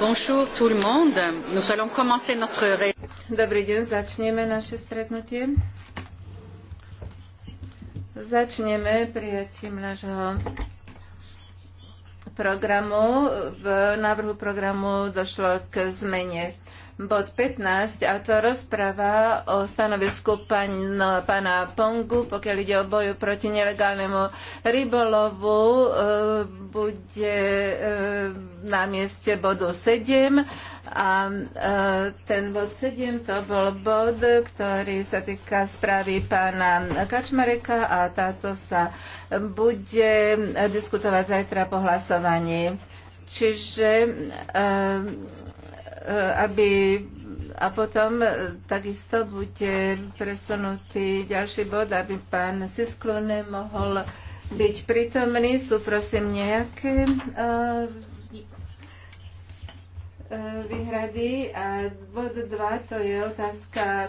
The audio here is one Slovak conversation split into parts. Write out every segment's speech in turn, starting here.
Bonjour tout le monde. Nous allons commencer notre Dobrý deň, začneme naše stretnutie. Začneme prijatím nášho programu. V návrhu programu došlo k zmene bod 15 a to rozprava o stanovisku pan, no, pána Pongu, pokiaľ ide o boju proti nelegálnemu rybolovu, e, bude e, na mieste bodu 7 a e, ten bod 7 to bol bod, ktorý sa týka správy pána Kačmareka a táto sa bude diskutovať zajtra po hlasovaní. Čiže e, Eh, aby a potom eh, takisto bude presunutý ďalší bod, aby pán Sisklone mohol byť prítomný. Sú prosím nejaké eh, výhrady a bod 2 to je otázka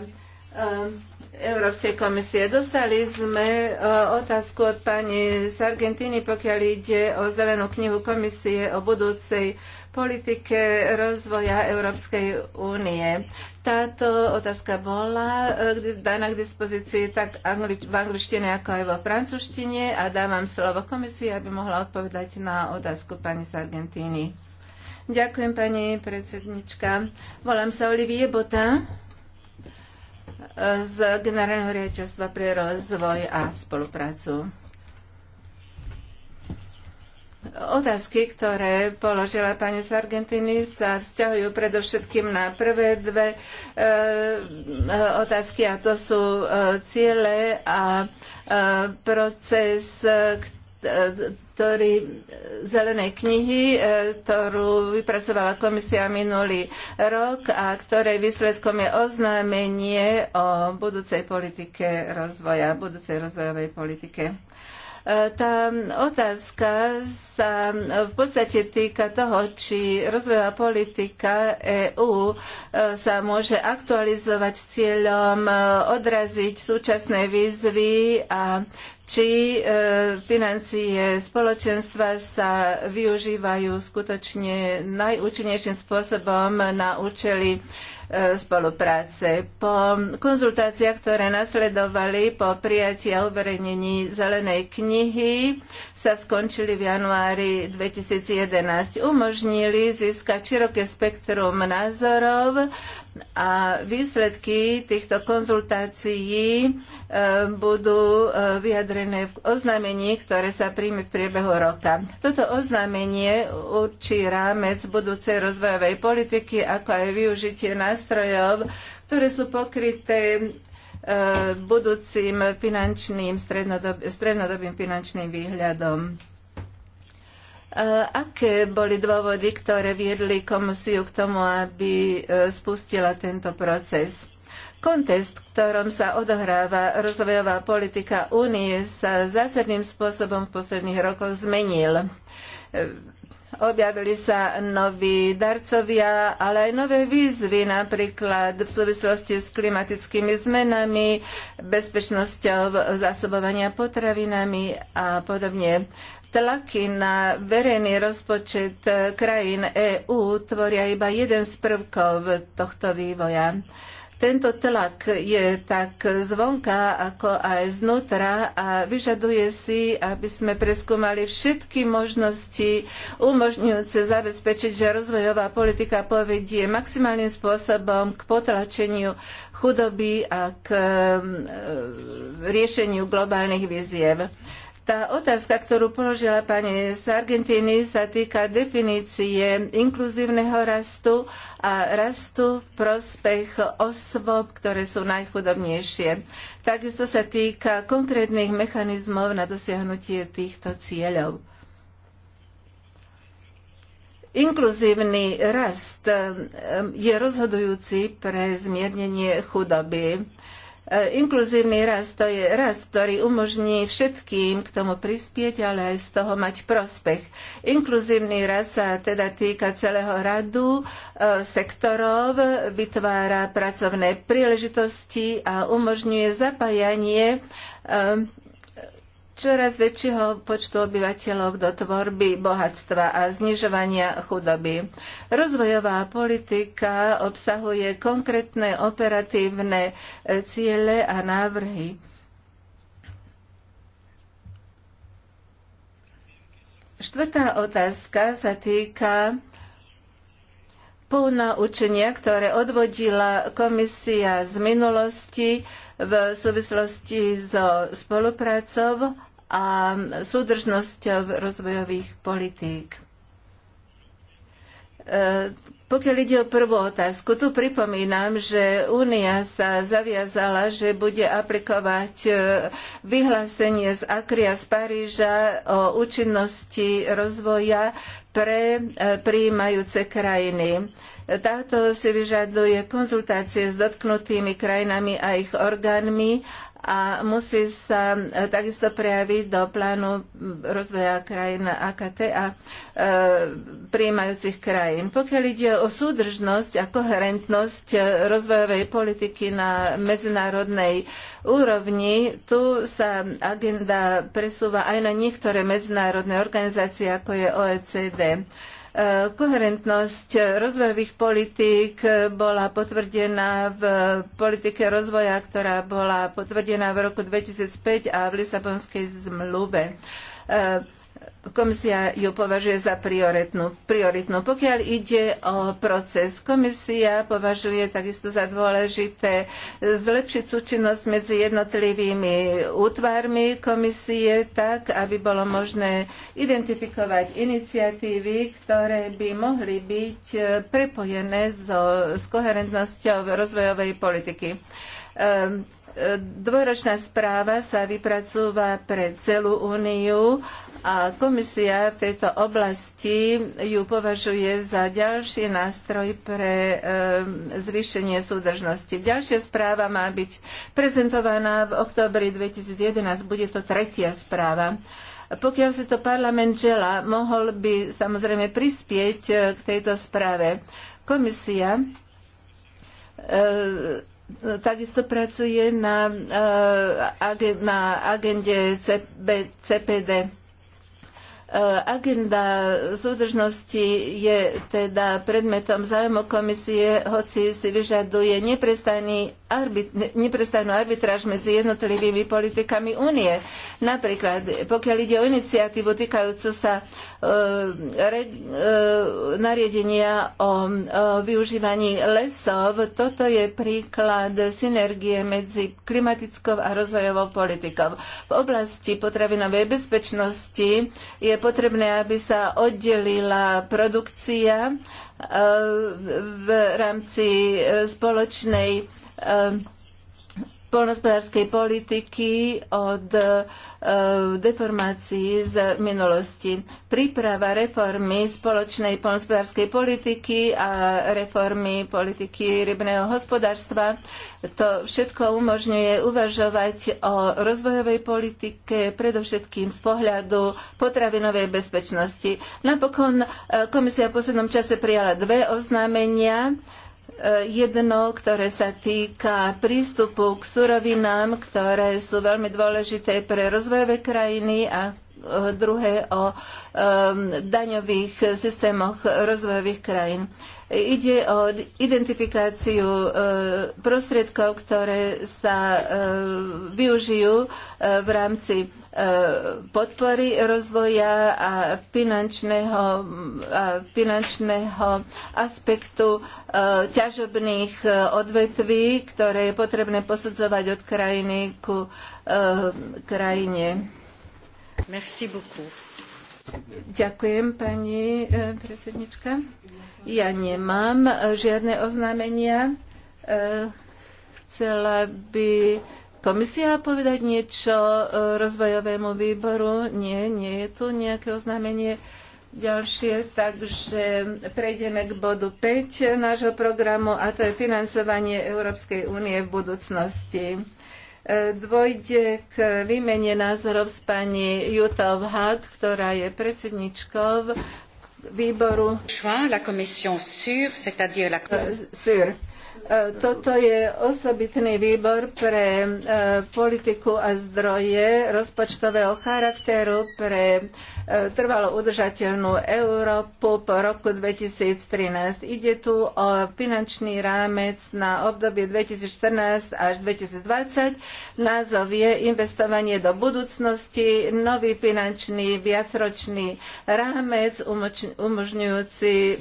Európskej komisie. Dostali sme otázku od pani Sargentini, pokiaľ ide o zelenú knihu komisie o budúcej politike rozvoja Európskej únie. Táto otázka bola eh, daná k dispozícii tak v angličtine ako aj vo francúzštine a dávam slovo komisii, aby mohla odpovedať na otázku pani z Argentíny. Ďakujem, pani predsednička. Volám sa Olivie Bota eh, z Generálneho riaditeľstva pre rozvoj a spoluprácu. Otázky, ktoré položila pani Sargentini, sa vzťahujú predovšetkým na prvé dve e, otázky a to sú e, ciele a e, proces, e, e, ktorý e, zelenej knihy, ktorú vypracovala komisia minulý rok a ktorej výsledkom je oznámenie o budúcej politike rozvoja, budúcej rozvojovej politike. Tá otázka sa v podstate týka toho, či rozvojová politika EÚ e, sa môže aktualizovať s cieľom e, odraziť súčasné výzvy a či e, financie spoločenstva sa využívajú skutočne najúčinnejším spôsobom na účely E, spolupráce. Po konzultáciách, ktoré nasledovali po prijatí a uverejnení zelenej knihy, sa skončili v januári 2011. Umožnili získať široké spektrum názorov a výsledky týchto konzultácií e, budú e, vyjadrené v oznámení, ktoré sa príjme v priebehu roka. Toto oznámenie určí rámec budúcej rozvojovej politiky, ako aj využitie nás nástrojov, ktoré sú pokryté e, budúcim finančným, strednodob, strednodobým finančným výhľadom. E, aké boli dôvody, ktoré viedli komisiu k tomu, aby e, spustila tento proces? Kontest, v ktorom sa odohráva rozvojová politika únie, sa zásadným spôsobom v posledných rokoch zmenil objavili sa noví darcovia, ale aj nové výzvy, napríklad v súvislosti s klimatickými zmenami, bezpečnosťou zásobovania potravinami a podobne. Tlaky na verejný rozpočet krajín EÚ tvoria iba jeden z prvkov tohto vývoja. Tento tlak je tak zvonka ako aj znútra a vyžaduje si, aby sme preskúmali všetky možnosti umožňujúce zabezpečiť, že rozvojová politika povedie maximálnym spôsobom k potlačeniu chudoby a k mm, riešeniu globálnych výziev. Tá otázka, ktorú položila pani z Argentíny, sa týka definície inkluzívneho rastu a rastu v prospech osôb, ktoré sú najchudobnejšie. Takisto sa týka konkrétnych mechanizmov na dosiahnutie týchto cieľov. Inkluzívny rast ehm, je rozhodujúci pre zmiernenie chudoby E, inkluzívny rast to je rast, ktorý umožní všetkým k tomu prispieť, ale aj z toho mať prospech. Inkluzívny rast sa teda týka celého radu e, sektorov, vytvára pracovné príležitosti a umožňuje zapájanie e, čoraz väčšieho počtu obyvateľov do tvorby bohatstva a znižovania chudoby. Rozvojová politika obsahuje konkrétne operatívne e, ciele a návrhy. Štvrtá otázka sa týka učenia, ktoré odvodila komisia z minulosti v súvislosti so spoluprácov a súdržnosť rozvojových politík. E, pokiaľ ide o prvú otázku, tu pripomínam, že Únia sa zaviazala, že bude aplikovať e, vyhlásenie z Akria z Paríža o účinnosti rozvoja pre e, prijímajúce krajiny. Táto si vyžaduje konzultácie s dotknutými krajinami a ich orgánmi a musí sa e, takisto prejaviť do plánu rozvoja krajín AKT a e, príjmajúcich krajín. Pokiaľ ide o súdržnosť a koherentnosť e, rozvojovej politiky na medzinárodnej úrovni, tu sa agenda presúva aj na niektoré medzinárodné organizácie, ako je OECD. E, Koherentnosť rozvojových politík bola potvrdená v politike rozvoja, ktorá bola potvrdená v roku 2005 a v Lisabonskej zmluve Komisia ju považuje za prioritnú. prioritnú. Pokiaľ ide o proces, komisia považuje takisto za dôležité zlepšiť súčinnosť medzi jednotlivými útvarmi komisie tak, aby bolo možné identifikovať iniciatívy, ktoré by mohli byť prepojené so, s koherentnosťou rozvojovej politiky. Ehm, e, Dvoročná správa sa vypracúva pre celú úniu a komisia v tejto oblasti ju považuje za ďalší nástroj pre e, zvýšenie súdržnosti. Ďalšia správa má byť prezentovaná v oktobri 2011. Bude to tretia správa. Pokiaľ si to parlament žela, mohol by samozrejme prispieť e, k tejto správe. Komisia e, takisto pracuje na, na agende CPD Eh, agenda súdržnosti je teda predmetom zájmu komisie, hoci si vyžaduje arbit, arbitráž medzi jednotlivými politikami únie. Napríklad, pokiaľ ide o iniciatívu týkajúcu sa uh, re, eh, nariadenia o využívaní lesov, toto je príklad synergie medzi klimatickou a rozvojovou politikou. V oblasti potravinovej bezpečnosti je potrebné, aby sa oddelila produkcia eh, v rámci eh, spoločnej eh, polnospodárskej politiky od e, deformácií z minulosti. Príprava reformy spoločnej polnospodárskej politiky a reformy politiky rybného hospodárstva to všetko umožňuje uvažovať o rozvojovej politike, predovšetkým z pohľadu potravinovej bezpečnosti. Napokon e, komisia v poslednom čase prijala dve oznámenia jedno, ktoré sa týka prístupu k surovinám, ktoré sú veľmi dôležité pre rozvojové krajiny a e, druhé o e, daňových systémoch rozvojových krajín. Ide o identifikáciu e, prostriedkov, ktoré sa využijú v rámci podpory rozvoja a finančného, a finančného aspektu e, ťažobných e, odvetví, ktoré je potrebné posudzovať od krajiny ku e, krajine. Merci beaucoup. Ďakujem, pani predsednička. Ja nemám žiadne oznámenia. Chcela by komisia povedať niečo e, rozvojovému výboru? Nie, nie je tu nejaké oznámenie ďalšie, takže prejdeme k bodu 5 nášho programu a to je financovanie Európskej únie v budúcnosti. E, dvojde k výmene názorov s pani Jutov Hag, ktorá je predsedničkou výboru la sur, c'est-à-dire la... E, sur E, toto je osobitný výbor pre e, politiku a zdroje rozpočtového charakteru pre trvalo udržateľnú Európu po roku 2013. Ide tu o finančný rámec na obdobie 2014 až 2020. Názov je Investovanie do budúcnosti, nový finančný viacročný rámec umožňujúci e,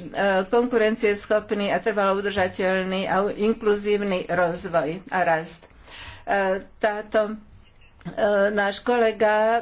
konkurencieschopný a trvalo udržateľný a inkluzívny rozvoj a rast. E, táto E, náš kolega e,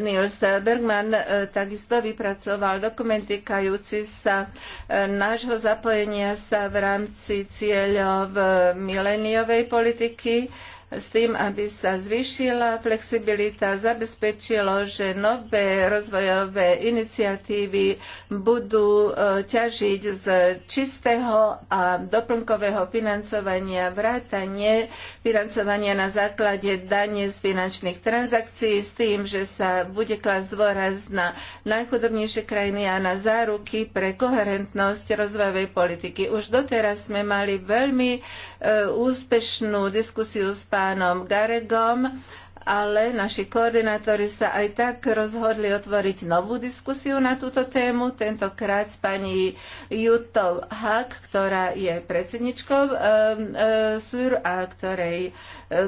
Niels Bergman e, takisto vypracoval dokument týkajúci sa nášho zapojenia sa v rámci cieľov mileniovej politiky s tým, aby sa zvýšila flexibilita, zabezpečilo, že nové rozvojové iniciatívy budú e, ťažiť z čistého a doplnkového financovania vrátanie financovania na základe dane z finančných transakcií s tým, že sa bude klásť dôraz na najchudobnejšie krajiny a na záruky pre koherentnosť rozvojovej politiky. Už doteraz sme mali veľmi e, úspešnú diskusiu s pánom pánom Garegom, ale naši koordinátori sa aj tak rozhodli otvoriť novú diskusiu na túto tému, tentokrát s pani Jutou Hak, ktorá je predsedničkou e, e, SUR a ktorej, e,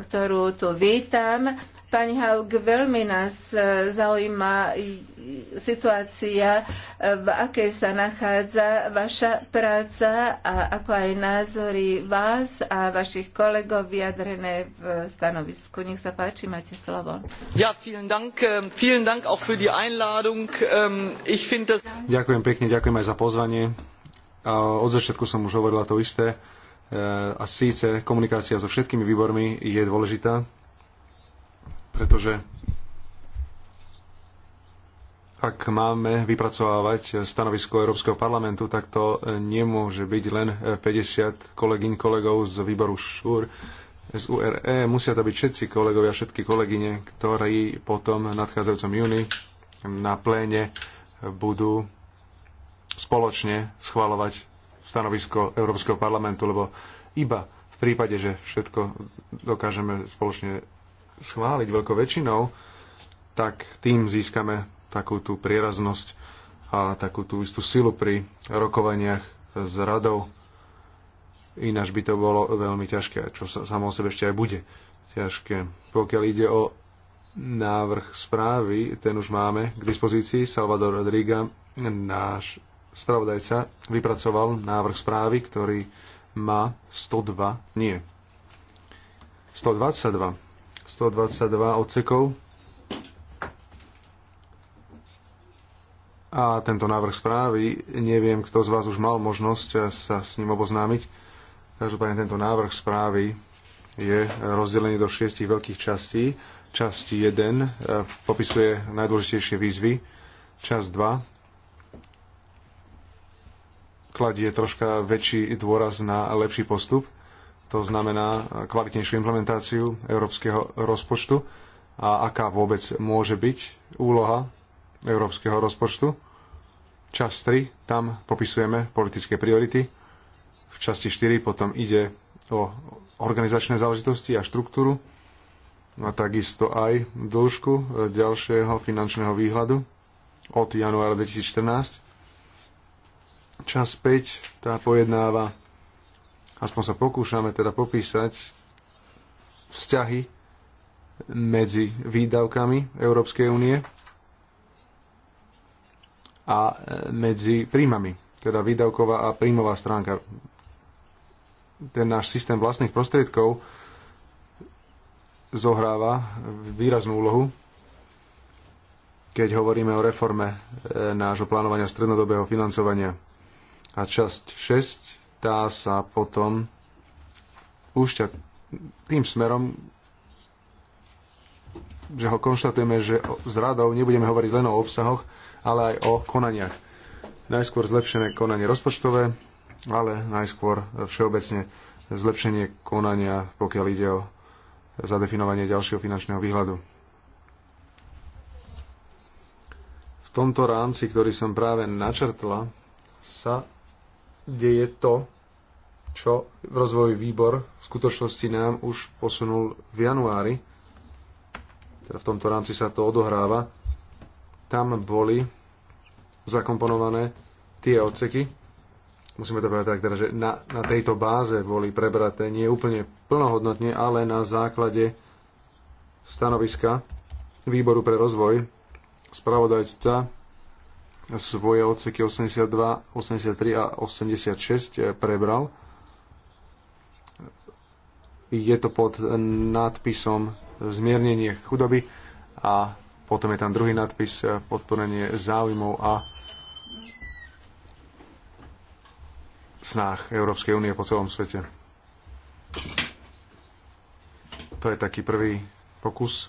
ktorú tu vítam. Pani Haug, veľmi nás e, zaujíma situácia, e, v akej sa nachádza vaša práca a ako aj názory vás a vašich kolegov vyjadrené v stanovisku. Nech sa páči, máte slovo. Ja, vielen Dank, ähm, vielen Dank auch für die Einladung. Ähm, ich finde das... Ďakujem pekne, ďakujem aj za pozvanie. Od začiatku som už hovorila to isté. Äh, a síce komunikácia so všetkými výbormi je dôležitá pretože ak máme vypracovávať stanovisko Európskeho parlamentu, tak to nemôže byť len 50 kolegyň kolegov z výboru ŠUR, SURE. Musia to byť všetci kolegovia, všetky kolegyne, ktorí potom v nadchádzajúcom júni na pléne budú spoločne schvalovať stanovisko Európskeho parlamentu, lebo iba v prípade, že všetko dokážeme spoločne schváliť veľkou väčšinou, tak tým získame takú tú prieraznosť a takú tú istú silu pri rokovaniach s radou. Ináč by to bolo veľmi ťažké, čo sa samo o sebe ešte aj bude ťažké. Pokiaľ ide o návrh správy, ten už máme k dispozícii. Salvador Rodriga, náš spravodajca, vypracoval návrh správy, ktorý má 102, nie, 122 122 odsekov. A tento návrh správy, neviem, kto z vás už mal možnosť sa s ním oboznámiť. Každopádne tento návrh správy je rozdelený do šiestich veľkých častí. Časť 1 e, popisuje najdôležitejšie výzvy. Časť 2 kladie troška väčší dôraz na lepší postup to znamená kvalitnejšiu implementáciu európskeho rozpočtu a aká vôbec môže byť úloha európskeho rozpočtu. Čas 3, tam popisujeme politické priority. V časti 4 potom ide o organizačné záležitosti a štruktúru a takisto aj dĺžku ďalšieho finančného výhľadu od januára 2014. Čas 5, tá pojednáva aspoň sa pokúšame teda popísať vzťahy medzi výdavkami Európskej únie a e, medzi príjmami, teda výdavková a príjmová stránka. Ten náš systém vlastných prostriedkov zohráva výraznú úlohu, keď hovoríme o reforme e, nášho plánovania strednodobého financovania. A časť 6 tá sa potom púšťa tým smerom, že ho konštatujeme, že s radou nebudeme hovoriť len o obsahoch, ale aj o konaniach. Najskôr zlepšené konanie rozpočtové, ale najskôr všeobecne zlepšenie konania, pokiaľ ide o zadefinovanie ďalšieho finančného výhľadu. V tomto rámci, ktorý som práve načrtla, sa deje to, čo rozvojový výbor v skutočnosti nám už posunul v januári. Teda v tomto rámci sa to odohráva. Tam boli zakomponované tie odseky. Musíme to povedať tak, teda, že na, na tejto báze boli prebraté nie úplne plnohodnotne, ale na základe stanoviska výboru pre rozvoj spravodajca svoje odseky 82, 83 a 86 eh, prebral. Je to pod nadpisom zmiernenie chudoby a potom je tam druhý nadpis eh, podporenie záujmov a snách Európskej únie po celom svete. To je taký prvý pokus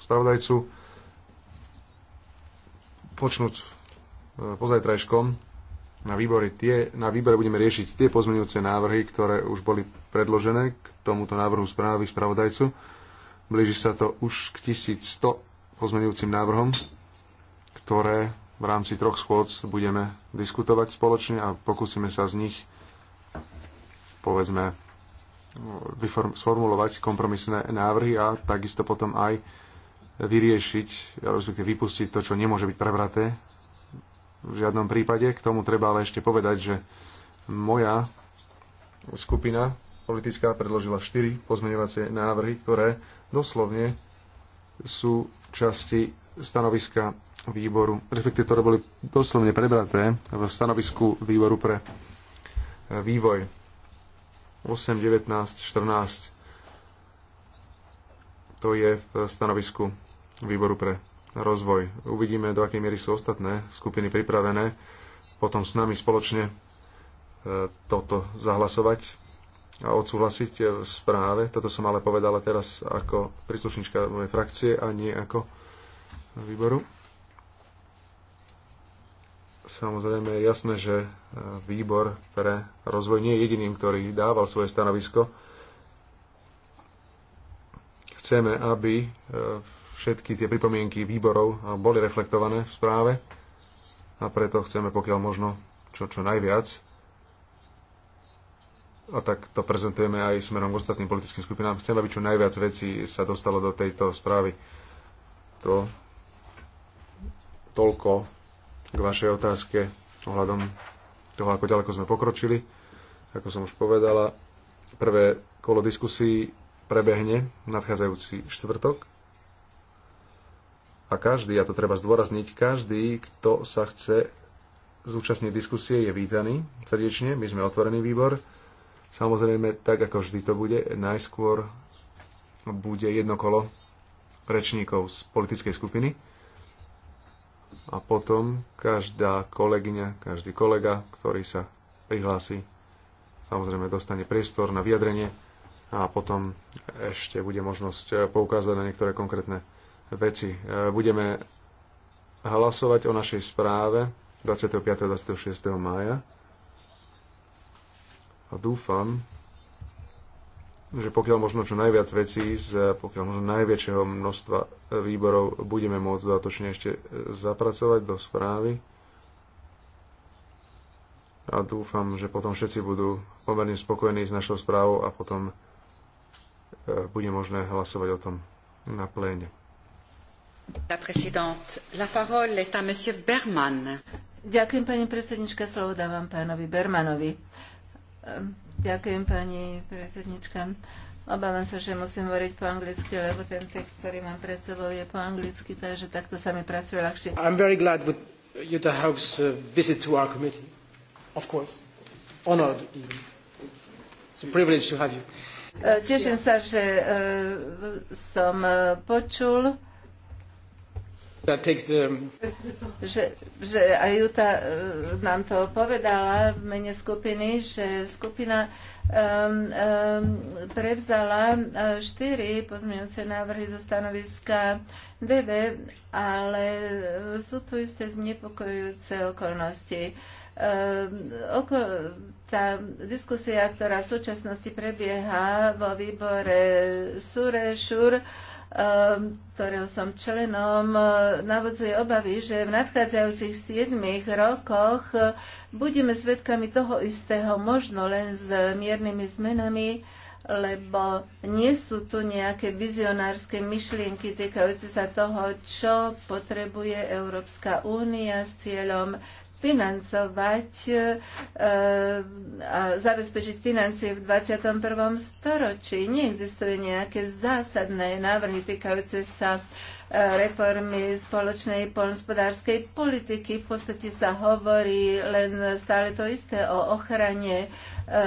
spravodajcu počnúť e, pozajtrajškom na, výbore, tie, na výbore budeme riešiť tie pozmeňujúce návrhy, ktoré už boli predložené k tomuto návrhu správy spravodajcu. Blíži sa to už k 1100 pozmeňujúcim návrhom, ktoré v rámci troch schôdz budeme diskutovať spoločne a pokúsime sa z nich povedzme sformulovať kompromisné návrhy a takisto potom aj vyriešiť, respektíve vypustiť to, čo nemôže byť prevraté. V žiadnom prípade. K tomu treba ale ešte povedať, že moja skupina politická predložila štyri pozmeňovacie návrhy, ktoré doslovne sú časti stanoviska výboru, respektíve ktoré boli doslovne prebraté v stanovisku výboru pre vývoj 8, 19, 14. To je v stanovisku výboru pre rozvoj. Uvidíme, do akej miery sú ostatné skupiny pripravené potom s nami spoločne e, toto zahlasovať a odsúhlasiť e, v správe. Toto som ale povedala teraz ako príslušnička mojej frakcie a nie ako výboru. Samozrejme je jasné, že e, výbor pre rozvoj nie je jediným, ktorý dával svoje stanovisko. Chceme, aby v všetky tie pripomienky výborov boli reflektované v správe a preto chceme pokiaľ možno čo, čo najviac a tak to prezentujeme aj smerom k ostatným politickým skupinám. Chceme, aby čo najviac vecí sa dostalo do tejto správy. To toľko k vašej otázke ohľadom toho, ako ďaleko sme pokročili. Ako som už povedala, prvé kolo diskusí prebehne nadchádzajúci štvrtok a každý, a to treba zdôrazniť, každý, kto sa chce zúčastniť diskusie, je vítaný srdečne. My sme otvorený výbor. Samozrejme, tak ako vždy to bude, najskôr bude jedno kolo rečníkov z politickej skupiny a potom každá kolegyňa, každý kolega, ktorý sa prihlási, samozrejme dostane priestor na vyjadrenie a potom ešte bude možnosť poukázať na niektoré konkrétne veci. E, budeme hlasovať o našej správe 25. a 26. mája. A dúfam, že pokiaľ možno čo najviac vecí z pokiaľ možno najväčšieho množstva výborov budeme môcť dodatočne ešte zapracovať do správy. A dúfam, že potom všetci budú pomerne spokojní s našou správou a potom e, bude možné hlasovať o tom na pléne. La la Ďakujem, pani predsednička, slovo dávam pánovi Bermanovi. Ehm, ďakujem, pani predsednička. Obávam sa, že musím hovoriť po anglicky, lebo ten text, ktorý mám pred sebou, je po anglicky, takže takto sa mi pracuje ľahšie. I'm very glad with the House uh, visit to our committee. Of course. Honored even. It's a privilege to have you. Ehm, teším sa, že ehm, som počul že, že aj Juta e, nám to povedala v mene skupiny, že skupina um, um, prevzala e, štyri pozmeňujúce návrhy zo stanoviska DV, ale e, sú tu isté znepokojujúce okolnosti. Um, oko, tá diskusia, ktorá v súčasnosti prebieha vo výbore SURE, ŠUR, sure, Um, ktorého som členom, uh, navodzuje obavy, že v nadchádzajúcich 7 rokoch uh, budeme svedkami toho istého, možno len s miernymi zmenami, lebo nie sú tu nejaké vizionárske myšlienky týkajúce sa toho, čo potrebuje Európska únia s cieľom financovať e, a zabezpečiť financie v 21. storočí. Neexistuje nejaké zásadné návrhy týkajúce sa e, reformy spoločnej poľnospodárskej politiky. V podstate sa hovorí len stále to isté o ochrane e,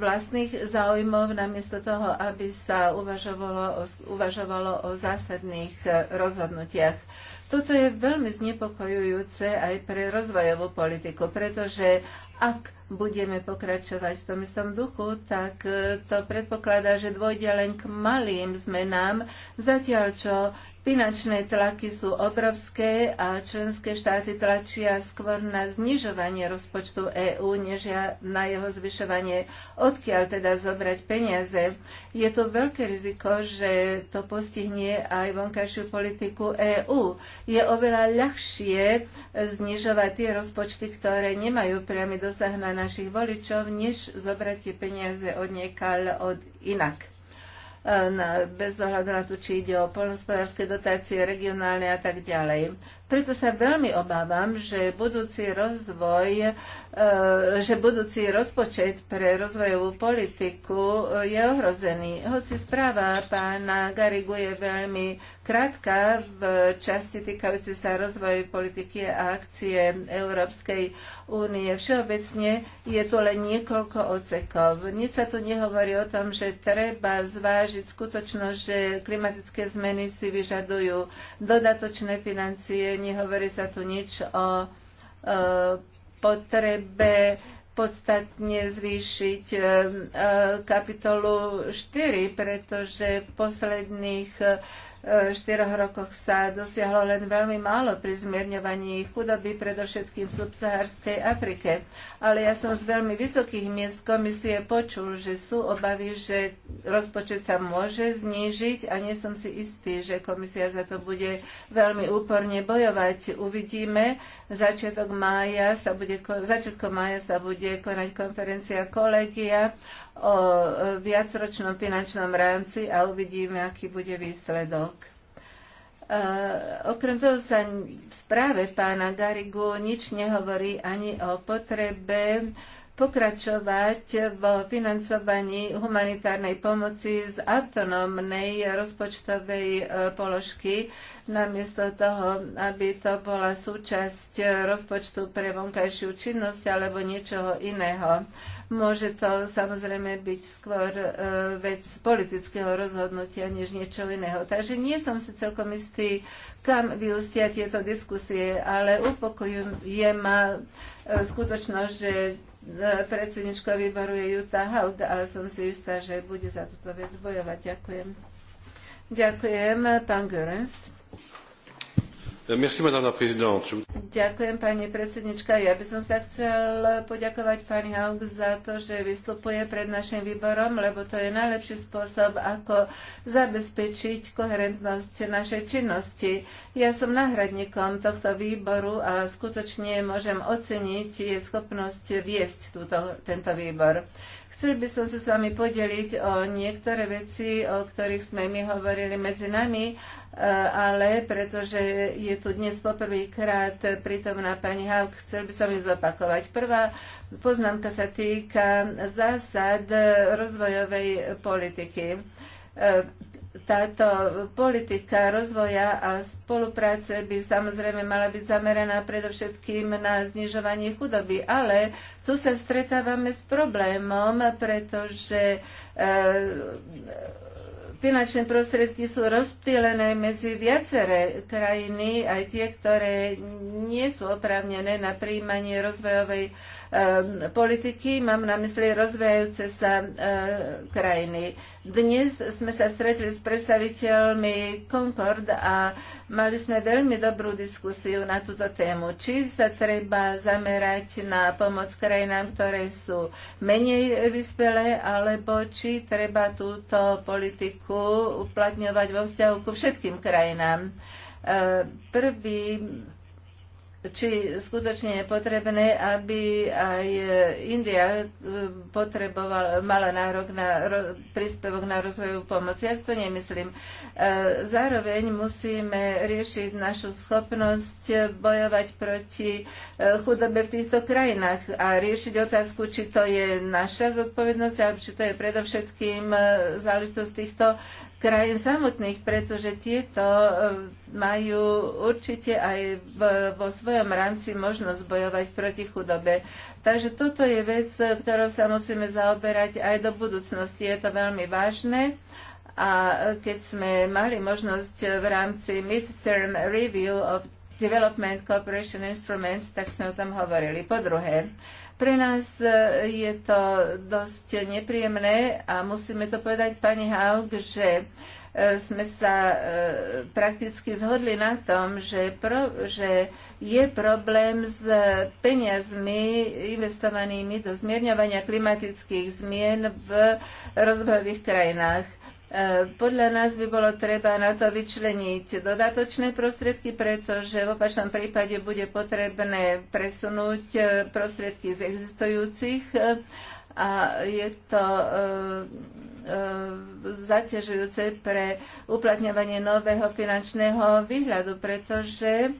vlastných záujmov, namiesto toho, aby sa uvažovalo o, uvažovalo o zásadných rozhodnutiach. Toto je veľmi znepokojujúce aj pre rozvojovú politiku, pretože ak budeme pokračovať v tom istom duchu, tak eh, to predpokladá, že dôjde len k malým zmenám, zatiaľ čo Finančné tlaky sú obrovské a členské štáty tlačia skôr na znižovanie rozpočtu EÚ, než na jeho zvyšovanie. Odkiaľ teda zobrať peniaze? Je tu veľké riziko, že to postihne aj vonkajšiu politiku EÚ. Je oveľa ľahšie znižovať tie rozpočty, ktoré nemajú priamy dosah na našich voličov, než zobrať tie peniaze od niekaľ od inak na, bez ohľadu na to, či ide o polnospodárske dotácie, regionálne a tak ďalej. Preto sa veľmi obávam, že budúci rozvoj, e, že budúci rozpočet pre rozvojovú politiku e, je ohrozený. Hoci správa pána Garigu je veľmi krátka v časti týkajúcej sa rozvoju politiky a akcie Európskej únie. Všeobecne je tu len niekoľko ocekov. Nič sa tu nehovorí o tom, že treba zvážiť skutočnosť, že klimatické zmeny si vyžadujú dodatočné financie. Nehovorí sa tu nič o e, potrebe podstatne zvýšiť e, e, kapitolu 4, pretože v posledných Eh, štyroch rokoch sa dosiahlo len veľmi málo pri zmierňovaní chudoby, predovšetkým v subsaharskej Afrike. Ale ja som z veľmi vysokých miest komisie počul, že sú obavy, že rozpočet sa môže znížiť a nie som si istý, že komisia za to bude veľmi úporne bojovať. Uvidíme. Začiatok mája sa bude, začiatkom mája sa bude konať konferencia kolegia o e, viacročnom finančnom rámci a uvidíme, aký bude výsledok. E, okrem toho sa v správe pána Garigu nič nehovorí ani o potrebe pokračovať vo financovaní humanitárnej pomoci z autonómnej rozpočtovej e, položky, namiesto toho, aby to bola súčasť rozpočtu pre vonkajšiu činnosť alebo niečoho iného. Môže to samozrejme byť skôr e, vec politického rozhodnutia, než niečo iného. Takže nie som si celkom istý, kam vyústia tieto diskusie, ale upokojuje ma e, skutočnosť, že e, predsednička výboru je Jutta Haug a som si istá, že bude za túto vec bojovať. Ďakujem. Ďakujem, pán Görens. Ďakujem, pani predsednička. Ja by som sa chcel poďakovať pani Haug za to, že vystupuje pred našim výborom, lebo to je najlepší spôsob, ako zabezpečiť koherentnosť našej činnosti. Ja som náhradníkom tohto výboru a skutočne môžem oceniť jej schopnosť viesť túto, tento výbor. Chcel by som sa s vami podeliť o niektoré veci, o ktorých sme my hovorili medzi nami, e, ale pretože je tu dnes poprvýkrát prítomná pani Hauk, chcel by som ju zopakovať. Prvá poznámka sa týka zásad rozvojovej politiky e, táto politika rozvoja a spolupráce by samozrejme mala byť zameraná predovšetkým na znižovanie chudoby, ale tu sa stretávame s problémom, pretože e, finančné prostriedky sú rozptýlené medzi viaceré krajiny, aj tie, ktoré nie sú oprávnené na príjmanie rozvojovej politiky, mám na mysli rozvíjajúce sa krajiny. Dnes sme sa stretli s predstaviteľmi Concord a mali sme veľmi dobrú diskusiu na túto tému. Či sa treba zamerať na pomoc krajinám, ktoré sú menej vyspelé, alebo či treba túto politiku uplatňovať vo vzťahu ku všetkým krajinám. Prvý či skutočne je potrebné, aby aj India e, potrebovala, mala nárok na ro, príspevok na rozvojovú pomoc. Ja to nemyslím. E, zároveň musíme riešiť našu schopnosť bojovať proti e, chudobe v týchto krajinách a riešiť otázku, či to je naša zodpovednosť, alebo či to je predovšetkým záležitosť týchto krajín samotných, pretože tieto eh, majú určite aj vo svojom rámci možnosť bojovať proti chudobe. Takže toto je vec, ktorou sa musíme zaoberať aj do budúcnosti. Je to veľmi vážne. A keď sme mali možnosť v rámci midterm review of Development Cooperation Instruments, tak sme o tom hovorili. Po druhé, uh, pre nás e, je to dosť nepríjemné a musíme to povedať pani Haug, že e, sme sa e, prakticky zhodli na tom, že, pro, že je problém s peniazmi investovanými do zmierňovania klimatických zmien v rozvojových krajinách. E, podľa nás by bolo treba na to vyčleniť dodatočné prostriedky, pretože v opačnom prípade bude potrebné presunúť e, prostriedky z existujúcich e, a je to zaťažujúce pre uplatňovanie nového finančného výhľadu, pretože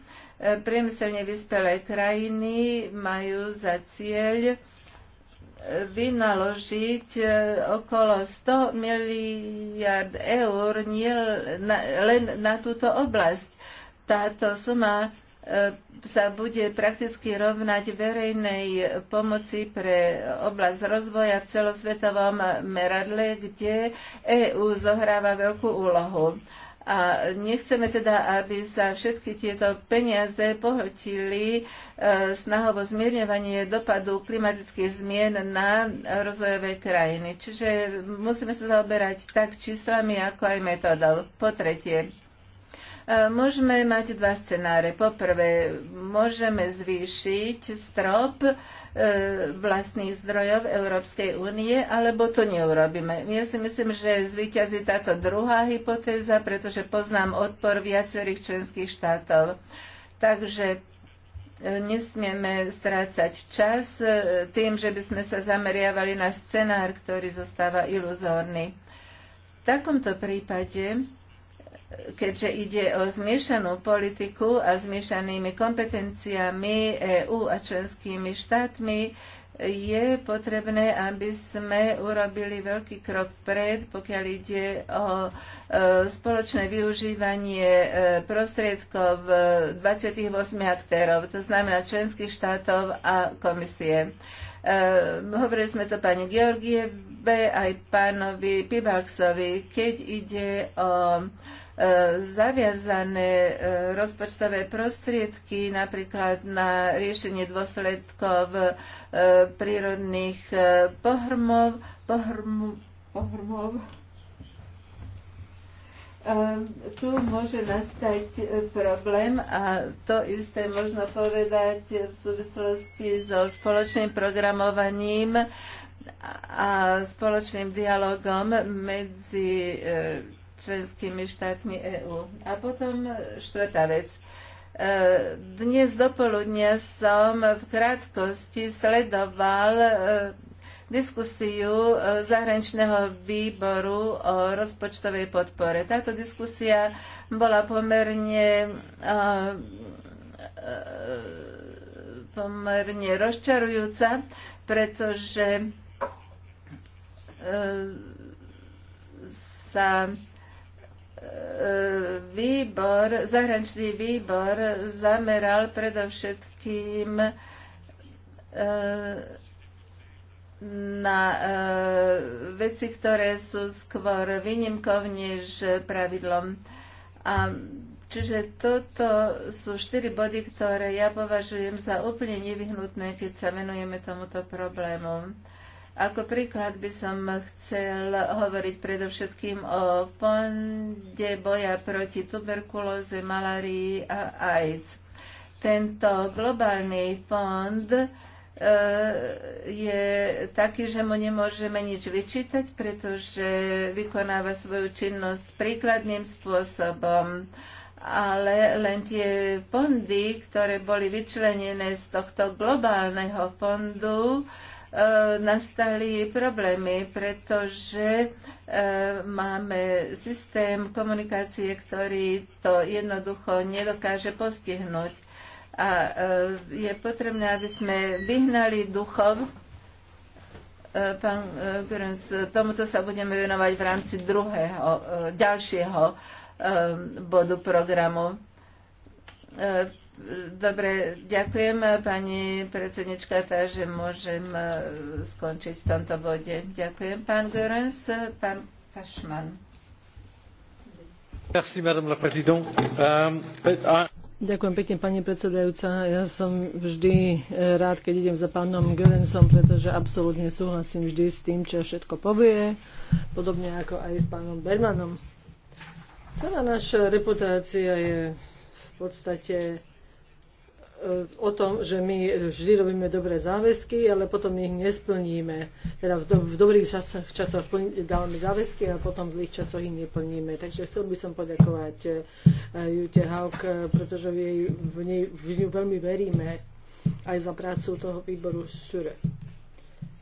priemyselne vyspelé krajiny majú za cieľ vynaložiť e, okolo 100 miliard eur nie na, len na túto oblasť. Táto suma e, sa bude prakticky rovnať verejnej pomoci pre oblasť rozvoja v celosvetovom meradle, kde EÚ zohráva veľkú úlohu. A nechceme teda, aby sa všetky tieto peniaze pohotili e, snahovo zmierňovanie dopadu klimatických zmien na rozvojové krajiny. Čiže musíme sa zaoberať tak číslami, ako aj metodou. Po tretie, e, môžeme mať dva scenáre. Po prvé, môžeme zvýšiť strop E, vlastných zdrojov Európskej únie, alebo to neurobíme. Ja si myslím, že zvíťazí táto druhá hypotéza, pretože poznám odpor viacerých členských štátov. Takže e, nesmieme strácať čas e, tým, že by sme sa zameriavali na scenár, ktorý zostáva iluzórny. V takomto prípade keďže ide o zmiešanú politiku a zmiešanými kompetenciami EÚ a členskými štátmi, je potrebné, aby sme urobili veľký krok pred, pokiaľ ide o e, spoločné využívanie e, prostriedkov 28 e, aktérov, to znamená členských štátov a komisie. Hovorili sme to pani Georgieve aj pánovi Pibalksovi, keď ide o zaviazané e, rozpočtové prostriedky napríklad na riešenie dôsledkov e, prírodných e, pohrmov, pohrmu, pohrmov tu môže nastať problém a to isté možno povedať v súvislosti so spoločným programovaním a spoločným dialogom medzi členskými štátmi EÚ. A potom štvrtá vec. E, dnes dopoludnia som v krátkosti sledoval e, diskusiu e, zahraničného výboru o rozpočtovej podpore. Táto diskusia bola pomerne pomerne rozčarujúca, pretože sa E, výbor, zahraničný výbor zameral predovšetkým e, na e, veci, ktoré sú skôr výnimkov než pravidlom. A Čiže toto sú štyri body, ktoré ja považujem za úplne nevyhnutné, keď sa venujeme tomuto problému. Ako príklad by som chcel hovoriť predovšetkým o fonde boja proti tuberkulóze, malárii a AIDS. Tento globálny fond e, je taký, že mu nemôžeme nič vyčítať, pretože vykonáva svoju činnosť príkladným spôsobom ale len tie fondy, ktoré boli vyčlenené z tohto globálneho fondu, Eh, nastali problémy, pretože eh, máme systém komunikácie, ktorý to jednoducho nedokáže postihnúť. A eh, je potrebné, aby sme vyhnali duchov. Pán Grunz, tomuto sa budeme venovať v rámci druhého, ďalšieho bodu programu Dobre, ďakujem pani predsednička, takže môžem e, skončiť v tomto bode. Ďakujem pán Görens, e, pán Kašman. Merci, madame la euh, euh, ah. Ďakujem pekne, pani predsedajúca. Ja som vždy e, rád, keď idem za pánom Görensom, pretože absolútne súhlasím vždy s tým, čo všetko povie, podobne ako aj s pánom Bermanom. Celá naša reputácia je v podstate E, o tom, že my vždy robíme dobré záväzky, ale potom ich nesplníme. Teda v, do, v dobrých časoch, časoch dávame záväzky a potom v zlých časoch ich neplníme. Takže chcel by som poďakovať e, Jute Haug, e, pretože v, jej, v, nej, v ňu veľmi veríme aj za prácu toho výboru Šure.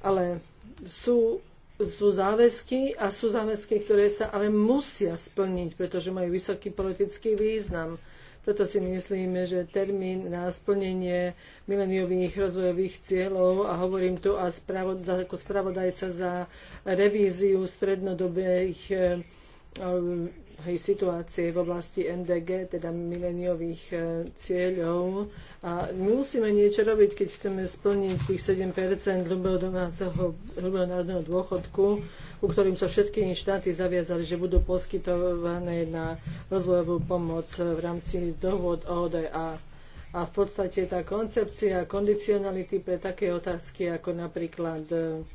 Ale sú sú záväzky a sú záväzky, ktoré sa ale musia splniť, pretože majú vysoký politický význam. Preto si myslíme, že termín na splnenie mileniových rozvojových cieľov, a hovorím tu a spravod, ako spravodajca za revíziu strednodobých eh, situácie v oblasti MDG, teda mileniových e, cieľov. A musíme niečo robiť, keď chceme splniť tých 7 hrubého národného dôchodku, u ktorým sa všetky štáty zaviazali, že budú poskytované na rozvojovú pomoc v rámci dohôd ODA. A v podstate tá koncepcia kondicionality pre také otázky ako napríklad e,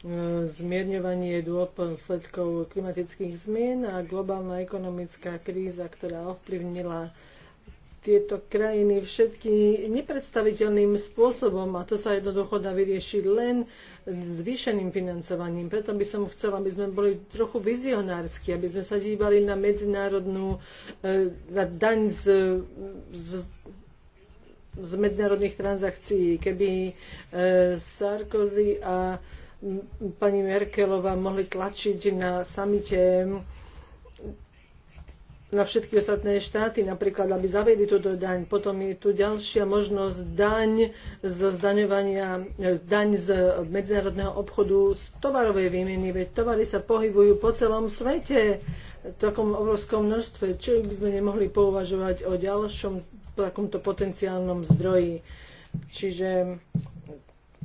E, zmierňovanie dôsledkov klimatických zmien a globálna ekonomická kríza, ktorá ovplyvnila tieto krajiny všetky nepredstaviteľným spôsobom a to sa jednoducho dá vyriešiť len zvýšeným financovaním. Preto by som chcela, aby sme boli trochu vizionársky, aby sme sa dívali na medzinárodnú e, na daň z, z z medzinárodných transakcií. Keby e, Sarkozy a pani Merkelová mohli tlačiť na samite na všetky ostatné štáty, napríklad, aby zavedli túto daň. Potom je tu ďalšia možnosť daň z zdaňovania, daň z medzinárodného obchodu z tovarovej výmeny, veď tovary sa pohybujú po celom svete v takom obrovskom množstve. Čo by sme nemohli pouvažovať o ďalšom takomto potenciálnom zdroji? Čiže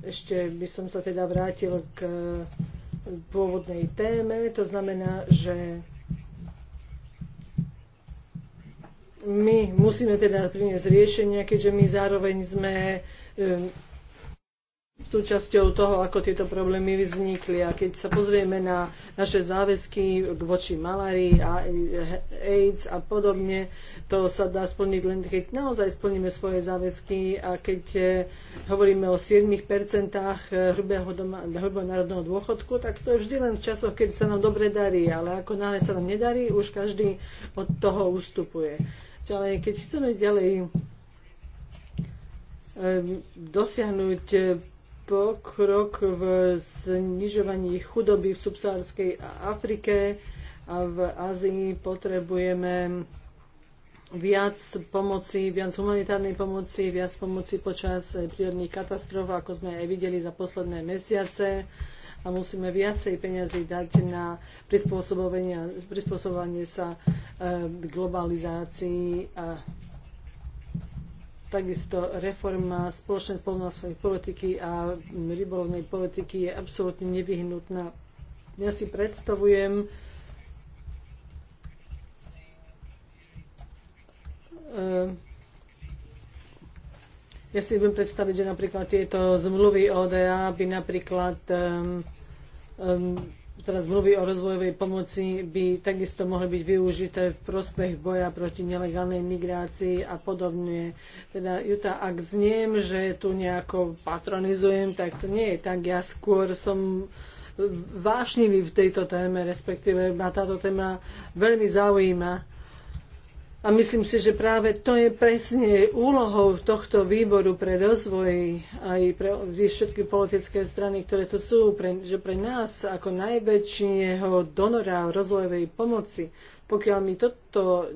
ešte by som sa teda vrátil k pôvodnej téme, to znamená, že my musíme teda priniesť riešenia, keďže my zároveň sme um, súčasťou toho, ako tieto problémy vznikli. A keď sa pozrieme na naše záväzky voči malárii a AIDS a podobne, to sa dá splniť len keď naozaj splníme svoje záväzky a keď e, hovoríme o 7% e, hrubého, doma, hrubého národného dôchodku, tak to je vždy len v časoch, keď sa nám dobre darí, ale ako náhle sa nám nedarí, už každý od toho ustupuje. Ďalej, keď chceme ďalej e, dosiahnuť pokrok v znižovaní chudoby v subsahárskej Afrike a v Ázii potrebujeme viac pomoci, viac humanitárnej pomoci, viac pomoci počas eh, prírodných katastrof, ako sme aj videli za posledné mesiace a musíme viacej peniazy dať na prispôsobovanie sa eh, globalizácii a takisto reforma spoločnej spolnohospodárskej politiky a rybolovnej politiky je absolútne nevyhnutná. Ja si predstavujem, ja si viem predstaviť, že napríklad tieto zmluvy ODA by napríklad teda zmluvy o rozvojovej pomoci by takisto mohli byť využité v prospech boja proti nelegálnej migrácii a podobne. Teda Juta, ak zniem, že tu nejako patronizujem, tak to nie je tak. Ja skôr som vášnivý v tejto téme, respektíve ma táto téma veľmi zaujíma. A myslím si, že práve to je presne úlohou tohto výboru pre rozvoj aj pre všetky politické strany, ktoré to sú, pre, že pre nás ako najväčšieho donora rozvojovej pomoci, pokiaľ my toto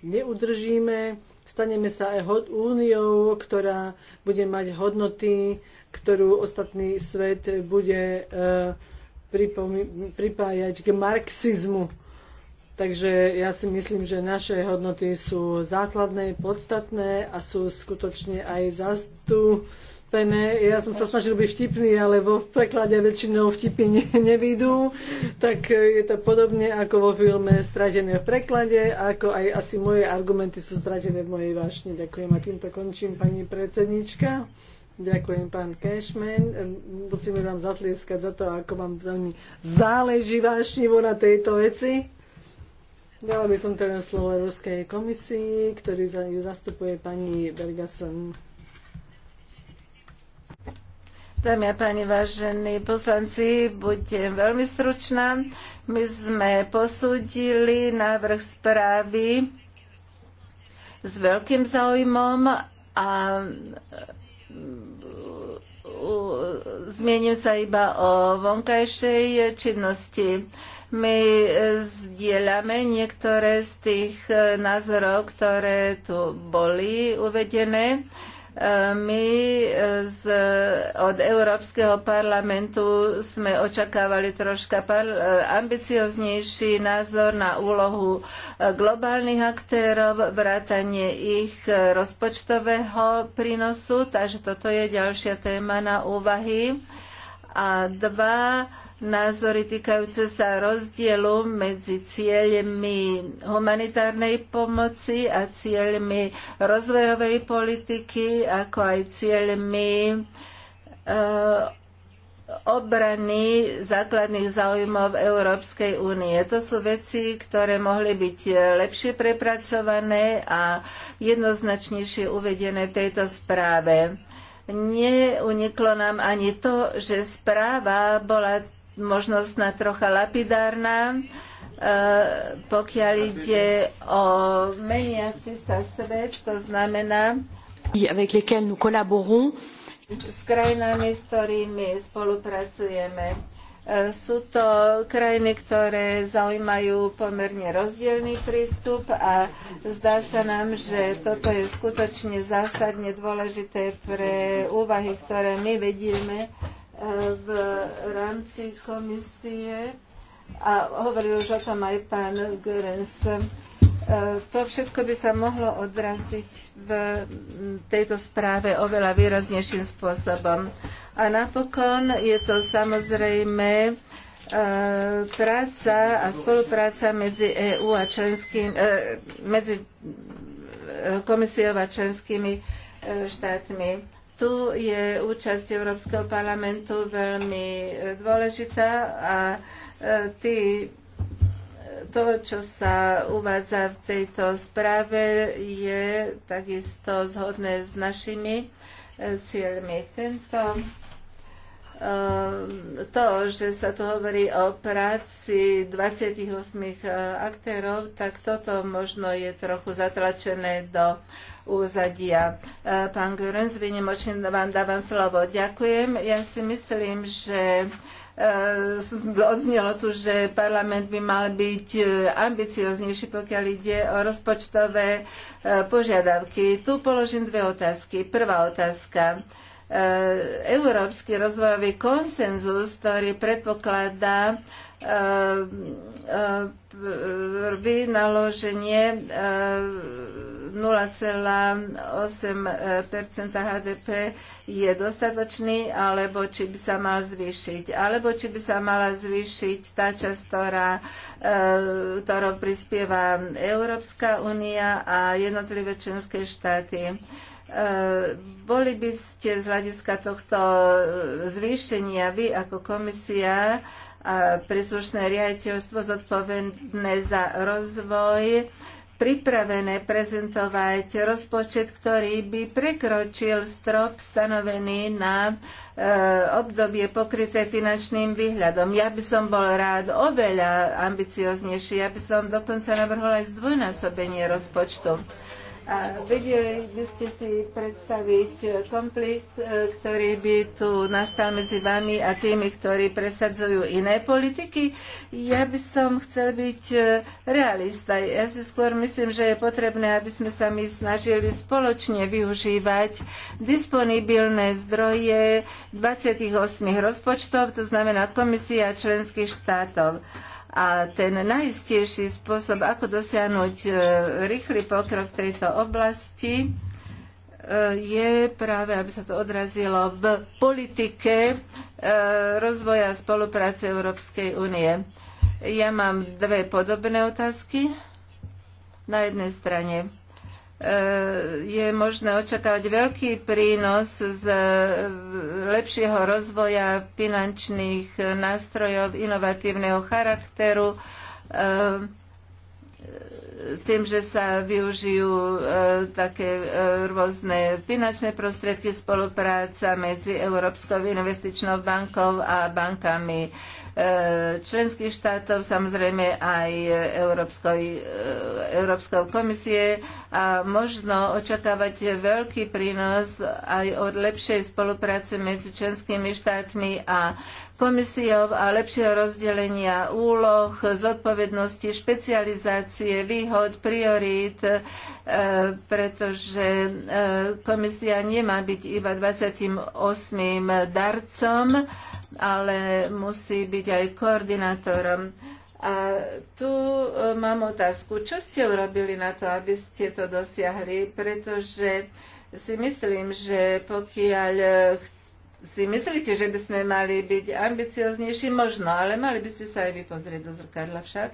neudržíme, staneme sa aj úniou, ktorá bude mať hodnoty, ktorú ostatný svet bude eh, pripájať k marxizmu Takže ja si myslím, že naše hodnoty sú základné, podstatné a sú skutočne aj zastúpené. Ja som sa snažil byť vtipný, ale vo preklade väčšinou vtipy ne, nevidú. Tak je to podobne ako vo filme Stratené v preklade, ako aj asi moje argumenty sú stratené v mojej vášni. Ďakujem a týmto končím, pani predsednička. Ďakujem, pán Cashman. Musíme vám zatlieskať za to, ako vám veľmi záleží vášnivo na tejto veci. Dala by som teraz slovo Európskej komisii, ktorý za, ju zastupuje pani Bergason. Dámy a páni, vážení poslanci, budem veľmi stručná. My sme posúdili návrh správy s veľkým záujmom a zmienim sa iba o vonkajšej činnosti. My e, zdieľame niektoré z tých e, názorov, ktoré tu boli uvedené e, my z, od Európskeho parlamentu sme očakávali troška par, ambicioznejší názor na úlohu globálnych aktérov, vrátanie ich rozpočtového prínosu, takže toto je ďalšia téma na úvahy. A dva, názory týkajúce sa rozdielu medzi cieľmi humanitárnej pomoci a cieľmi rozvojovej politiky, ako aj cieľmi eh, obrany základných záujmov Európskej únie. To sú veci, ktoré mohli byť lepšie prepracované a jednoznačnejšie uvedené v tejto správe. Neuniklo nám ani to, že správa bola možno snad trocha lapidárna, e, pokiaľ ide o meniaci sa svet, to znamená, avec lesquels nous collaborons, s krajinami, s ktorými spolupracujeme. E, sú to krajiny, ktoré zaujímajú pomerne rozdielný prístup a zdá sa nám, že toto je skutočne zásadne dôležité pre úvahy, ktoré my vedieme v rámci komisie a hovoril už o tom aj pán Görens. E, to všetko by sa mohlo odraziť v tejto správe oveľa výraznejším spôsobom. A napokon je to samozrejme e, práca a spolupráca medzi EU a členským, e, medzi komisiou a členskými štátmi tu je účasť Európskeho parlamentu veľmi eh, dôležitá a eh, tí, to, čo sa uvádza v tejto správe, je takisto zhodné s našimi eh, cieľmi. Tento to, že sa tu hovorí o práci 28 aktérov, tak toto možno je trochu zatlačené do úzadia. E, pán Görens, vynimočne vám dávam slovo. Ďakujem. Ja si myslím, že e, odznelo tu, že parlament by mal byť e, ambicioznejší, pokiaľ ide o rozpočtové požiadavky. Tu položím dve otázky. Prvá otázka. Európsky rozvojový konsenzus, ktorý predpokladá vynaloženie 0,8 HDP je dostatočný, alebo či by sa mal zvýšiť. Alebo či by sa mala zvýšiť tá časť, ktorá, e, ktorou prispieva Európska únia a jednotlivé členské štáty. E, boli by ste z hľadiska tohto e, zvýšenia vy ako komisia a príslušné riaditeľstvo zodpovedné za rozvoj pripravené prezentovať rozpočet, ktorý by prekročil strop stanovený na e, obdobie pokryté finančným výhľadom. Ja by som bol rád oveľa ambicioznejší, ja by som dokonca navrhol aj zdvojnásobenie rozpočtu. A vedeli by ste si predstaviť eh, konflikt, eh, ktorý by tu nastal medzi vami a tými, ktorí presadzujú iné politiky? Ja by som chcel byť eh, realista. Ja si skôr myslím, že je potrebné, aby sme sa my snažili spoločne využívať disponibilné zdroje 28 rozpočtov, to znamená komisia členských štátov. A ten najistejší spôsob, ako dosiahnuť e, rýchly pokrok v tejto oblasti, e, je práve, aby sa to odrazilo v politike e, rozvoja spolupráce Európskej únie. Ja mám dve podobné otázky. Na jednej strane, je možné očakávať veľký prínos z e, lepšieho rozvoja finančných nástrojov inovatívneho charakteru, e, tým, že sa využijú e, také rôzne finančné prostriedky, spolupráca medzi Európskou investičnou bankou a bankami E, členských štátov, samozrejme aj Európskoj, e, Európskej komisie a možno očakávať veľký prínos aj od lepšej spolupráce medzi členskými štátmi a komisiou a lepšieho rozdelenia úloh, zodpovednosti, špecializácie, výhod, priorít, e, pretože komisia nemá byť iba 28. darcom, ale musí byť aj koordinátorom. A tu e, mám otázku, čo ste urobili na to, aby ste to dosiahli, pretože si myslím, že pokiaľ e, si myslíte, že by sme mali byť ambicioznejší, možno, ale mali by ste sa aj vypozrieť do zrkadla však.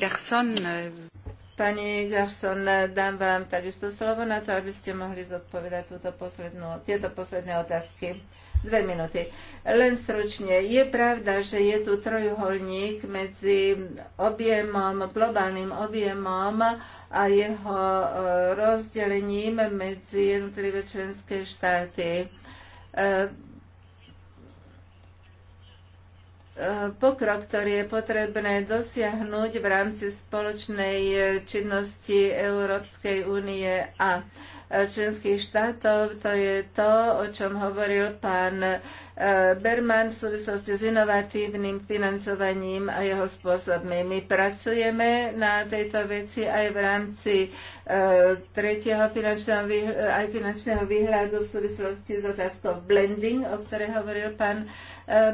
Garson. E, Pani Garson, dám vám takisto slovo na to, aby ste mohli zodpovedať túto poslednú, tieto posledné otázky. Dve minuty. Len stručne. Je pravda, že je tu trojuholník medzi objemom, globálnym objemom a jeho e, rozdelením medzi jednotlivé členské štáty e, e, pokrok, ktorý je potrebné dosiahnuť v rámci spoločnej činnosti Európskej únie a členských štátov, to je to, o čom hovoril pán e, Berman v súvislosti s inovatívnym financovaním a jeho spôsobmi. My pracujeme na tejto veci aj v rámci e, tretieho finančného, aj finančného výhľadu v súvislosti s otázkou blending, o ktorej hovoril pán e,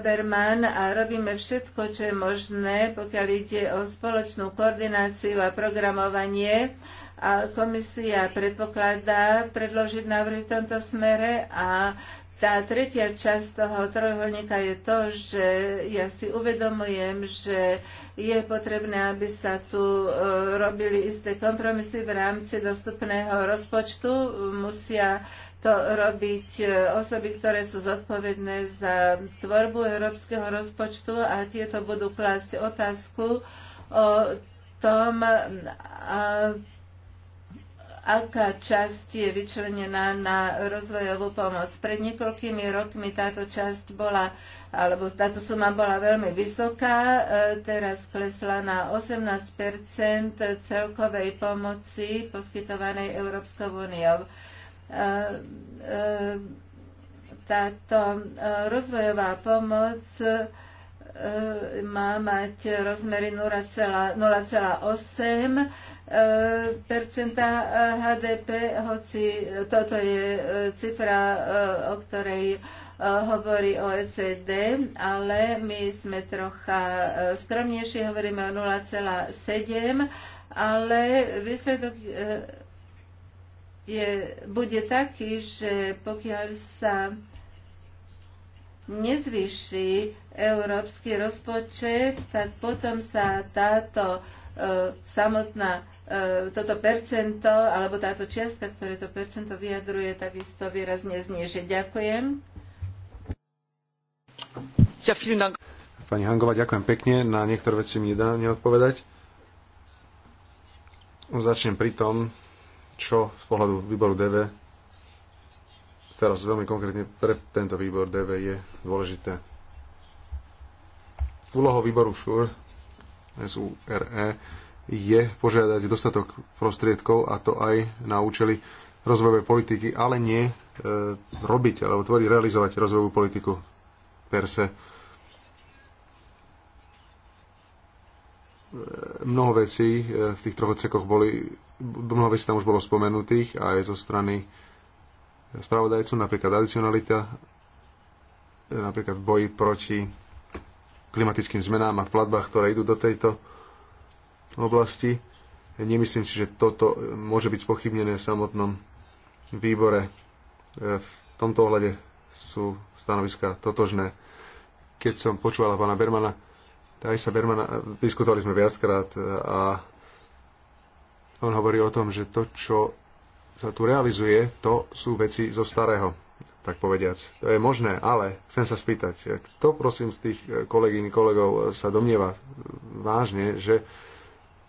Berman a robíme všetko, čo je možné, pokiaľ ide o spoločnú koordináciu a programovanie a komisia predpokladá predložiť návrhy v tomto smere a tá tretia časť toho trojuholníka je to, že ja si uvedomujem, že je potrebné, aby sa tu e, robili isté kompromisy v rámci dostupného rozpočtu. Musia to robiť e, osoby, ktoré sú zodpovedné za tvorbu európskeho rozpočtu a tieto budú klásť otázku o tom, aká časť je vyčlenená na rozvojovú pomoc. Pred niekoľkými rokmi táto časť bola, alebo táto suma bola veľmi vysoká, e, teraz klesla na 18 celkovej pomoci poskytovanej Európskou úniou. E, e, táto rozvojová pomoc E, má mať rozmery 0,8 e, percenta e, HDP, hoci toto je cifra, o ktorej hovorí OECD, ale my sme trocha skromnejší, hovoríme o 0,7, ale výsledok je, bude taký, že pokiaľ sa nezvýši európsky rozpočet, tak potom sa táto e, samotná e, toto percento, alebo táto čiastka, ktoré to percento vyjadruje, takisto výrazne znižie. Ďakujem. Ja, Dank. Pani Hangová, ďakujem pekne. Na niektoré veci mi nedá neodpovedať. Začnem pri tom, čo z pohľadu výboru DV teraz veľmi konkrétne pre tento výbor DV je dôležité. Úlohou výboru ŠUR, SURE, je požiadať dostatok prostriedkov, a to aj na účely rozvojovej politiky, ale nie e, robiť alebo tvoriť, realizovať rozvojovú politiku per se. E, mnoho vecí e, v tých troch odsekoch boli, mnoho vecí tam už bolo spomenutých aj zo strany spravodajcu, napríklad adicionalita, e, napríklad boji proti klimatickým zmenám a v platbách, ktoré idú do tejto oblasti. Nemyslím si, že toto môže byť spochybnené v samotnom výbore. E, v tomto ohľade sú stanoviska totožné. Keď som počúvala pána Bermana, aj sa Bermana, e, diskutovali sme viackrát e, a on hovorí o tom, že to, čo sa tu realizuje, to sú veci zo starého tak povediac. To je možné, ale chcem sa spýtať, kto prosím z tých eh, kolegyň, kolegov eh, sa domnieva vážne, že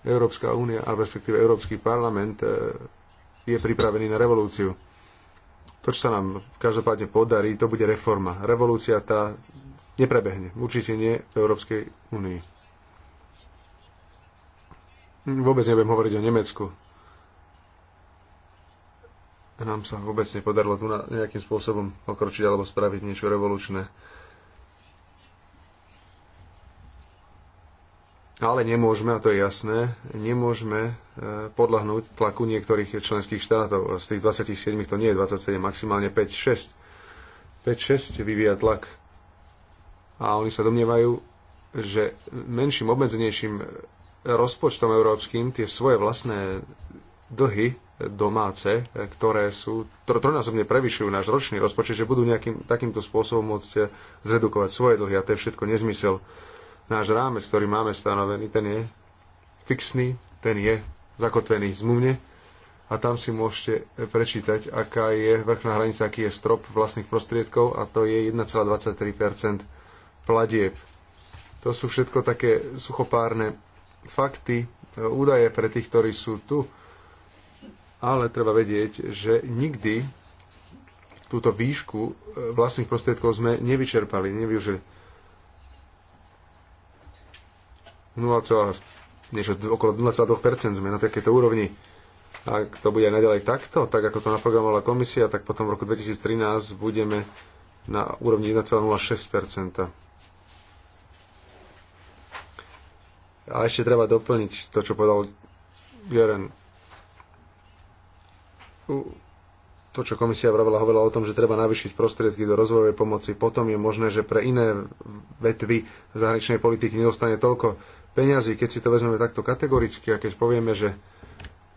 Európska únia, alebo respektíve Európsky parlament eh, je pripravený na revolúciu. To, čo sa nám každopádne podarí, to bude reforma. Revolúcia tá neprebehne. Určite nie v Európskej únii. Vôbec nebudem hovoriť o Nemecku nám sa vôbec nepodarilo tu nejakým spôsobom pokročiť alebo spraviť niečo revolučné. Ale nemôžeme, a to je jasné, nemôžeme e, podľahnúť tlaku niektorých členských štátov. Z tých 27, to nie je 27, maximálne 5-6. 5-6 vyvíja tlak. A oni sa domnievajú, že menším, obmedzenejším rozpočtom európskym tie svoje vlastné dlhy domáce, ktoré sú trojnásobne prevyšujú náš ročný rozpočet, že budú nejakým takýmto spôsobom môcť zredukovať svoje dlhy a to je všetko nezmysel. Náš rámec, ktorý máme stanovený, ten je fixný, ten je zakotvený zmluvne a tam si môžete prečítať, aká je vrchná hranica, aký je strop vlastných prostriedkov a to je 1,23 platieb. To sú všetko také suchopárne fakty, údaje pre tých, ktorí sú tu ale treba vedieť, že nikdy túto výšku e, vlastných prostriedkov sme nevyčerpali, nevyužili. 0, niečo, okolo 0,2% sme na takéto úrovni. Ak to bude aj naďalej takto, tak ako to naprogramovala komisia, tak potom v roku 2013 budeme na úrovni 1,06%. A ešte treba doplniť to, čo povedal Jeren to, čo komisia vravila, hovorila o tom, že treba navýšiť prostriedky do rozvojovej pomoci. Potom je možné, že pre iné vetvy zahraničnej politiky nedostane toľko peňazí. Keď si to vezmeme takto kategoricky a keď povieme, že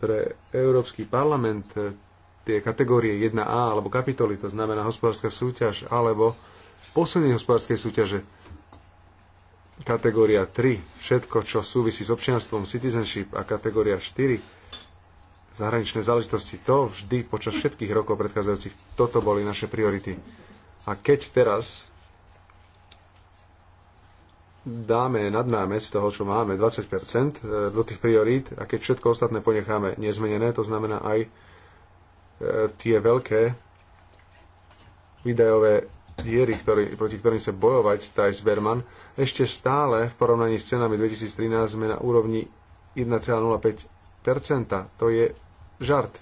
pre Európsky parlament e, tie kategórie 1A alebo kapitoly, to znamená hospodárska súťaž alebo poslední hospodárskej súťaže, kategória 3, všetko, čo súvisí s občianstvom, citizenship a kategória 4, zahraničné záležitosti. To vždy počas všetkých rokov predchádzajúcich, toto boli naše priority. A keď teraz dáme nad námec toho, čo máme, 20% e, do tých priorít a keď všetko ostatné ponecháme nezmenené, to znamená aj e, tie veľké výdajové diery, ktorý, proti ktorým sa bojovať Thijs Berman, ešte stále v porovnaní s cenami 2013 sme na úrovni 1,05 to je žart.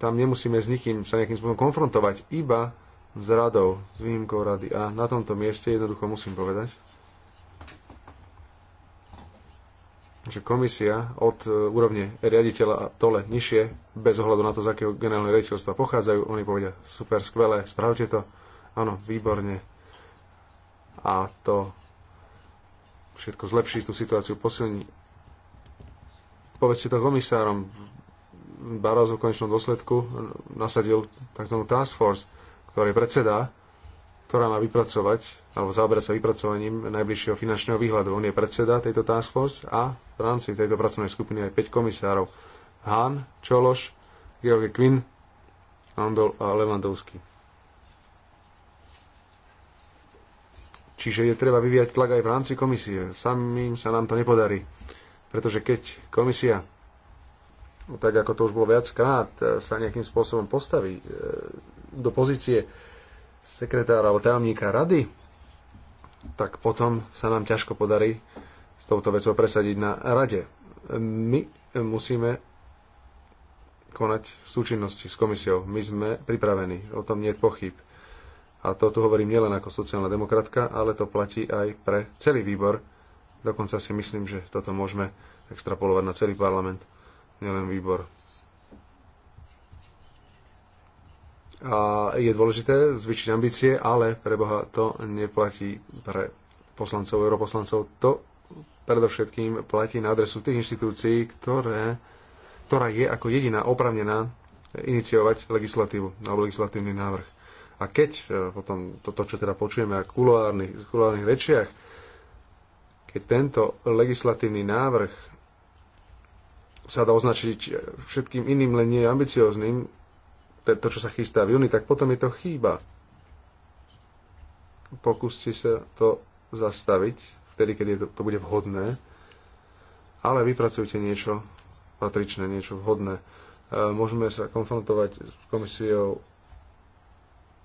Tam nemusíme s nikým sa nejakým spôsobom konfrontovať, iba s radou, s výnimkou rady. A na tomto mieste jednoducho musím povedať, že komisia od e, úrovne riaditeľa a tole nižšie, bez ohľadu na to, z akého generálneho riaditeľstva pochádzajú, oni povedia, super, skvelé, spravte to, áno, výborne. A to všetko zlepší tú situáciu, posilní povedzte to komisárom. Barroso v konečnom dôsledku nasadil tzv. task force, ktorý predseda, ktorá má vypracovať, alebo zaoberať sa vypracovaním najbližšieho finančného výhľadu. On je predseda tejto task force a v rámci tejto pracovnej skupiny aj 5 komisárov. Hahn, Čološ, George Quinn, Andol a Levandovský. Čiže je treba vyvíjať tlak aj v rámci komisie. Samým sa nám to nepodarí. Pretože keď komisia, no tak ako to už bolo viackrát, e, sa nejakým spôsobom postaví e, do pozície sekretára alebo tajomníka rady, tak potom sa nám ťažko podarí s touto vecou presadiť na rade. My musíme konať v súčinnosti s komisiou. My sme pripravení, o tom nie je pochyb. A to tu hovorím nielen ako sociálna demokratka, ale to platí aj pre celý výbor Dokonca si myslím, že toto môžeme extrapolovať na celý parlament, nielen výbor. A je dôležité zvyšiť ambície, ale pre Boha to neplatí pre poslancov, europoslancov. To predovšetkým platí na adresu tých inštitúcií, ktoré, ktorá je ako jediná opravnená iniciovať legislatívu alebo legislatívny návrh. A keď e, potom toto, to čo teda počujeme v kuloárnych, kuloárnych rečiach, keď tento legislatívny návrh sa dá označiť všetkým iným, len nie ambiciozným, to, čo sa chystá v júni, tak potom je to chýba. Pokúste sa to zastaviť, vtedy, keď je to, to bude vhodné, ale vypracujte niečo patričné, niečo vhodné. E, môžeme sa konfrontovať s komisiou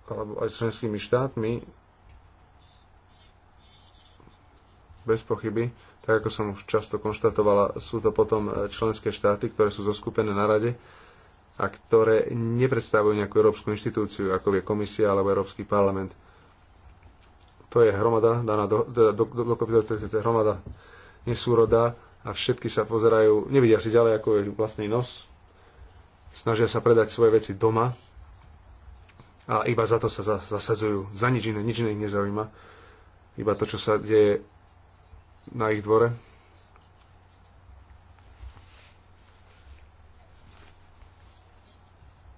alebo aj s členskými štátmi, bez pochyby, tak ako som už často konštatovala, sú to potom e, členské štáty, ktoré sú zoskupené na rade a ktoré nepredstavujú nejakú európsku inštitúciu, ako je komisia alebo Európsky parlament. To je hromada, daná do, do, do, do, do, to je hromada nesúroda a všetky sa pozerajú, nevidia si ďalej ako je vlastný nos, snažia sa predať svoje veci doma a iba za to sa zasadzujú, za nič iné, nič iné ich nezaujíma. Iba to, čo sa deje na ich dvore.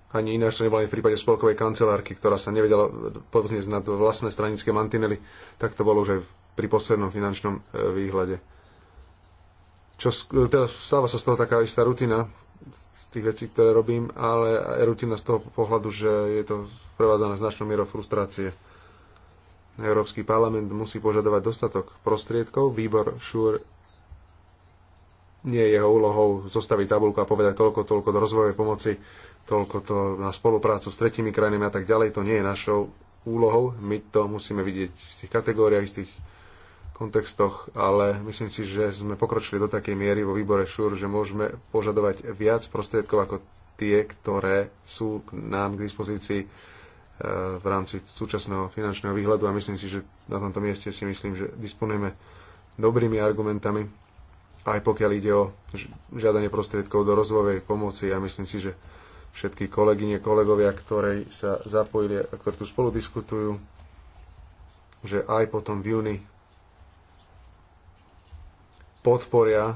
Ani ináč to nebolo ani v prípade spolkovej kancelárky, ktorá sa nevedela povznieť to vlastné stranické mantinely. Tak to bolo už aj pri poslednom finančnom e, výhľade. Čo, e, teda stáva sa z toho taká istá rutina, z tých vecí, ktoré robím, ale e, rutina z toho pohľadu, že je to sprevádzane značnou mierou frustrácie. Európsky parlament musí požadovať dostatok prostriedkov. Výbor Šúr nie je jeho úlohou zostaviť tabulku a povedať toľko, toľko do rozvojovej pomoci, toľko to na spoluprácu s tretimi krajinami a tak ďalej. To nie je našou úlohou. My to musíme vidieť v tých kategóriách, v tých kontextoch, ale myslím si, že sme pokročili do takej miery vo výbore ŠUR, že môžeme požadovať viac prostriedkov ako tie, ktoré sú nám k dispozícii v rámci súčasného finančného výhľadu a myslím si, že na tomto mieste si myslím, že disponujeme dobrými argumentami, aj pokiaľ ide o žiadanie prostriedkov do rozvojovej pomoci a myslím si, že všetky kolegyne, kolegovia, ktorí sa zapojili a ktorí tu spolu diskutujú, že aj potom v júni podporia e,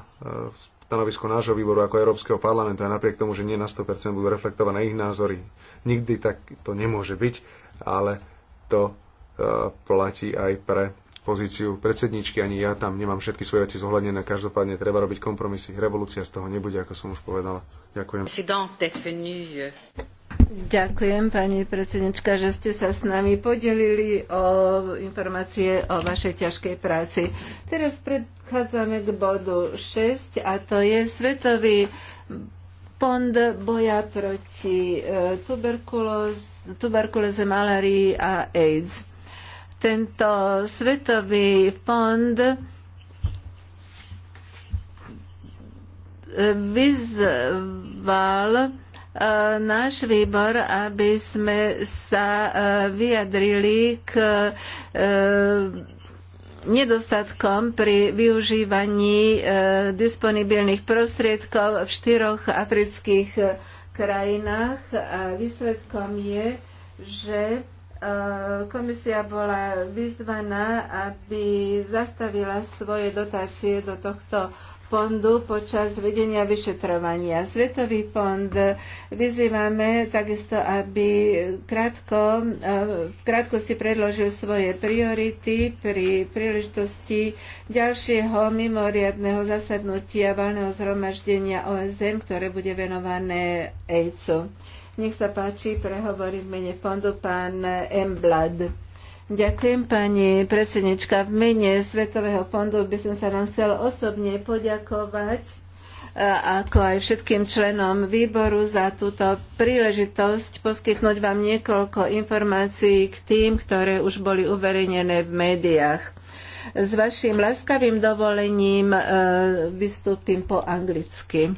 stanovisko nášho výboru ako Európskeho parlamentu aj napriek tomu, že nie na 100% budú reflektované ich názory. Nikdy tak to nemôže byť, ale to e, platí aj pre pozíciu predsedničky. Ani ja tam nemám všetky svoje veci zohľadnené. Každopádne treba robiť kompromisy. Revolúcia z toho nebude, ako som už povedala. Ďakujem. Ďakujem, pani predsednička, že ste sa s nami podelili o informácie o vašej ťažkej práci. Teraz predchádzame k bodu 6 a to je Svetový fond boja proti e, tuberkulóze, malárii a AIDS. Tento Svetový fond e, vyzval náš výbor, aby sme sa e, vyjadrili k e, nedostatkom pri využívaní e, disponibilných prostriedkov v štyroch afrických krajinách a výsledkom je, že komisia bola vyzvaná, aby zastavila svoje dotácie do tohto fondu počas vedenia vyšetrovania. Svetový fond vyzývame takisto, aby krátko, eh, v krátkosti predložil svoje priority pri príležitosti ďalšieho mimoriadného zasadnutia valného zhromaždenia OSN, ktoré bude venované AIDSu. Nech sa páči, prehovorí v mene fondu pán Emblad. Ďakujem pani predsednička. V mene Svetového fondu by som sa vám chcela osobne poďakovať e, ako aj všetkým členom výboru za túto príležitosť poskytnúť vám niekoľko informácií k tým, ktoré už boli uverejnené v médiách. S vašim laskavým dovolením e, vystúpim po anglicky.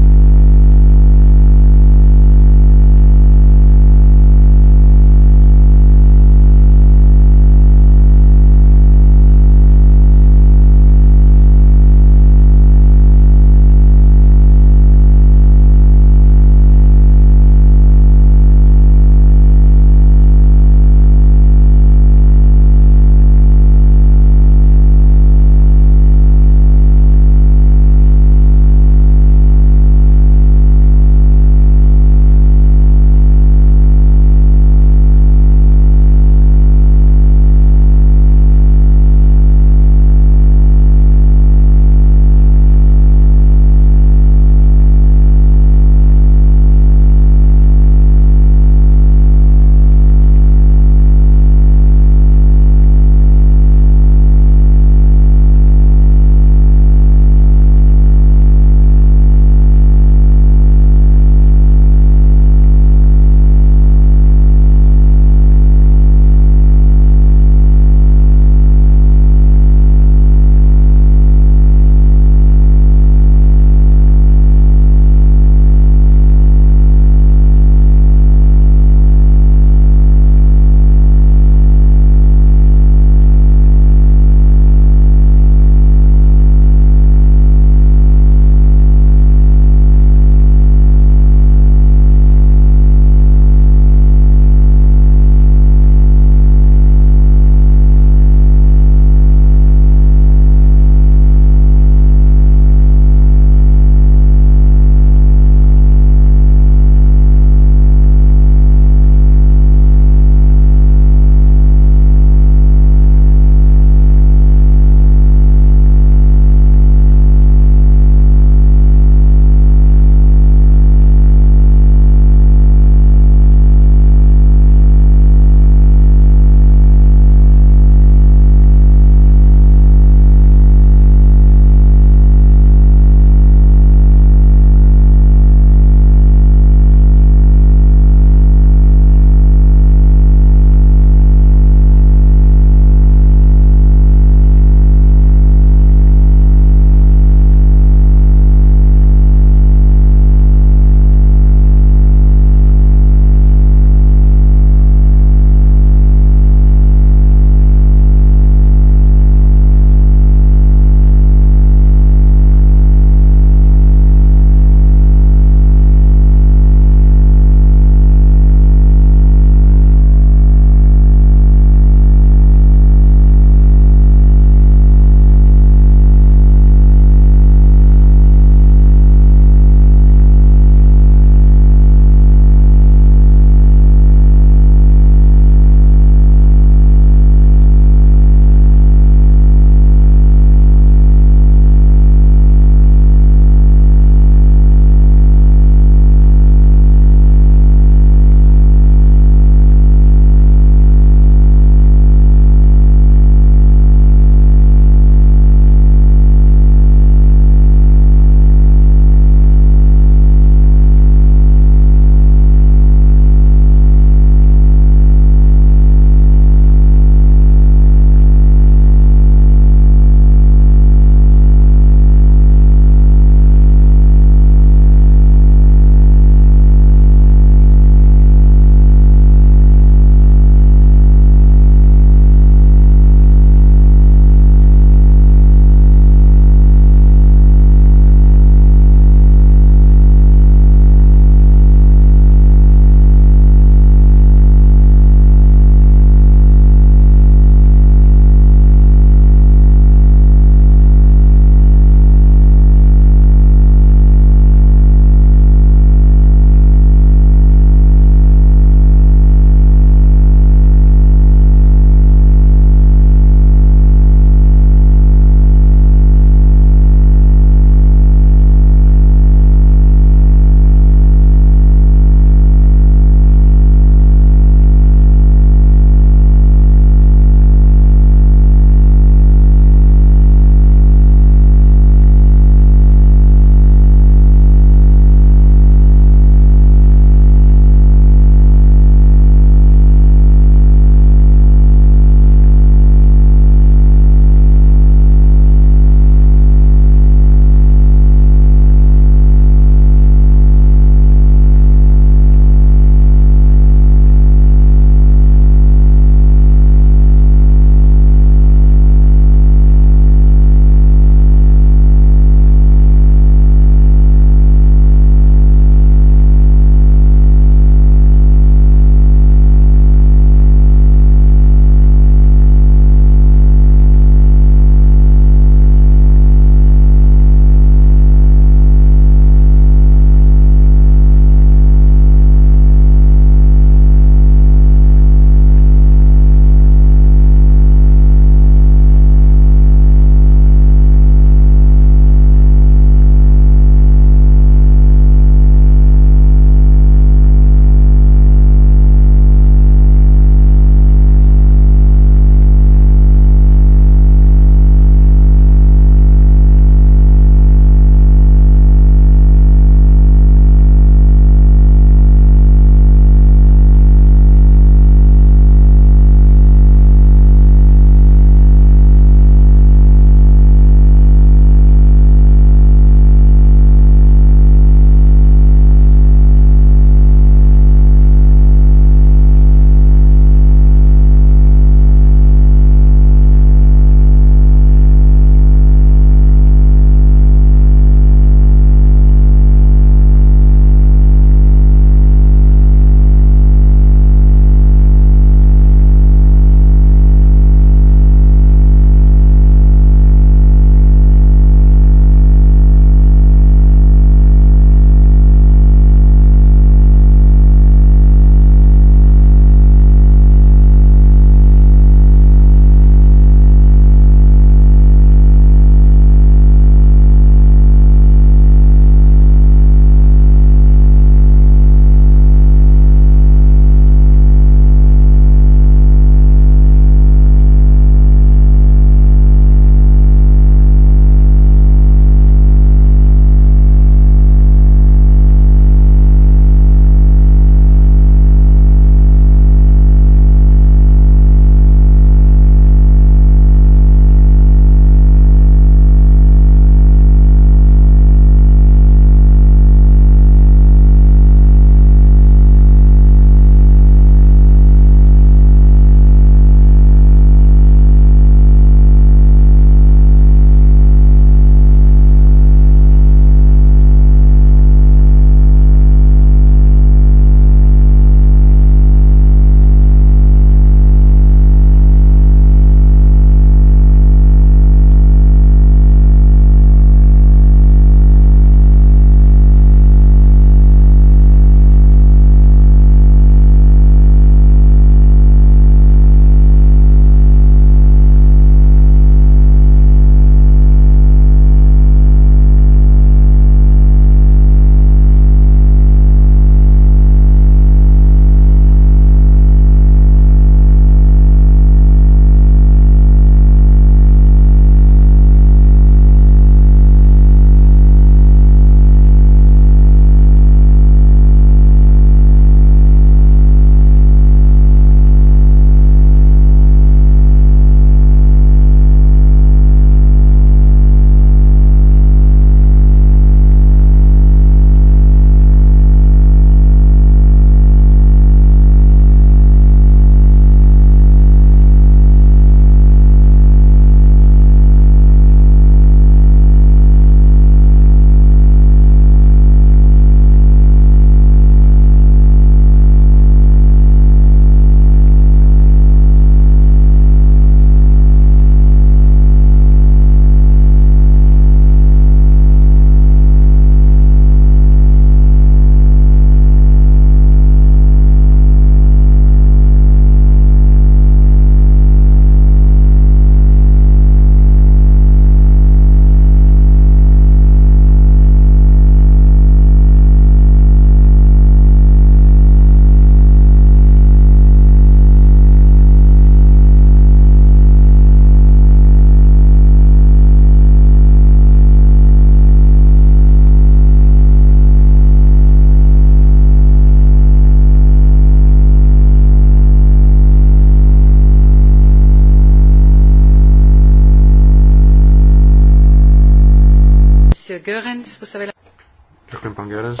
Ďakujem, pán Gerez.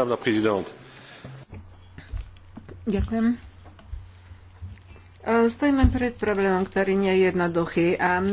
Ďakujem. E, stojíme pred problémom, ktorý nie je jednoduchý a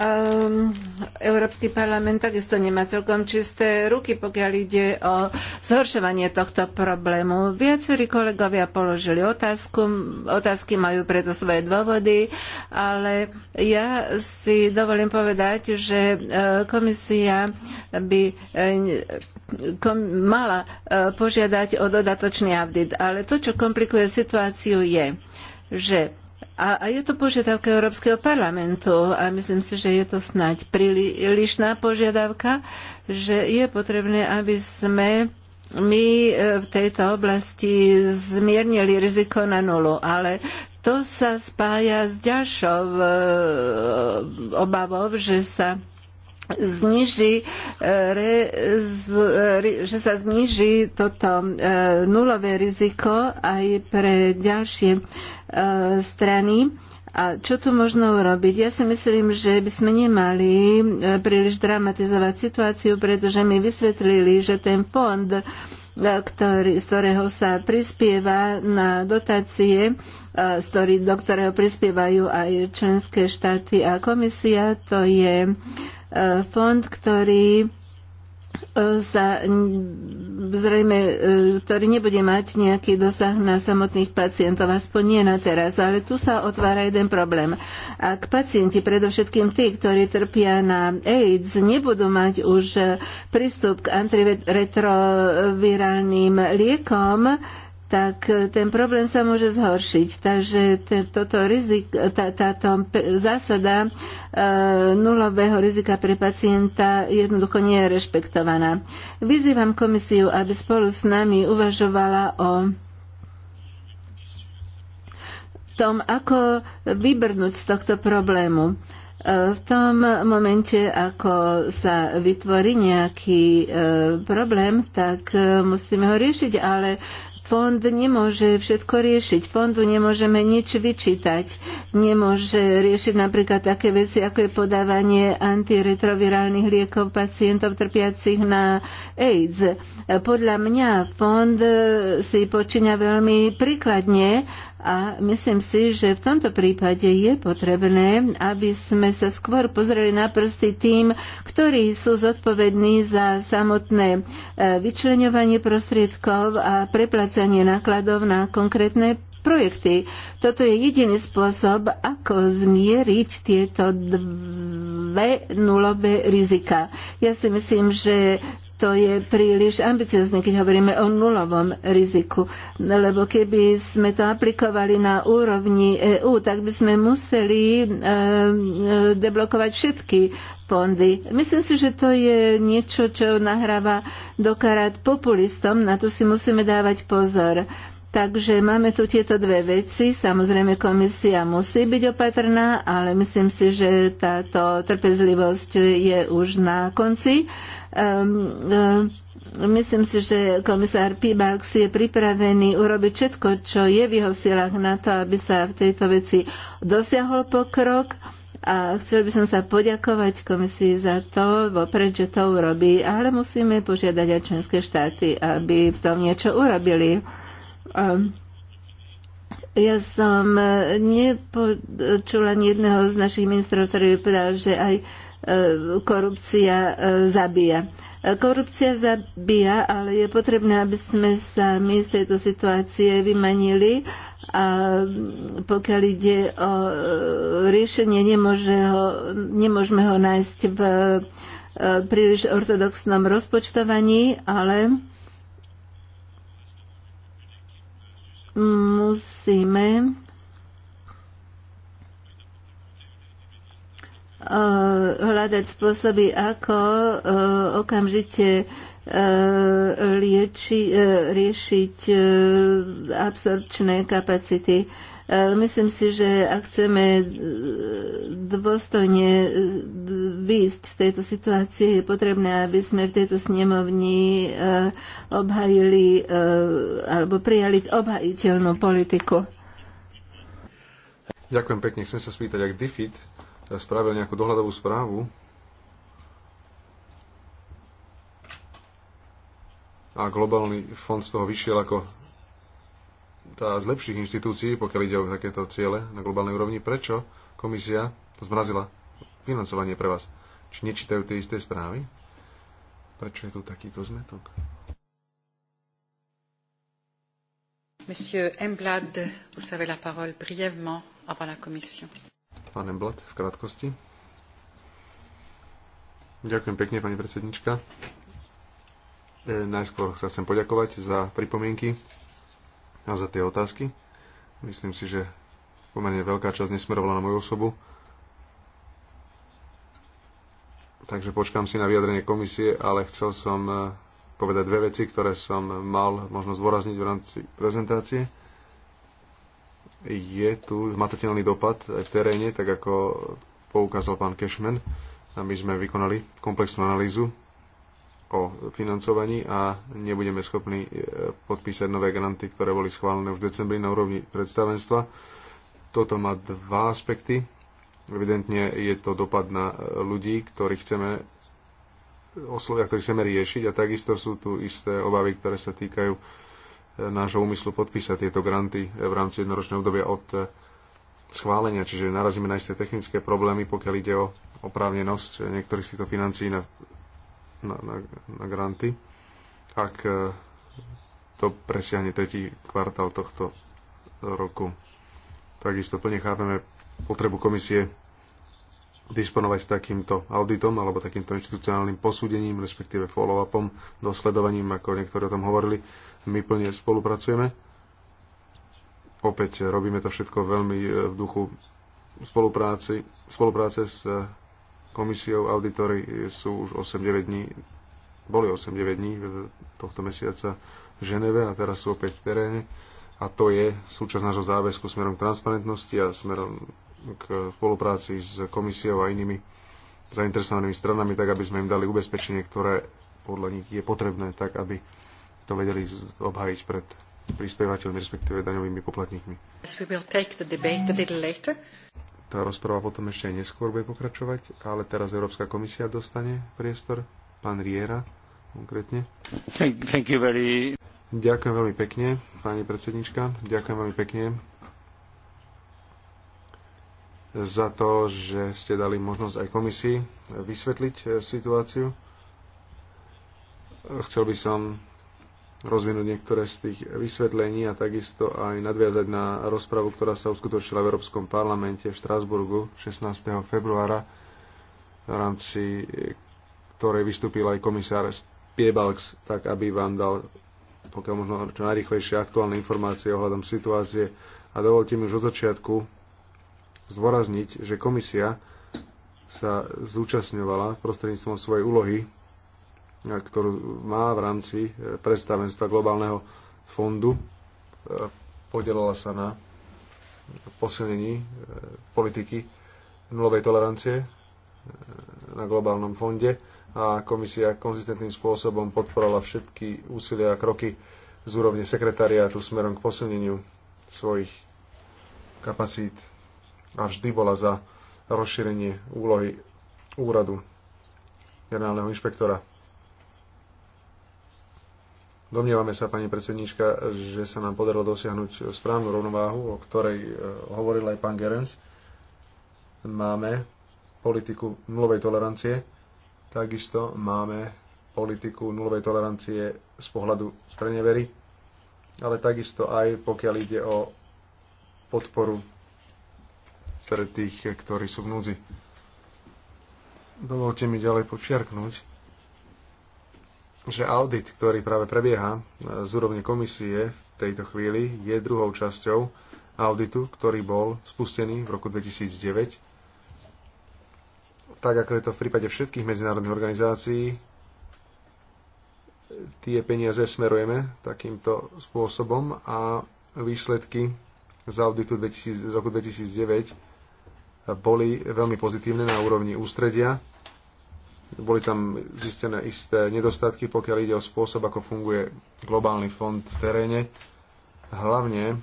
Um, Európsky parlament takisto nemá celkom čisté ruky, pokiaľ ide o zhoršovanie tohto problému. Viacerí kolegovia položili otázku, otázky majú preto svoje dôvody, ale ja si dovolím povedať, že e, komisia by e, mala e, požiadať o dodatočný audit. Ale to, čo komplikuje situáciu, je, že a, a je to požiadavka Európskeho parlamentu a myslím si, že je to snáď prílišná požiadavka, že je potrebné, aby sme my e, v tejto oblasti zmiernili riziko na nulu, ale to sa spája s ďalšou e, obavou, že sa zniží, e, re, z, re, že sa zniží toto e, nulové riziko aj pre ďalšie e, strany. A čo tu možno urobiť? Ja si myslím, že by sme nemali e, príliš dramatizovať situáciu, pretože mi vysvetlili, že ten fond, e, ktorý, z ktorého sa prispieva na dotácie, z ktorý, do ktorého prispievajú aj členské štáty a komisia, to je fond, ktorý e, sa zrejme, e, ktorý nebude mať nejaký dosah na samotných pacientov, aspoň nie na teraz, ale tu sa otvára jeden problém. Ak pacienti, predovšetkým tí, ktorí trpia na AIDS, nebudú mať už e, prístup k antiretrovirálnym liekom, tak eh, ten problém sa môže zhoršiť. Takže toto rizik, tá, táto zásada e, nulového rizika pre pacienta jednoducho nie je rešpektovaná. Vyzývam komisiu, aby spolu s nami uvažovala o tom, ako vybrnúť z tohto problému. Eh, v tom momente, ako sa vytvorí nejaký problém, tak musíme ho riešiť, ale Fond nemôže všetko riešiť. Fondu nemôžeme nič vyčítať. Nemôže riešiť napríklad také veci, ako je podávanie antiretrovirálnych liekov pacientov trpiacich na AIDS. Podľa mňa fond si počíňa veľmi príkladne a myslím si, že v tomto prípade je potrebné, aby sme sa skôr pozreli na prsty tým, ktorí sú zodpovední za samotné e, vyčleňovanie prostriedkov a preplacanie nákladov na konkrétne projekty. Toto je jediný spôsob, ako zmieriť tieto dve nulové rizika. Ja si myslím, že to je príliš ambiciozne, keď hovoríme o nulovom riziku. Lebo keby sme to aplikovali na úrovni EÚ, tak by sme museli eh, deblokovať všetky fondy. Myslím si, že to je niečo, čo nahráva do karát populistom. Na to si musíme dávať pozor. Takže máme tu tieto dve veci. Samozrejme, komisia musí byť opatrná, ale myslím si, že táto trpezlivosť je už na konci. Um, um, myslím si, že komisár Pibalks je pripravený urobiť všetko, čo je v jeho silách na to, aby sa v tejto veci dosiahol pokrok. A chcel by som sa poďakovať komisii za to, vopred, že to urobí, ale musíme požiadať aj členské štáty, aby v tom niečo urobili. Um, ja som e, nepočula ani jedného z našich ministrov, ktorý by povedal, že aj e, korupcia e, zabíja. Korupcia zabíja, ale je potrebné, aby sme sa my z tejto situácie vymanili a pokiaľ ide o riešenie, nemôže ho, nemôžeme ho nájsť v príliš ortodoxnom rozpočtovaní, ale musíme eh, hľadať spôsoby, ako eh, okamžite eh, lieči, riešiť absorpčné kapacity Myslím si, že ak chceme e, dôstojne e, výjsť z tejto situácie, je potrebné, aby sme v tejto snemovni e, obhajili alebo prijali obhajiteľnú politiku. Ďakujem pekne. Chcem sa spýtať, ak DFID spravil nejakú dohľadovú správu a globálny fond z toho vyšiel ako a z lepších inštitúcií, pokiaľ ide o takéto ciele na globálnej úrovni, prečo komisia zmrazila financovanie pre vás? Či nečítajú tie isté správy? Prečo je tu takýto zmetok? Monsieur Emblad, vous avez la parole brièvement avant la commission. Pán Emblad, v krátkosti. Ďakujem pekne, pani predsednička. E, najskôr sa chcem poďakovať za pripomienky a za tie otázky. Myslím si, že pomerne veľká časť nesmerovala na moju osobu. Takže počkám si na vyjadrenie komisie, ale chcel som eh, povedať dve veci, ktoré som mal možno zdôrazniť v rámci prezentácie. Je tu zmatateľný dopad aj v teréne, tak ako poukázal pán Cashman. A my sme vykonali komplexnú analýzu o financovaní a nebudeme schopní e, podpísať nové granty, ktoré boli schválené už v decembri na úrovni predstavenstva. Toto má dva aspekty. Evidentne je to dopad na e, ľudí, ktorých chceme oslovia, ktorých chceme riešiť a takisto sú tu isté obavy, ktoré sa týkajú e, nášho úmyslu podpísať tieto granty v rámci jednoročného obdobia od schválenia, čiže narazíme na isté technické problémy, pokiaľ ide o oprávnenosť niektorých z týchto financií na na, na, na granty, ak e, to presiahne tretí kvartál tohto roku. Takisto plne chápeme potrebu komisie disponovať takýmto auditom alebo takýmto inštitucionálnym posúdením, respektíve follow-upom, dosledovaním, ako niektorí o tom hovorili. My plne spolupracujeme. Opäť robíme to všetko veľmi e, v duchu spolupráci, spolupráce s komisiou. Auditory sú už 8-9 dní, boli 8-9 dní tohto mesiaca v Ženeve a teraz sú opäť v teréne. A to je súčasť nášho záväzku smerom k transparentnosti a smerom k spolupráci s komisiou a inými zainteresovanými stranami, tak aby sme im dali ubezpečenie, ktoré podľa nich je potrebné, tak aby to vedeli obhajiť pred prispievateľmi, respektíve daňovými poplatníkmi. Tá rozpráva potom ešte aj neskôr bude pokračovať, ale teraz Európska komisia dostane priestor. Pán Riera konkrétne. Thank, thank you very... Ďakujem veľmi pekne, pani predsednička. Ďakujem veľmi pekne za to, že ste dali možnosť aj komisii vysvetliť eh, situáciu. Chcel by som rozvinúť niektoré z tých vysvetlení a takisto aj nadviazať na rozpravu, ktorá sa uskutočila v Európskom parlamente v Štrásburgu 16. februára, v rámci ktorej vystúpil aj komisár Spiebalks, tak aby vám dal pokiaľ možno čo najrychlejšie aktuálne informácie ohľadom situácie. A dovolte mi už od začiatku zvorazniť, že komisia sa zúčastňovala prostredníctvom svojej úlohy E, ktorú má v rámci e, predstavenstva globálneho fondu. E, Podelala sa na posilnení politiky nulovej tolerancie na globálnom fonde a komisia konzistentným spôsobom podporala všetky úsilia a kroky z úrovne sekretariátu smerom k posilneniu svojich kapacít a vždy bola za rozšírenie úlohy úradu generálneho inšpektora Domnievame sa, pani predsednička, že sa nám podarilo dosiahnuť správnu rovnováhu, o ktorej e, hovoril aj pán Gerens. Máme politiku nulovej tolerancie, takisto máme politiku nulovej tolerancie z pohľadu sprenevery, ale takisto aj pokiaľ ide o podporu pre tých, ktorí sú v núdzi. Dovolte mi ďalej počiarknúť, že audit, ktorý práve prebieha e, z úrovne komisie v tejto chvíli, je druhou časťou auditu, ktorý bol spustený v roku 2009 tak ako je to v prípade všetkých medzinárodných organizácií, tie peniaze smerujeme takýmto spôsobom a výsledky z auditu 2000, z roku 2009 boli veľmi pozitívne na úrovni ústredia. Boli tam zistené isté nedostatky, pokiaľ ide o spôsob, ako funguje globálny fond v teréne. Hlavne,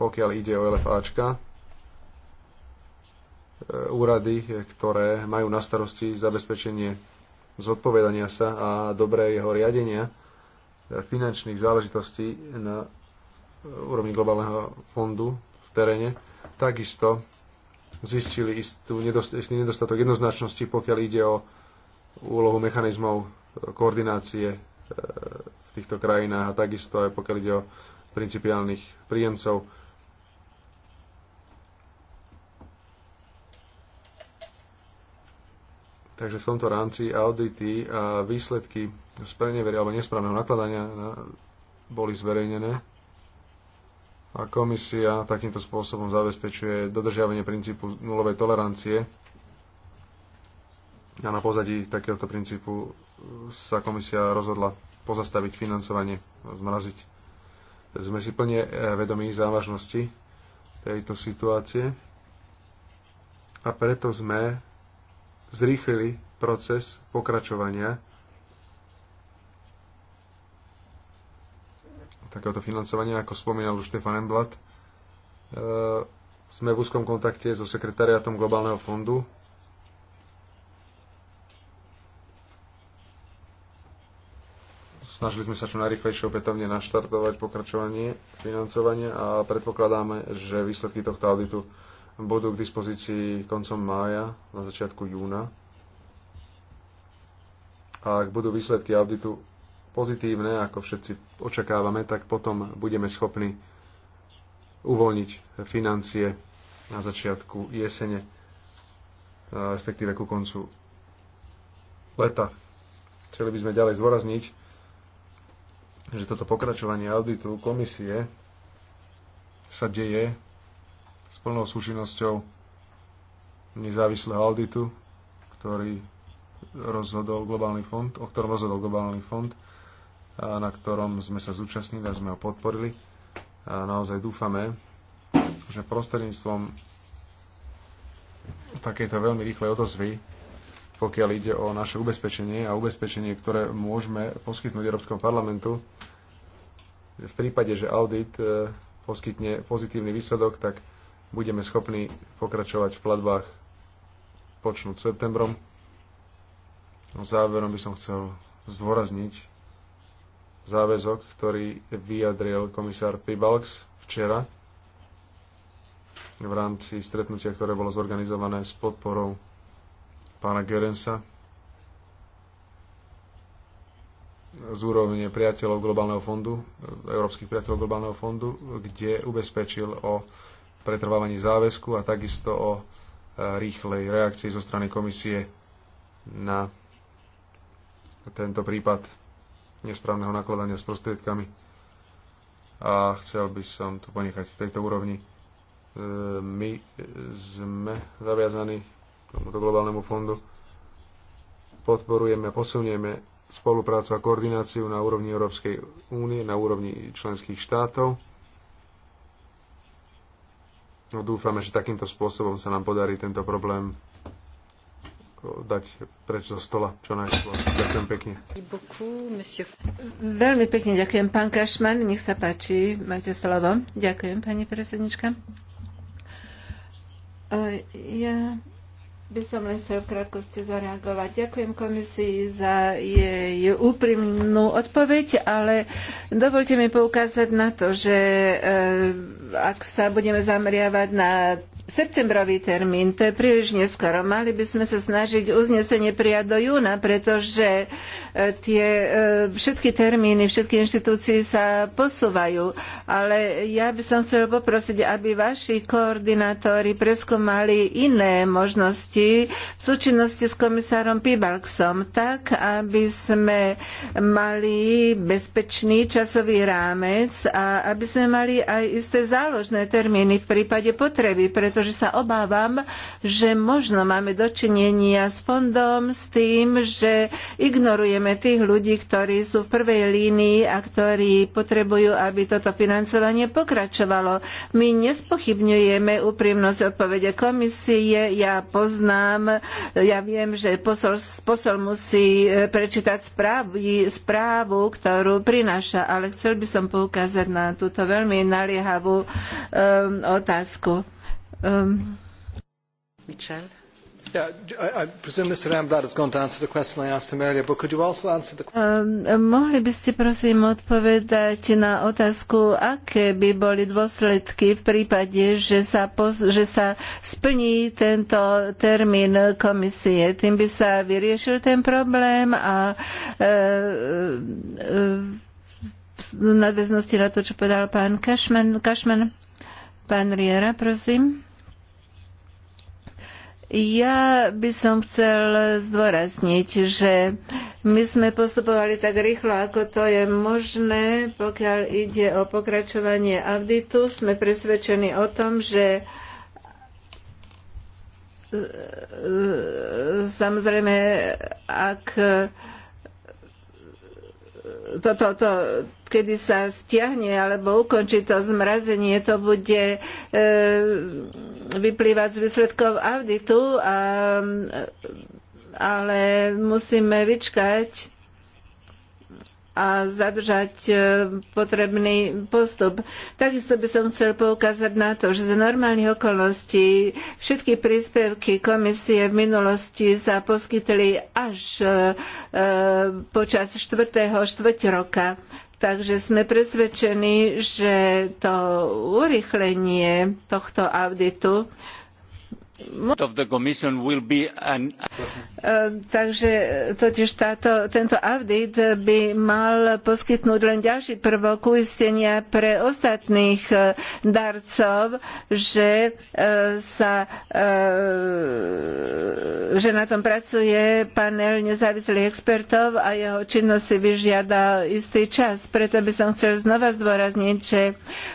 pokiaľ ide o LFAčka, e, úrady, ktoré majú na starosti zabezpečenie zodpovedania sa a dobré jeho riadenia e, finančných záležitostí na úrovni globálneho fondu v teréne, takisto zistili istú nedostatok jednoznačnosti, pokiaľ ide o úlohu mechanizmov e, koordinácie e, v týchto krajinách a takisto aj pokiaľ ide o principiálnych príjemcov. Takže v tomto rámci audity a výsledky spreneveria alebo nesprávneho nakladania boli zverejnené a komisia takýmto spôsobom zabezpečuje dodržiavanie princípu nulovej tolerancie a na pozadí takéhoto princípu sa komisia rozhodla pozastaviť financovanie, zmraziť. Sme si plne e, vedomí závažnosti tejto situácie a preto sme zrýchlili proces pokračovania takéhoto financovania, ako spomínal už Štefan Emblad. E, sme v úzkom kontakte so sekretariatom Globálneho fondu snažili sme sa čo najrychlejšie opätovne naštartovať pokračovanie financovania a predpokladáme, že výsledky tohto auditu budú k dispozícii koncom mája, na začiatku júna. A ak budú výsledky auditu pozitívne, ako všetci očakávame, tak potom budeme schopní uvoľniť financie na začiatku jesene, respektíve ku koncu leta. Chceli by sme ďalej zdôrazniť, že toto pokračovanie auditu komisie sa deje s plnou súčinnosťou nezávislého auditu, ktorý rozhodol Globálny fond, o ktorom rozhodol Globálny fond a na ktorom sme sa zúčastnili a sme ho podporili. A naozaj dúfame, že prostredníctvom takéto veľmi rýchlej odozvy pokiaľ ide o naše ubezpečenie a ubezpečenie, ktoré môžeme poskytnúť Európskom parlamentu. V prípade, že audit e, poskytne pozitívny výsledok, tak budeme schopní pokračovať v platbách počnúť septembrom. No, záverom by som chcel zdôrazniť záväzok, ktorý vyjadril komisár Pibalks včera v rámci stretnutia, ktoré bolo zorganizované s podporou pána Gerensa z úrovne priateľov Globálneho fondu, európskych priateľov Globálneho fondu, kde ubezpečil o pretrvávaní záväzku a takisto o e, rýchlej reakcii zo strany komisie na tento prípad nesprávneho nakladania s prostriedkami. A chcel by som to ponechať v tejto úrovni. E, my sme zaviazaní tomuto globálnemu fondu. Podporujeme a posunieme spoluprácu a koordináciu na úrovni Európskej únie, na úrovni členských štátov. No, dúfame, že takýmto spôsobom sa nám podarí tento problém dať preč zo stola čo najskôr. Ďakujem pekne. Veľmi pekne ďakujem, pán Kašman. Nech sa páči, máte slovo. Ďakujem, pani predsednička. Ja by som len chcel v krátkosti zareagovať. Ďakujem komisii za jej úprimnú odpoveď, ale dovolte mi poukázať na to, že eh, ak sa budeme zameriavať na septembrový termín, to je príliš neskoro. Mali by sme sa snažiť uznesenie prijať do júna, pretože e, tie e, všetky termíny, všetky inštitúcie sa posúvajú. Ale ja by som chcela poprosiť, aby vaši koordinátori preskúmali iné možnosti v súčinnosti s komisárom Pibalksom, tak, aby sme mali bezpečný časový rámec a aby sme mali aj isté záložné termíny v prípade potreby, pretože pretože sa obávam, že možno máme dočinenia s fondom, s tým, že ignorujeme tých ľudí, ktorí sú v prvej línii a ktorí potrebujú, aby toto financovanie pokračovalo. My nespochybňujeme úprimnosť odpovede komisie. Ja poznám, ja viem, že posol, posol musí e, prečítať správu, správu, ktorú prináša, ale chcel by som poukázať na túto veľmi naliehavú um, otázku. Um, Michel? Um, mohli by ste prosím odpovedať na otázku, aké by boli dôsledky v prípade, že sa, pos, že sa splní tento termín komisie. Tým by sa vyriešil ten problém a e, e, nadväznosti na to, čo povedal pán Kašman, Kašman pán Riera, prosím. Ja by som chcel zdôrazniť, že my sme postupovali tak rýchlo, ako to je možné, pokiaľ ide o pokračovanie auditu. Sme presvedčení o tom, že e, samozrejme, ak toto. to, to, kedy sa stiahne alebo ukončí to zmrazenie, to bude e, vyplývať z výsledkov auditu, a, ale musíme vyčkať a zadržať e, potrebný postup. Takisto by som chcel poukázať na to, že za normálnych okolností všetky príspevky komisie v minulosti sa poskytli až e, počas 4. štvrť roka Takže sme presvedčení, že to urychlenie tohto auditu Ehm, takže e, totiž táto, tento audit by mal poskytnúť len ďalší prvok uistenia pre ostatných e, darcov, že e, sa že na tom pracuje panel nezávislých expertov a jeho činnosť si vyžiada istý čas. Preto by som chcel znova zdôrazniť, že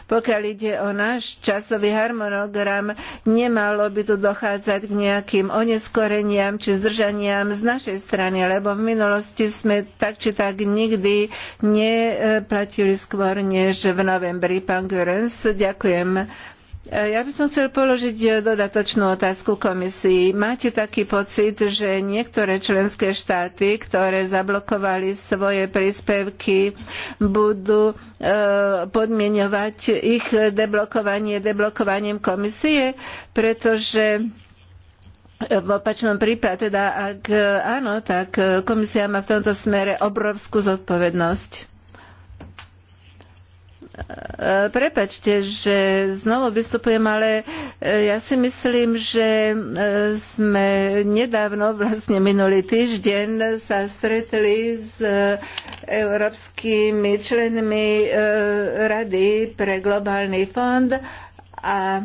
pokiaľ ide o náš časový harmonogram, nemalo by tu do dochádzať k nejakým oneskoreniam či zdržaniam z našej strany, lebo v minulosti sme tak či tak nikdy neplatili skôr než v novembri. Pán Görens, ďakujem E, ja by som chcel položiť e, dodatočnú otázku komisii. Máte taký pocit, že niektoré členské štáty, ktoré zablokovali svoje príspevky, budú e, podmienovať ich deblokovanie deblokovaním komisie, pretože v opačnom prípade, teda ak áno, tak komisia má v tomto smere obrovskú zodpovednosť. E, prepačte, že znovu vystupujem, ale e, ja si myslím, že e, sme nedávno, vlastne minulý týždeň, sa stretli s európskymi členmi Rady pre globálny fond a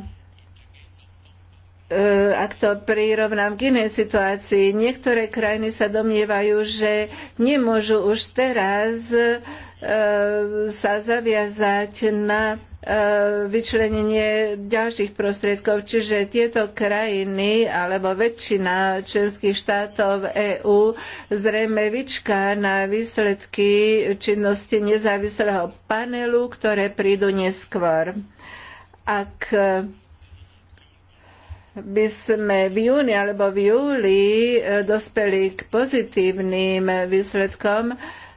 ak to prirovnám k inej situácii, niektoré krajiny sa domnievajú, že nemôžu už teraz sa zaviazať na e, vyčlenenie ďalších prostriedkov. Čiže tieto krajiny alebo väčšina členských štátov EÚ zrejme vyčká na výsledky činnosti nezávislého panelu, ktoré prídu neskôr. Ak by sme v júni alebo v júli e, dospeli k pozitívnym výsledkom,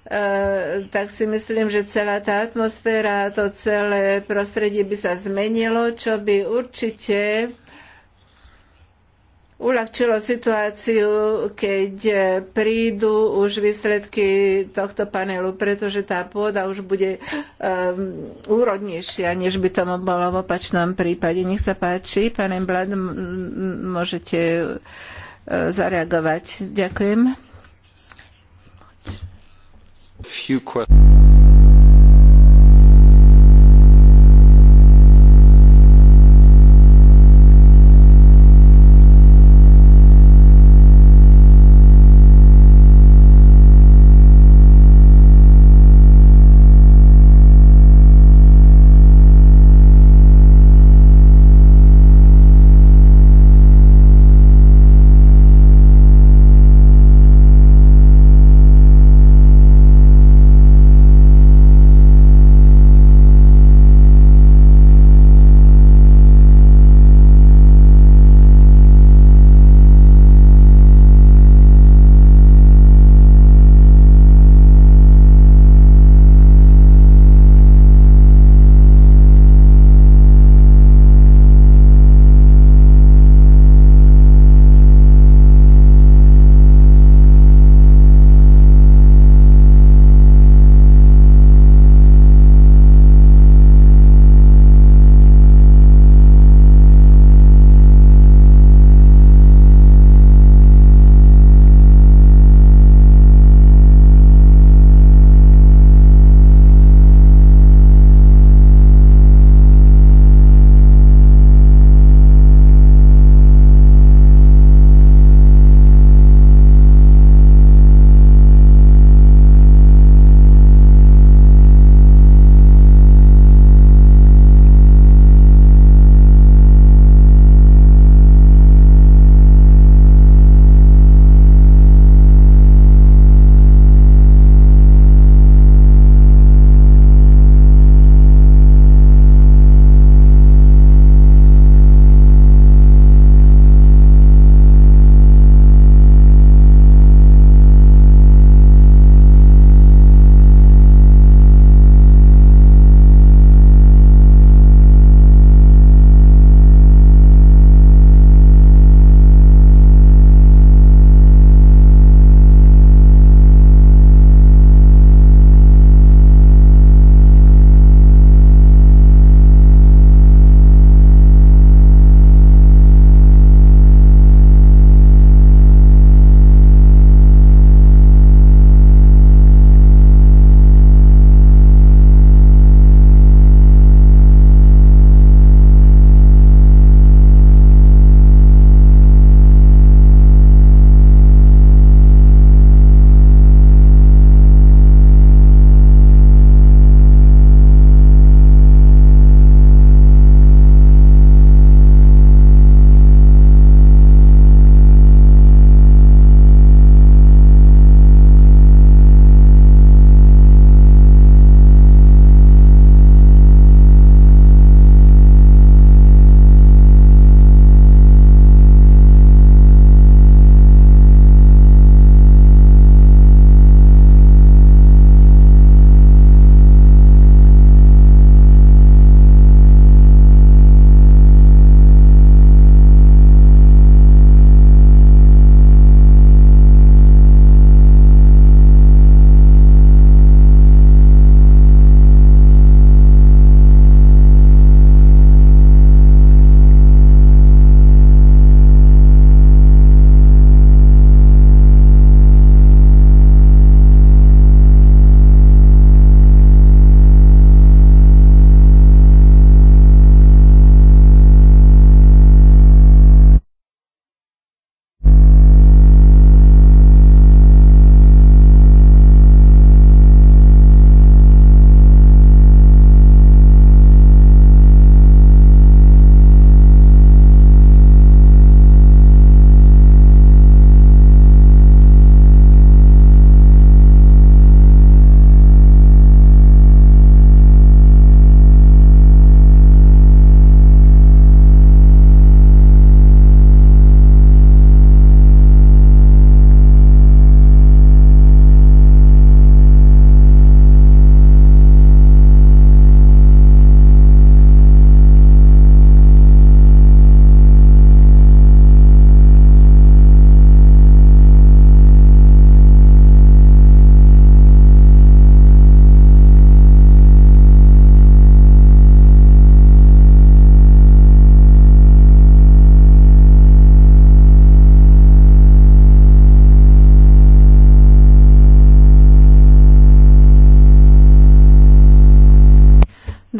Eh, tak si myslím, že celá tá atmosféra, to celé prostredie by sa zmenilo, čo by určite uľahčilo situáciu, keď prídu už výsledky tohto panelu, pretože tá pôda už bude um, úrodnejšia, než by tomu bolo v opačnom prípade. Nech sa páči, pán Emblad, môžete eh, zareagovať. Ďakujem. Few questions.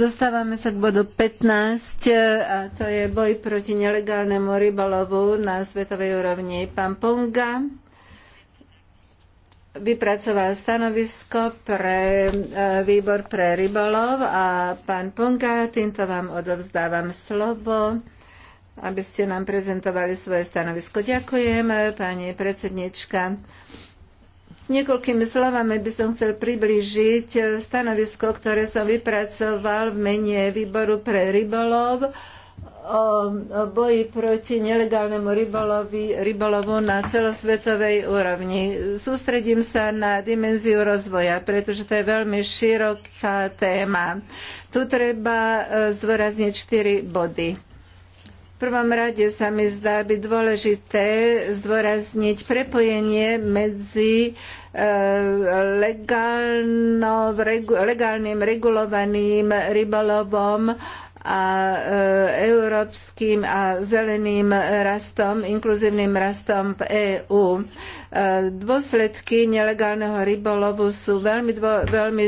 Dostávame sa k bodu 15 e, a to je boj proti nelegálnemu rybolovu na svetovej úrovni. Pán Ponga vypracoval stanovisko pre e, výbor pre rybolov a pán Ponga, týmto vám odovzdávam slovo aby ste nám prezentovali svoje stanovisko. Ďakujem, e, pani predsednička. Niekoľkými slovami by som chcel priblížiť eh, stanovisko, ktoré som vypracoval v mene výboru pre rybolov o boji proti nelegálnemu rybolovi, rybolovu na celosvetovej úrovni. Sústredím sa na dimenziu rozvoja, pretože to je veľmi široká téma. Tu treba eh, zdôrazniť štyri body prvom rade sa mi zdá byť dôležité zdôrazniť prepojenie medzi e, legálno, legálnym regulovaným rybolovom a e, európskym a zeleným rastom, inkluzívnym rastom v EÚ. E, dôsledky nelegálneho rybolovu sú veľmi, veľmi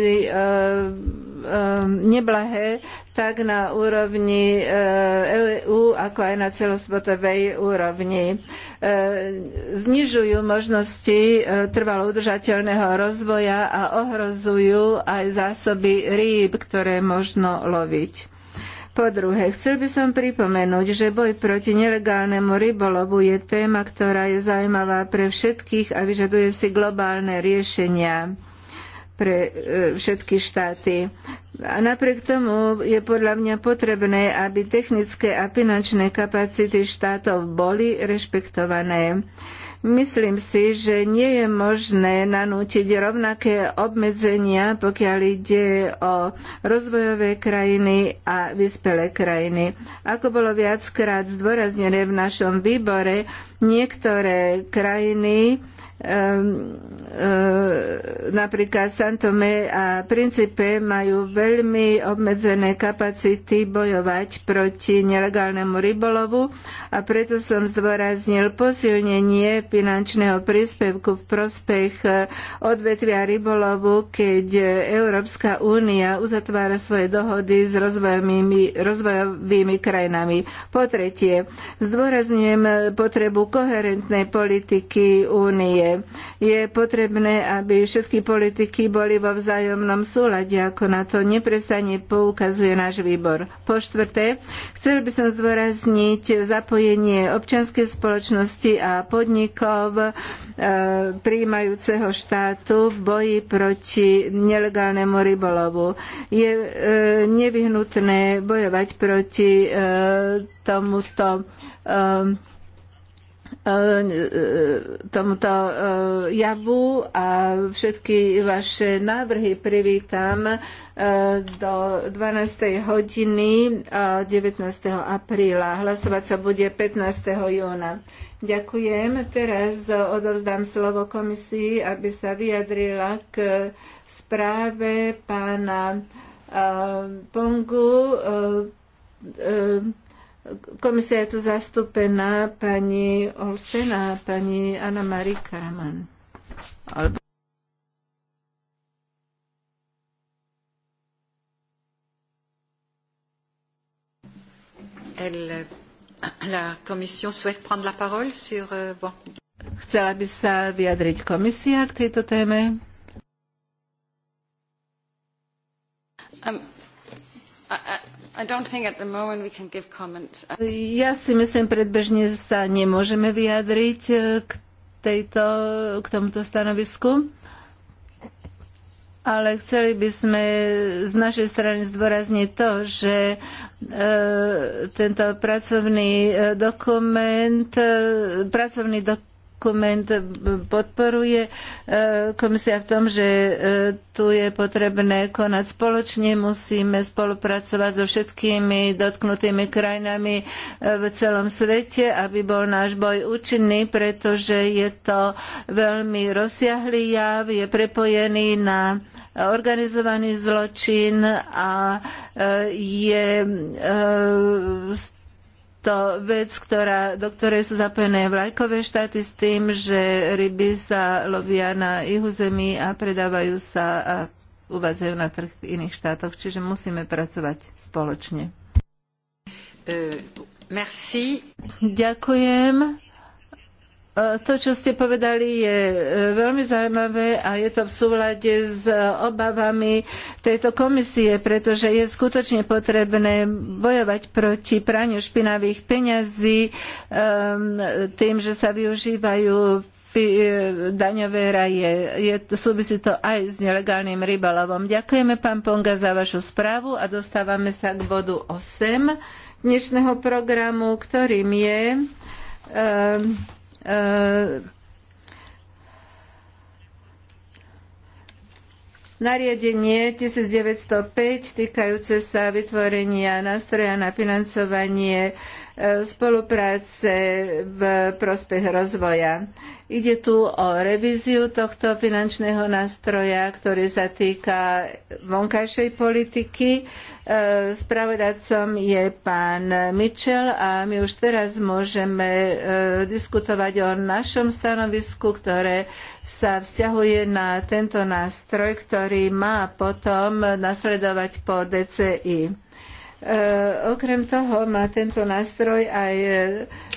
Um, neblahé tak na úrovni uh, EU, ako aj na celosvetovej úrovni. Uh, znižujú možnosti uh, trvalo udržateľného rozvoja a ohrozujú aj zásoby rýb, ktoré možno loviť. Po druhé, chcel by som pripomenúť, že boj proti nelegálnemu rybolovu je téma, ktorá je zaujímavá pre všetkých a vyžaduje si globálne riešenia pre e, všetky štáty. A napriek tomu je podľa mňa potrebné, aby technické a finančné kapacity štátov boli rešpektované. Myslím si, že nie je možné nanútiť rovnaké obmedzenia, pokiaľ ide o rozvojové krajiny a vyspelé krajiny. Ako bolo viackrát zdôraznené v našom výbore, niektoré krajiny Ehm, ehm, napríklad Santome a Principe majú veľmi obmedzené kapacity bojovať proti nelegálnemu rybolovu a preto som zdôraznil posilnenie finančného príspevku v prospech eh, odvetvia rybolovu, keď Európska únia uzatvára svoje dohody s rozvojovými, rozvojovými krajinami. Po tretie, zdôrazňujem potrebu koherentnej politiky únie je potrebné, aby všetky politiky boli vo vzájomnom súlade, ako na to neprestane poukazuje náš výbor. Po štvrté, chcel by som zdôrazniť zapojenie občianskej spoločnosti a podnikov e, príjmajúceho štátu v boji proti nelegálnemu rybolovu. Je e, nevyhnutné bojovať proti e, tomuto e, E, e, tomuto e, javu a všetky vaše návrhy privítam do 12. hodiny 19. apríla. Hlasovať sa bude 15. júna. Ďakujem. Teraz odovzdám slovo komisii, aby sa vyjadrila k správe pána Pongu Komisia je tu zastúpená pani Olsen a pani Anna Marie Karaman. Albo Elle, euh, la commission souhaite prendre la parole sur... Euh, bon. Chcela by sa vyjadriť komisia k tejto téme? Um, I, ja si myslím, predbežne sa nemôžeme vyjadriť eh, k, tejto, k tomuto stanovisku, ale chceli by sme z našej strany zdôrazniť to, že eh, tento pracovný eh, dokument, pracovný dokument, dokument podporuje e, komisia v tom, že e, tu je potrebné konať spoločne, musíme spolupracovať so všetkými dotknutými krajinami e, v celom svete, aby bol náš boj účinný, pretože je to veľmi rozsiahlý jav, je prepojený na organizovaný zločin a je to vec, ktorá, do ktorej sú zapojené vlajkové štáty s tým, že ryby sa lovia na ich území a predávajú sa a uvádzajú na trh v iných štátoch. Čiže musíme pracovať spoločne. Uh, merci. Ďakujem. E, to, čo ste povedali, je e, veľmi zaujímavé a je to v súlade s obavami tejto komisie, pretože je skutočne potrebné bojovať proti praniu špinavých peňazí e, tým, že sa využívajú daňové raje. Je, súvisí to aj s nelegálnym rybalovom. Ďakujeme, pán Ponga, za vašu správu a dostávame sa k bodu 8 dnešného programu, ktorým je um, E, nariadenie 1905 týkajúce sa vytvorenia nástroja na financovanie spolupráce v prospech rozvoja. Ide tu o revíziu tohto finančného nástroja, ktorý sa týka vonkajšej politiky. E, spravodajcom je pán Mitchell a my už teraz môžeme e, diskutovať o našom stanovisku, ktoré sa vzťahuje na tento nástroj, ktorý má potom nasledovať po DCI. E, okrem toho má tento nástroj aj e,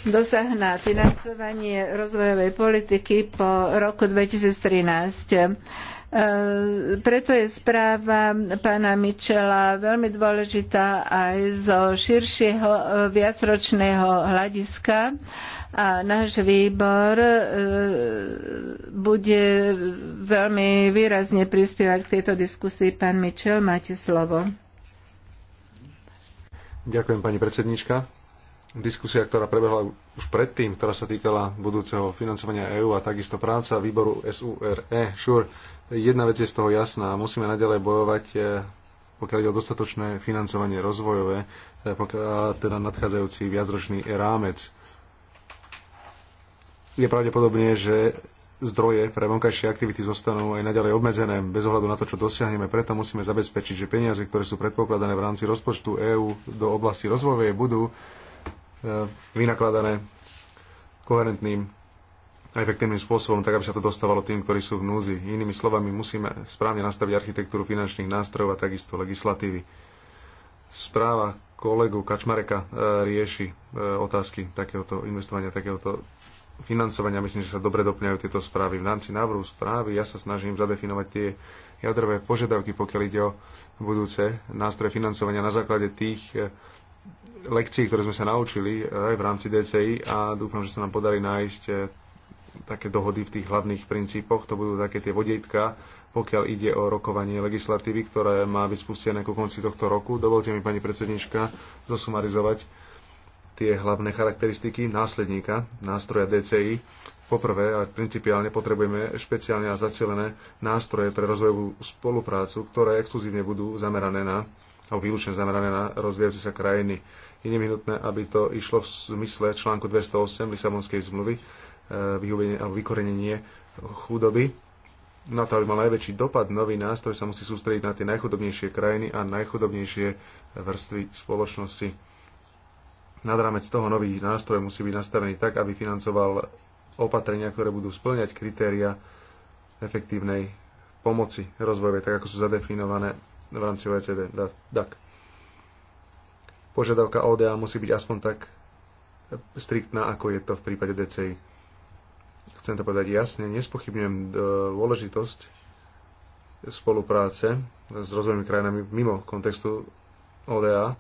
dosah na financovanie rozvojovej politiky po roku 2013. E, preto je správa pána Mičela veľmi dôležitá aj zo širšieho viacročného hľadiska a náš výbor bude veľmi výrazne prispievať k tejto diskusii. Pán Mičel, máte slovo. Ďakujem, pani predsednička. Diskusia, ktorá prebehla už predtým, ktorá sa týkala budúceho financovania EÚ a takisto práca výboru e, SURE, ŠUR, jedna vec je z toho jasná. Musíme naďalej bojovať e, pokiaľ ide o dostatočné financovanie rozvojové, e, pokiaľ, teda nadchádzajúci viacročný rámec. Je pravdepodobne, že zdroje pre vonkajšie aktivity zostanú aj naďalej obmedzené bez ohľadu na to, čo dosiahneme. Preto musíme zabezpečiť, že peniaze, ktoré sú predpokladané v rámci rozpočtu EÚ do oblasti rozvoje budú e, vynakladané koherentným a efektívnym spôsobom, tak aby sa to dostávalo tým, ktorí sú v núzi. Inými slovami, musíme správne nastaviť architektúru finančných nástrojov a takisto legislatívy. Správa kolegu Kačmareka e, rieši e, otázky takéhoto investovania, takéhoto financovania. Myslím, že sa dobre doplňajú tieto správy. V rámci návrhu správy ja sa snažím zadefinovať tie jadrové požiadavky, pokiaľ ide o budúce nástroje financovania na základe tých eh, lekcií, ktoré sme sa naučili eh, aj v rámci DCI a dúfam, že sa nám podarí nájsť eh, také dohody v tých hlavných princípoch. To budú také tie vodietka, pokiaľ ide o rokovanie legislatívy, ktoré má byť spustené ku konci tohto roku. Dovolte mi, pani predsednička, zosumarizovať tie hlavné charakteristiky následníka nástroja DCI. Poprvé a principiálne potrebujeme špeciálne a zacielené nástroje pre rozvojovú spoluprácu, ktoré exkluzívne budú zamerané na alebo výlučne zamerané na rozvíjajúce sa krajiny. Je nevyhnutné, aby to išlo v zmysle článku 208 Lisabonskej zmluvy, e, vyhubenie alebo vykorenenie chudoby. Na to, aby mal najväčší dopad, nový nástroj sa musí sústrediť na tie najchudobnejšie krajiny a najchudobnejšie vrstvy spoločnosti nad rámec toho nový nástroj musí byť nastavený tak, aby financoval opatrenia, ktoré budú splňať kritéria efektívnej pomoci rozvojovej, tak ako sú zadefinované v rámci OECD Tak. Požiadavka ODA musí byť aspoň tak striktná, ako je to v prípade DCI. Chcem to povedať jasne, nespochybňujem e, dôležitosť spolupráce s rozvojnými krajinami mimo kontextu ODA,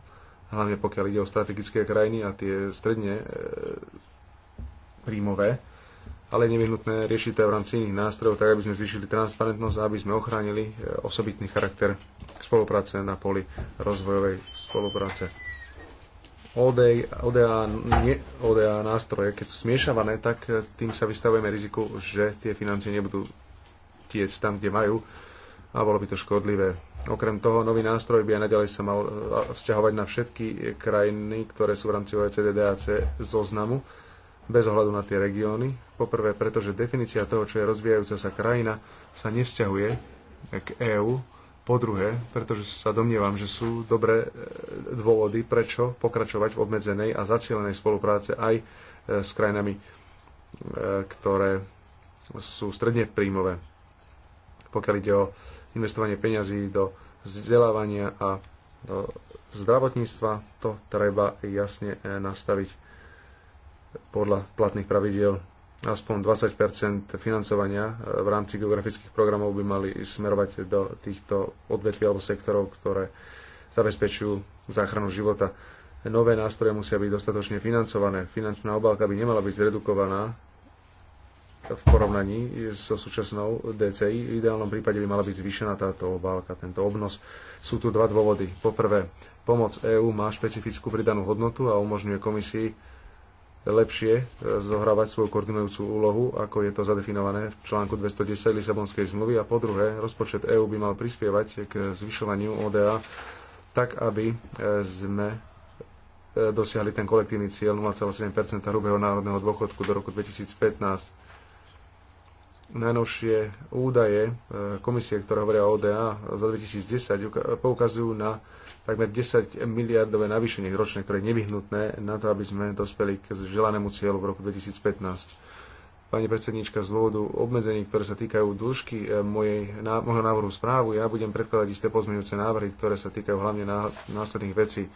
hlavne pokiaľ ide o strategické krajiny a tie stredne e, príjmové, ale nevyhnutné riešiť to aj v rámci iných nástrojov, tak aby sme zvýšili transparentnosť a aby sme ochránili e, osobitný charakter spolupráce na poli rozvojovej spolupráce. ODA, ODA, nie, ODA nástroje, keď sú smiešavané, tak e, tým sa vystavujeme riziku, že tie financie nebudú tiec tam, kde majú a bolo by to škodlivé. Okrem toho, nový nástroj by aj naďalej sa mal e, vzťahovať na všetky krajiny, ktoré sú v rámci OECD-DAC zoznamu, bez ohľadu na tie regióny. Poprvé, pretože definícia toho, čo je rozvíjajúca sa krajina, sa nevzťahuje k EÚ. Po druhé, pretože sa domnievam, že sú dobré e, dôvody, prečo pokračovať v obmedzenej a zacielenej spolupráce aj e, s krajinami, ktoré sú stredne príjmové. Pokiaľ ide o investovanie peňazí do vzdelávania a do e, zdravotníctva, to treba jasne e, nastaviť podľa platných pravidiel. Aspoň 20 financovania e, v rámci geografických programov by mali smerovať do týchto odvetví alebo sektorov, ktoré zabezpečujú záchranu života. Nové nástroje musia byť dostatočne financované. Finančná obálka by nemala byť zredukovaná v porovnaní so súčasnou DCI. V ideálnom prípade by mala byť zvýšená táto obálka, tento obnos. Sú tu dva dôvody. Poprvé, pomoc EÚ má špecifickú pridanú hodnotu a umožňuje komisii lepšie e, zohrávať svoju koordinujúcu úlohu, ako je to zadefinované v článku 210 Lisabonskej zmluvy. A po druhé, rozpočet EÚ by mal prispievať k zvyšovaniu ODA tak, aby e, sme e, dosiahli ten kolektívny cieľ 0,7 hrubého národného dôchodku do roku 2015. Najnovšie údaje e, komisie, ktorá hovorí o ODA za 2010, poukazujú na takmer 10 miliardové navýšenie ročné, ktoré je nevyhnutné na to, aby sme dospeli k želanému cieľu v roku 2015 pani predsednička, z dôvodu obmedzení, ktoré sa týkajú dĺžky e, mojej, môjho návrhu správu, ja budem predkladať isté pozmeňujúce návrhy, ktoré sa týkajú hlavne následných vecí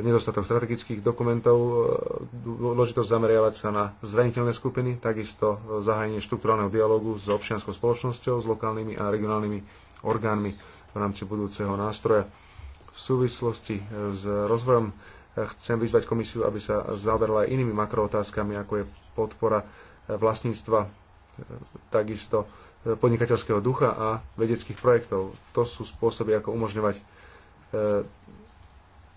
nedostatok strategických dokumentov, e, dôležitosť zameriavať sa na zraniteľné skupiny, takisto zahájenie štruktúrálneho dialogu s občianskou spoločnosťou, s lokálnymi a regionálnymi orgánmi v rámci budúceho nástroja. V súvislosti e, s rozvojom e, chcem vyzvať komisiu, aby sa zaoberala aj inými makrootázkami, ako je podpora vlastníctva, takisto podnikateľského ducha a vedeckých projektov. To sú spôsoby, ako umožňovať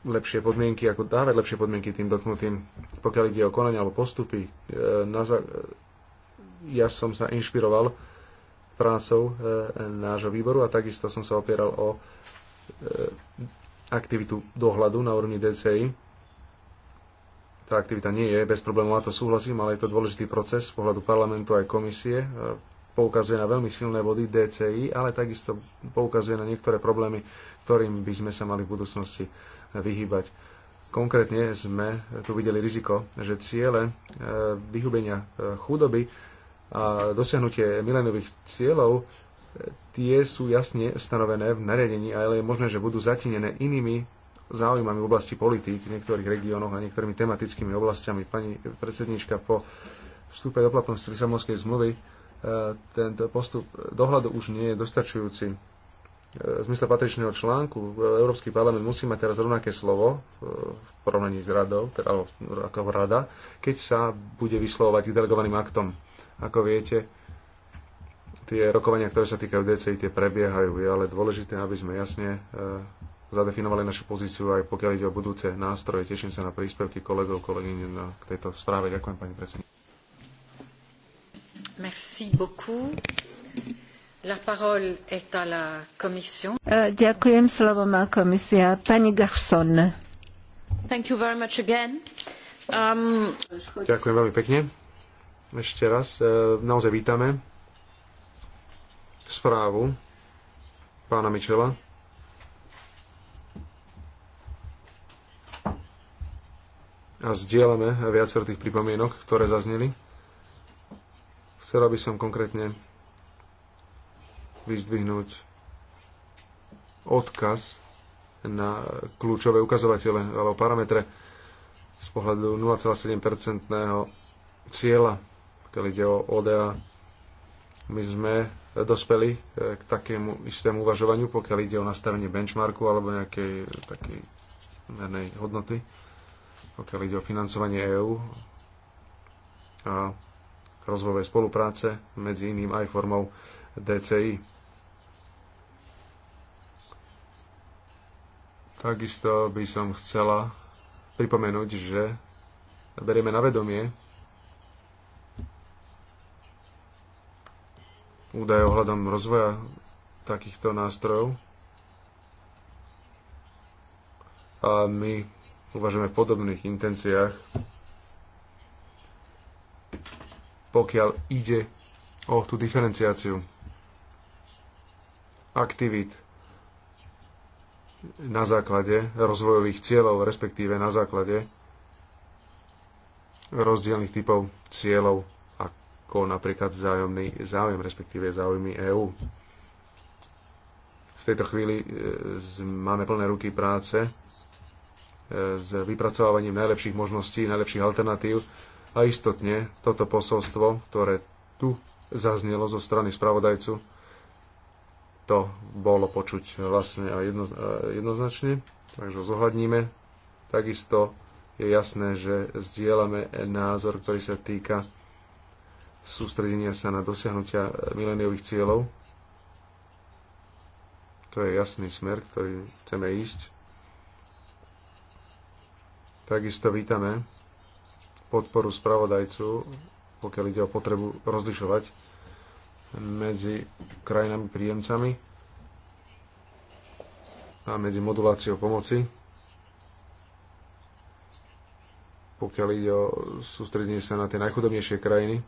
lepšie podmienky, ako dávať lepšie podmienky tým dotknutým, pokiaľ ide o konanie alebo postupy. E, na, ja som sa inšpiroval prácou e, nášho výboru a takisto som sa opieral o e, aktivitu dohľadu na úrovni DCI. Tá aktivita nie je bez problémov, a to súhlasím, ale je to dôležitý proces z pohľadu parlamentu aj komisie. Poukazuje na veľmi silné body DCI, ale takisto poukazuje na niektoré problémy, ktorým by sme sa mali v budúcnosti vyhýbať. Konkrétne sme tu videli riziko, že ciele e, vyhubenia e, chudoby a dosiahnutie milénových cieľov e, tie sú jasne stanovené v nariadení, ale je možné, že budú zatinené inými záujmami v oblasti politík v niektorých regiónoch a niektorými tematickými oblastiami. Pani predsednička, po vstupe do platnosti Lisabonskej zmluvy tento postup dohľadu už nie je dostačujúci v zmysle patričného článku Európsky parlament musí mať teraz rovnaké slovo e, v porovnaní s radou, teda, alebo ako rada, keď sa bude vyslovovať k delegovaným aktom. Ako viete, tie rokovania, ktoré sa týkajú DCI, tie prebiehajú. Je ale dôležité, aby sme jasne e, zadefinovali našu pozíciu aj pokiaľ ide o budúce nástroje. Teším sa na príspevky kolegov, kolegyň na k tejto správe. Ďakujem, pani predsednička. Merci beaucoup. Eh, ďakujem, slovo má komisia. Pani Garson. Um... Ďakujem veľmi pekne. Ešte raz, eh, naozaj vítame správu pána Mičela. A zdieľame viacero tých pripomienok, ktoré zazneli. Chcel by som konkrétne vyzdvihnúť odkaz na kľúčové ukazovatele alebo parametre z pohľadu 07 cieľa, pokiaľ ide o ODA. My sme dospeli eh, k takému istému uvažovaniu, pokiaľ ide o nastavenie benchmarku alebo nejakej takej mernej hodnoty, pokiaľ ide o financovanie EÚ a rozvojovej spolupráce, medzi iným aj formou DCI. Takisto by som chcela pripomenúť, že berieme na vedomie údaje ohľadom rozvoja takýchto nástrojov. A my uvažujeme v podobných intenciách, pokiaľ ide o tú diferenciáciu aktivít na základe rozvojových cieľov, respektíve na základe rozdielných typov cieľov, ako napríklad vzájomný záujem, respektíve záujmy EÚ. V tejto chvíli e, máme plné ruky práce e, s vypracovávaním najlepších možností, najlepších alternatív a istotne toto posolstvo, ktoré tu zaznelo zo strany spravodajcu, to bolo počuť vlastne a jedno, e, jednoznačne, takže zohľadníme. Takisto je jasné, že zdieľame názor, ktorý sa týka sústredenia sa na dosiahnutia mileniových cieľov. To je jasný smer, ktorý chceme ísť. Takisto vítame podporu spravodajcu, pokiaľ ide o potrebu rozlišovať medzi krajinami príjemcami a medzi moduláciou pomoci, pokiaľ ide o sústredenie sa na tie najchudobnejšie krajiny.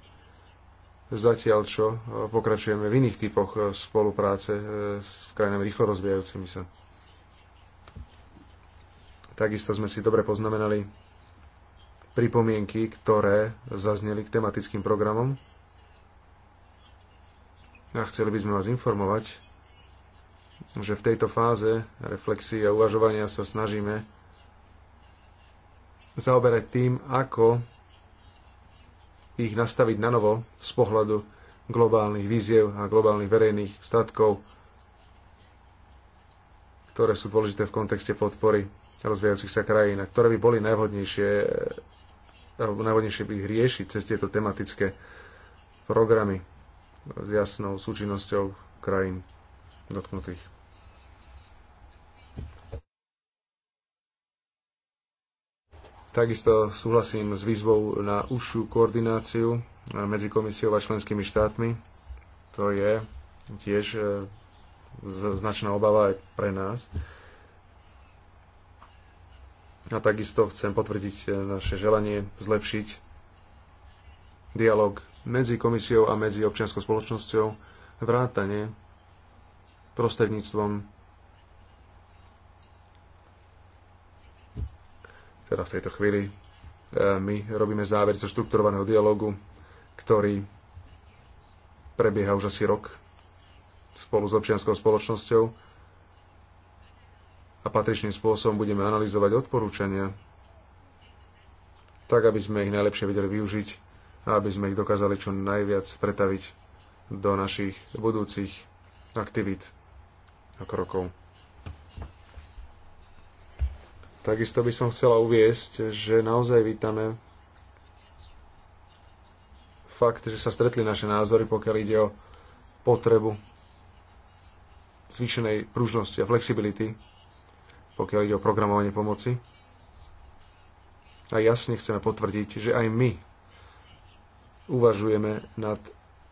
Zatiaľ čo e, pokračujeme v iných typoch e, spolupráce e, s krajinami rýchlo rozvíjajúcimi sa. Takisto sme si dobre poznamenali pripomienky, ktoré zazneli k tematickým programom a chceli by sme vás informovať, že v tejto fáze reflexie a uvažovania sa snažíme zaoberať tým, ako ich nastaviť na novo z pohľadu globálnych víziev a globálnych verejných statkov, ktoré sú dôležité v kontexte podpory rozvíjajúcich sa krajín a ktoré by boli najvhodnejšie, najvhodnejšie by ich riešiť cez tieto tematické programy s jasnou súčinnosťou krajín dotknutých. Takisto súhlasím s výzvou na užšiu koordináciu medzi komisiou a členskými štátmi. To je tiež e, značná obava aj pre nás. A takisto chcem potvrdiť e, naše želanie zlepšiť dialog medzi komisiou a medzi občianskou spoločnosťou vrátane prostredníctvom teda v tejto chvíli e, my robíme záver zo štrukturovaného dialogu, ktorý prebieha už asi rok spolu s občianskou spoločnosťou a patričným spôsobom budeme analyzovať odporúčania, tak aby sme ich najlepšie vedeli využiť aby sme ich dokázali čo najviac pretaviť do našich budúcich aktivít a krokov. Takisto by som chcela uviesť, že naozaj vítame fakt, že sa stretli naše názory, pokiaľ ide o potrebu zvýšenej pružnosti a flexibility, pokiaľ ide o programovanie pomoci. A jasne chceme potvrdiť, že aj my uvažujeme nad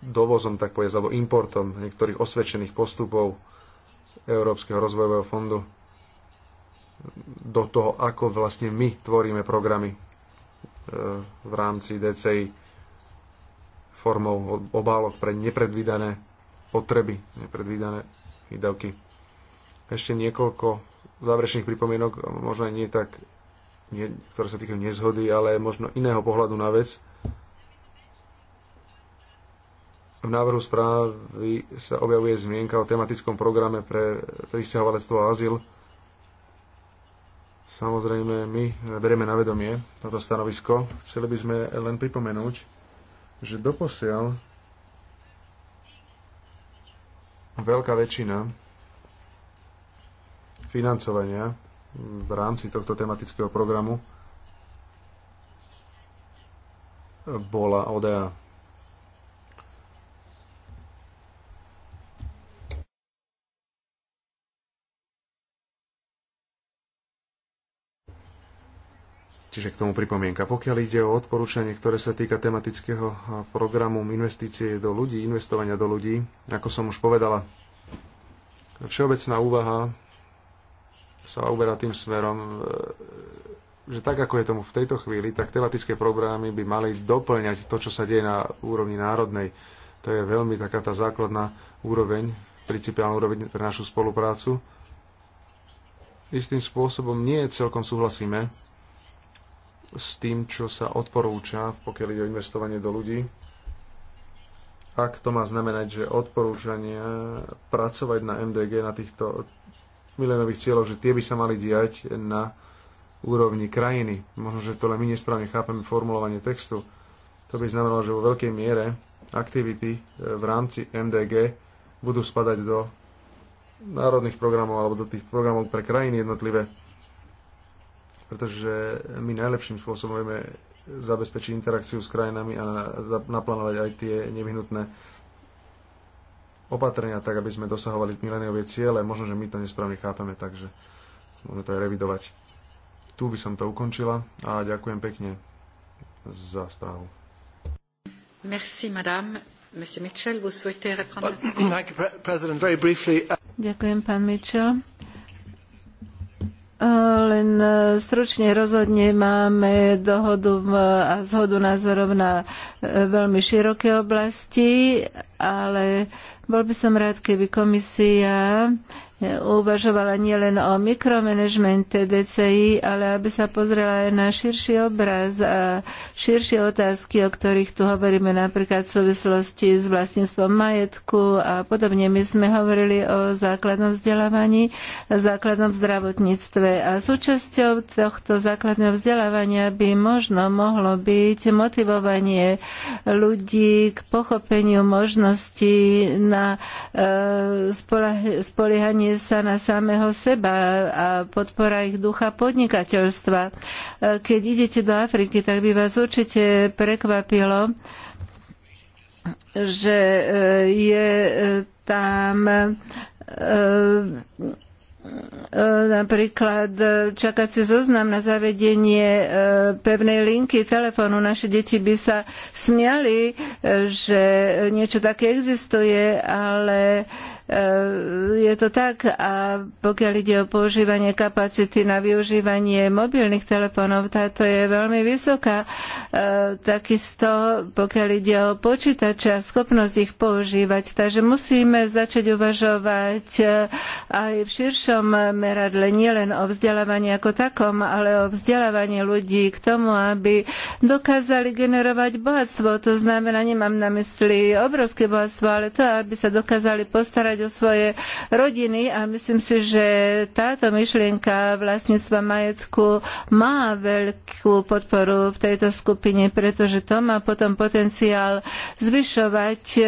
dovozom, tak povedať, alebo importom niektorých osvedčených postupov Európskeho rozvojového fondu do toho, ako vlastne my tvoríme programy e, v rámci DCI formou obálok pre nepredvídané potreby, nepredvídané výdavky. Ešte niekoľko záverečných pripomienok, možno aj nie tak, nie, ktoré sa týkajú nezhody, ale možno iného pohľadu na vec. V návrhu správy sa objavuje zmienka o tematickom programe pre pristahovalectvo a azyl. Samozrejme, my berieme na vedomie toto stanovisko. Chceli by sme len pripomenúť, že doposiaľ veľká väčšina financovania v rámci tohto tematického programu bola ODA Čiže k tomu pripomienka. Pokiaľ ide o odporúčanie, ktoré sa týka tematického programu investície do ľudí, investovania do ľudí, ako som už povedala, všeobecná úvaha sa uberá tým smerom, e, že tak, ako je tomu v tejto chvíli, tak tematické programy by mali doplňať to, čo sa deje na úrovni národnej. To je veľmi taká tá základná úroveň, principiálna úroveň pre našu spoluprácu. Istým spôsobom nie celkom súhlasíme s tým, čo sa odporúča, pokiaľ ide o investovanie do ľudí. Ak to má znamenať, že odporúčania pracovať na MDG, na týchto milenových cieľoch, že tie by sa mali diať na úrovni krajiny. Možno, že to len my nesprávne chápeme formulovanie textu. To by znamenalo, že vo veľkej miere aktivity e, v rámci MDG budú spadať do národných programov alebo do tých programov pre krajiny jednotlivé pretože my najlepším spôsobom vieme zabezpečiť interakciu s krajinami a naplánovať aj tie nevyhnutné opatrenia, tak aby sme dosahovali mileniové ciele. Možno, že my to nesprávne chápeme, takže môžeme to aj revidovať. Tu by som to ukončila a ďakujem pekne za správu. Merci, madame. Monsieur Mitchell, vous souhaitez répondre? Uh ďakujem, pán Mitchell. Len e, stručne rozhodne máme dohodu a zhodu názorov na e, veľmi široké oblasti ale bol by som rád, keby komisia eh, uvažovala nielen o mikromanagemente DCI, ale aby sa pozrela aj na širší obraz a širšie otázky, o ktorých tu hovoríme napríklad v súvislosti s vlastníctvom majetku a podobne. My sme hovorili o základnom vzdelávaní, základnom zdravotníctve a súčasťou tohto základného vzdelávania by možno mohlo byť motivovanie ľudí k pochopeniu možnosti schopnosti na e, spoliehanie sa na samého seba a podpora ich ducha podnikateľstva. E, keď idete do Afriky, tak by vás určite prekvapilo, že e, je tam E, napríklad e, čakací zoznam na zavedenie e, pevnej linky telefónu. Naše deti by sa smiali, že niečo také existuje, ale je to tak a pokiaľ ide o používanie kapacity na využívanie mobilných telefónov, táto je veľmi vysoká. E, takisto pokiaľ ide o počítače a schopnosť ich používať. Takže musíme začať uvažovať e, aj v širšom meradle, nielen o vzdelávaní ako takom, ale o vzdelávaní ľudí k tomu, aby dokázali generovať bohatstvo. To znamená, nemám na mysli obrovské bohatstvo, ale to, aby sa dokázali postarať starať o svoje rodiny a myslím si, že táto myšlienka vlastníctva majetku má veľkú podporu v tejto skupine, pretože to má potom potenciál zvyšovať e,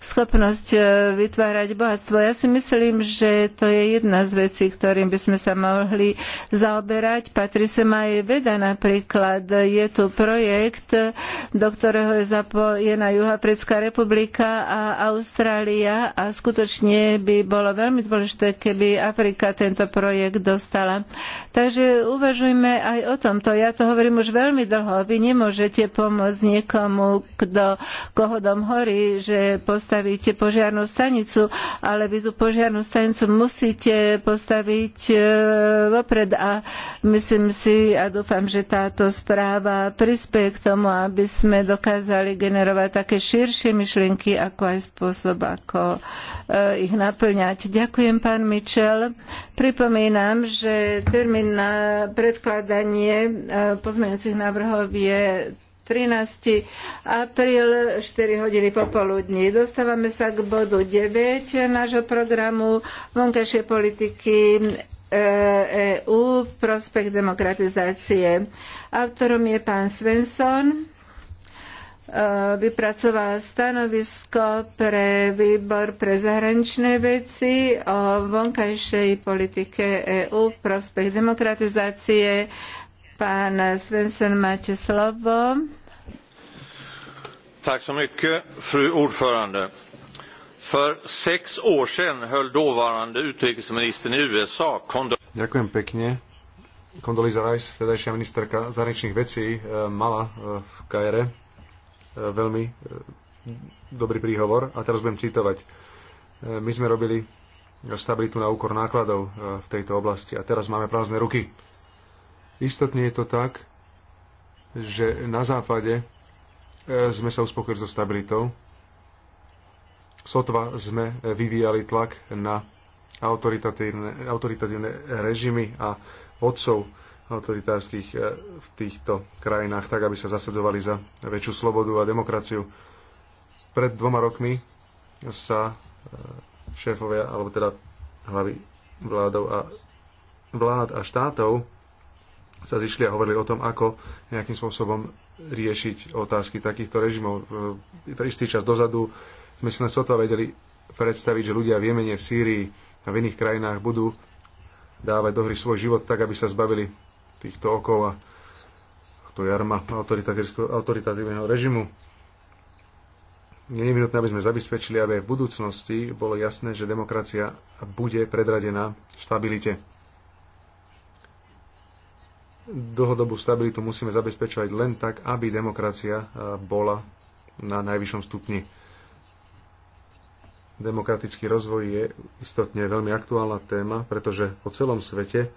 schopnosť e, vytvárať bohatstvo. Ja si myslím, že to je jedna z vecí, ktorým by sme sa mohli zaoberať. Patrí sem aj veda napríklad. Je tu projekt, do ktorého je zapojená Juhoafrická republika a Austrália a skutočne vlastne by bolo veľmi dôležité, keby Afrika tento projekt dostala. Takže uvažujme aj o tomto. Ja to hovorím už veľmi dlho. Vy nemôžete pomôcť niekomu, kto koho dom horí, že postavíte požiarnú stanicu, ale vy tú požiarnú stanicu musíte postaviť e, vopred a myslím si a dúfam, že táto správa prispieje k tomu, aby sme dokázali generovať také širšie myšlienky, ako aj spôsob, ako Eh, ich naplňať. Ďakujem, pán Mitchell. Pripomínam, že termín na predkladanie eh, pozmeňujúcich návrhov je 13. apríl 4 hodiny popoludní. Dostávame sa k bodu 9 nášho programu vonkajšie politiky EU eh, e v prospech demokratizácie. Autorom je pán Svensson. E, vypracovala stanovisko pre výbor pre zahraničné veci o vonkajšej politike EÚ v prospech demokratizácie. Pán Svensson, máte slovo. Tack så mycket, fru ordförande. För sex år sedan höll dåvarande utrikesministern i USA Ďakujem pekne. Condoleezza Rice, vtedajšia ministerka zahraničných vecí, e, mala e, v Kajere E, veľmi e, dobrý príhovor a teraz budem citovať. E, my sme robili stabilitu na úkor nákladov v tejto oblasti a teraz máme prázdne ruky. Istotne je to tak, že na západe sme sa uspokojili so stabilitou. Sotva sme vyvíjali tlak na autoritatívne, autoritatívne režimy a odcov autoritárskych e, v týchto krajinách, tak aby sa zasadzovali za väčšiu slobodu a demokraciu. Pred dvoma rokmi sa e, šéfovia, alebo teda hlavy vládov a vlád a štátov sa zišli a hovorili o tom, ako nejakým spôsobom riešiť otázky takýchto režimov. E, istý čas dozadu sme si na sotva vedeli predstaviť, že ľudia v Jemene, v Sýrii a v iných krajinách budú dávať do hry svoj život tak, aby sa zbavili týchto okov a to jarma autoritatívneho režimu. Je nevinutné, aby sme zabezpečili, aby aj v budúcnosti bolo jasné, že demokracia bude predradená stabilite. Dlhodobú stabilitu musíme zabezpečovať len tak, aby demokracia eh, bola na najvyššom stupni. Demokratický rozvoj je istotne veľmi aktuálna téma, pretože po celom svete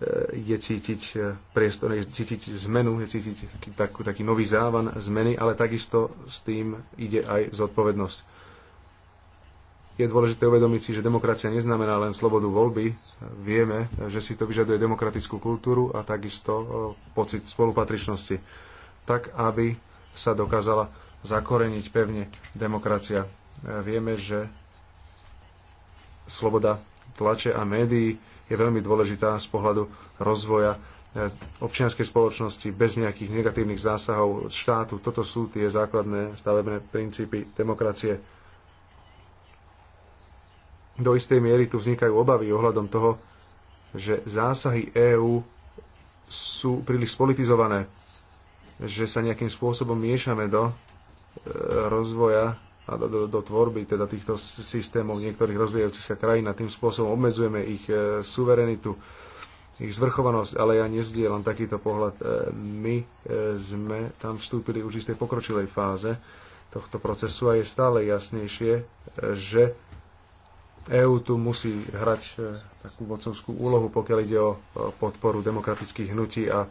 E, je cítiť e, priestor, je cítiť zmenu, je cítiť takú, taký nový závan zmeny, ale takisto s tým ide aj zodpovednosť. Je dôležité uvedomiť si, že demokracia neznamená len slobodu voľby. Vieme, že si to vyžaduje demokratickú kultúru a takisto e, pocit spolupatričnosti, tak aby sa dokázala zakoreniť pevne demokracia. Vieme, že sloboda tlače a médií je veľmi dôležitá z pohľadu rozvoja e, občianskej spoločnosti bez nejakých negatívnych zásahov štátu. Toto sú tie základné stavebné princípy demokracie. Do istej miery tu vznikajú obavy ohľadom toho, že zásahy EÚ sú príliš spolitizované, že sa nejakým spôsobom miešame do e, rozvoja a do, do, do tvorby teda týchto systémov niektorých rozvíjajúcich sa krajín a tým spôsobom obmedzujeme ich e, suverenitu, ich zvrchovanosť, ale ja nezdielam takýto pohľad. E, my e, sme tam vstúpili už v tej pokročilej fáze tohto procesu a je stále jasnejšie, e, že EÚ tu musí hrať e, takú vodcovskú úlohu, pokiaľ ide o, o podporu demokratických hnutí a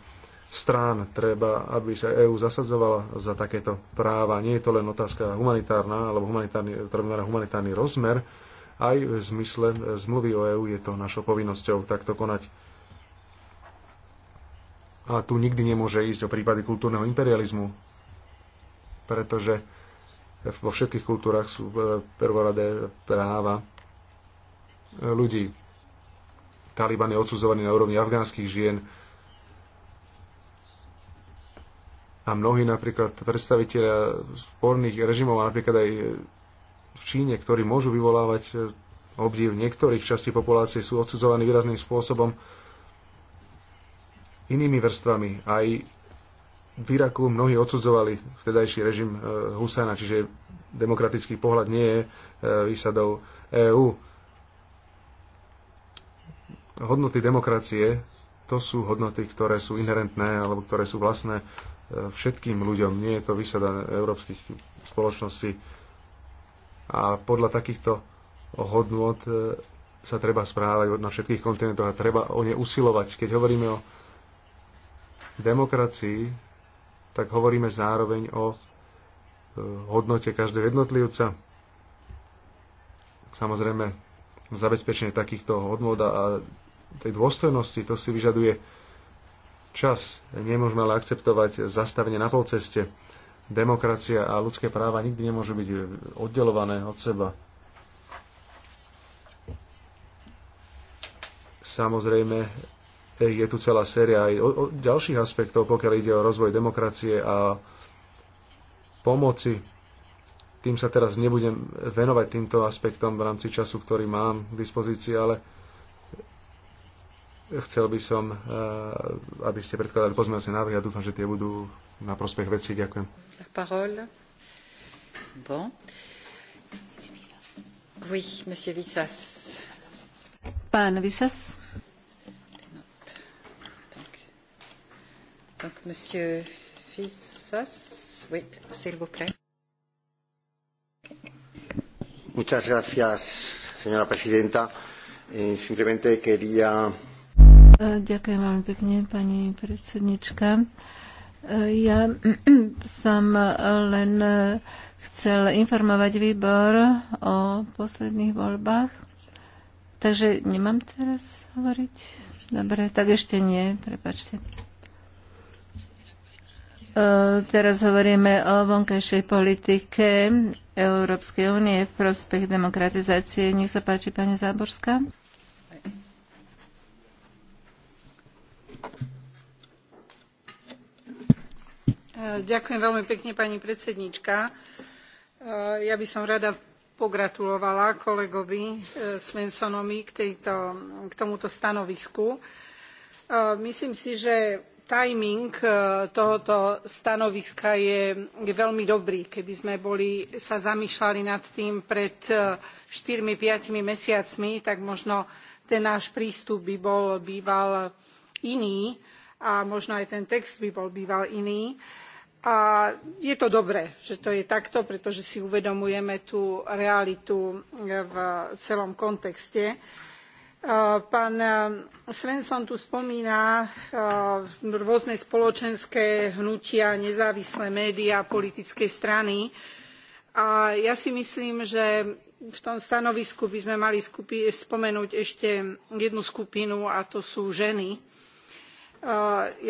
strán treba, aby sa EÚ zasadzovala za takéto práva. Nie je to len otázka humanitárna alebo humanitárny, teda humanitárny rozmer. Aj v zmysle zmluvy o EÚ je to našou povinnosťou takto konať. A tu nikdy nemôže ísť o prípady kultúrneho imperializmu, pretože vo všetkých kultúrach sú e, prvoradé práva ľudí. Taliban je odsudzovaný na úrovni afgánskych žien, A mnohí napríklad predstaviteľa sporných režimov, a napríklad aj v Číne, ktorí môžu vyvolávať e, obdiv niektorých častí populácie, sú odsudzovaní výrazným spôsobom inými vrstvami. Aj v Iraku mnohí odsudzovali vtedajší režim e, Husana, čiže demokratický pohľad nie je e, výsadou EÚ. Hodnoty demokracie to sú hodnoty, ktoré sú inherentné alebo ktoré sú vlastné všetkým ľuďom. Nie je to vysadané európskych spoločností. A podľa takýchto hodnot e, sa treba správať na všetkých kontinentoch a treba o ne usilovať. Keď hovoríme o demokracii, tak hovoríme zároveň o e, hodnote každého jednotlivca. Samozrejme, zabezpečenie takýchto hodnot a tej dôstojnosti, to si vyžaduje čas. Nemôžeme ale akceptovať zastavenie na polceste. Demokracia a ľudské práva nikdy nemôžu byť oddelované od seba. Samozrejme, je tu celá séria aj o, o ďalších aspektov, pokiaľ ide o rozvoj demokracie a pomoci. Tým sa teraz nebudem venovať týmto aspektom v rámci času, ktorý mám k dispozícii, ale Chcel by som, eh, aby ste predkladali pozmeňovacie návrhy a dúfam, že tie budú na prospech veci. Ďakujem. Bon. Oui, monsieur Vissas. Pán Vissas. Donc, monsieur Vissas, oui, s'il vous plaît. Muchas gracias, señora presidenta. Eh, simplemente quería Ďakujem veľmi pekne, pani predsednička. E, ja som len chcel informovať výbor o posledných voľbách. Takže nemám teraz hovoriť? Dobre, tak ešte nie, prepačte. E, teraz hovoríme o vonkajšej politike Európskej únie v prospech demokratizácie. Nech sa páči, pani Záborská. Eh, ďakujem veľmi pani eh, Ja by som rada pogratulovala kolegovi eh, Svensonovi k, tomuto stanovisku. Myslím si, že timing tohto stanoviska je, je veľmi dobrý keby sme boli, sa zamýšľali nad tým pred štyrmi piatimi mesiacmi tak možno ten náš prístup by bol býval iný a možno aj ten text by bol býval iný. A je to dobré, že to je takto, pretože si uvedomujeme tú realitu e, v celom kontexte. E, pán e, Svensson tu spomína rôzne spoločenské hnutia, nezávislé médiá, politické strany. A ja si myslím, že v tom stanovisku by sme mali spomenúť ešte jednu skupinu, a to sú ženy Eh,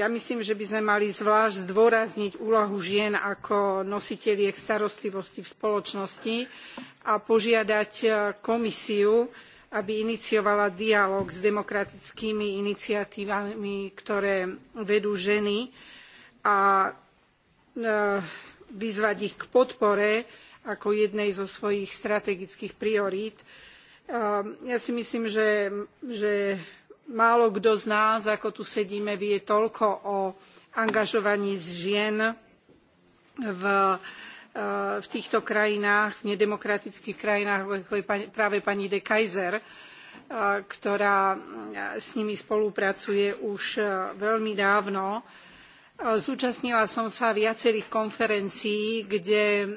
ja myslím že by sme mali zvlášť zdôrazniť úlohu žien ako nositeliek starostlivosti v spoločnosti a požiadať eh, komisiu aby iniciovala dialóg s demokratickými iniciatívami ktoré vedú ženy a eh, vyzvať ich k podpore ako jednej zo svojich strategických priorít. ja si myslím že, že málo kto z nás, ako tu sedíme, vie toľko o angažovaní žien v, eh, v týchto krajinách, v nedemokratických krajinách, ako je práve pani de Kaiser, eh, ktorá eh, s nimi spolupracuje už veľmi dávno. Zúčastnila som sa viacerých konferencií, kde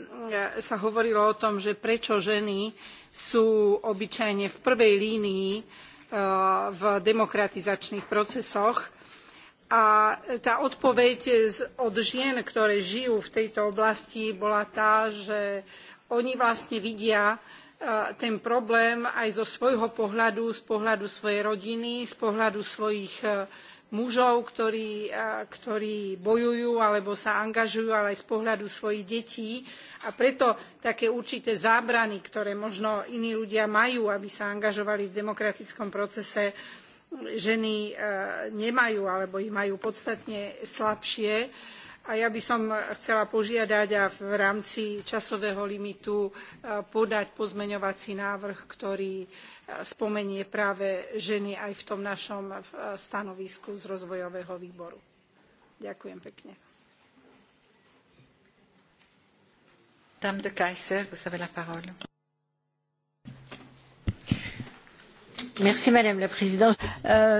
sa hovorilo o tom, že prečo ženy sú obyčajne v prvej línii v demokratizačných procesoch. A tá odpoveď od žien, ktoré žijú v tejto oblasti, bola tá, že oni vlastne vidia e, ten problém aj zo svojho pohľadu, z pohľadu svojej rodiny, z pohľadu svojich e, mužov, ktorí, ktorí bojujú alebo sa angažujú, ale aj z pohľadu svojich detí. A preto také určité zábrany, ktoré možno iní ľudia majú, aby sa angažovali v demokratickom procese, ženy nemajú alebo ich majú podstatne slabšie. A ja by som chcela požiadať a v rámci časového limitu podať pozmeňovací návrh, ktorý spomenie práve ženy aj v tom našom e, stanovisku z rozvojového výboru. Ďakujem pekne. Dame de Kaiser, vous avez la parole. Eh,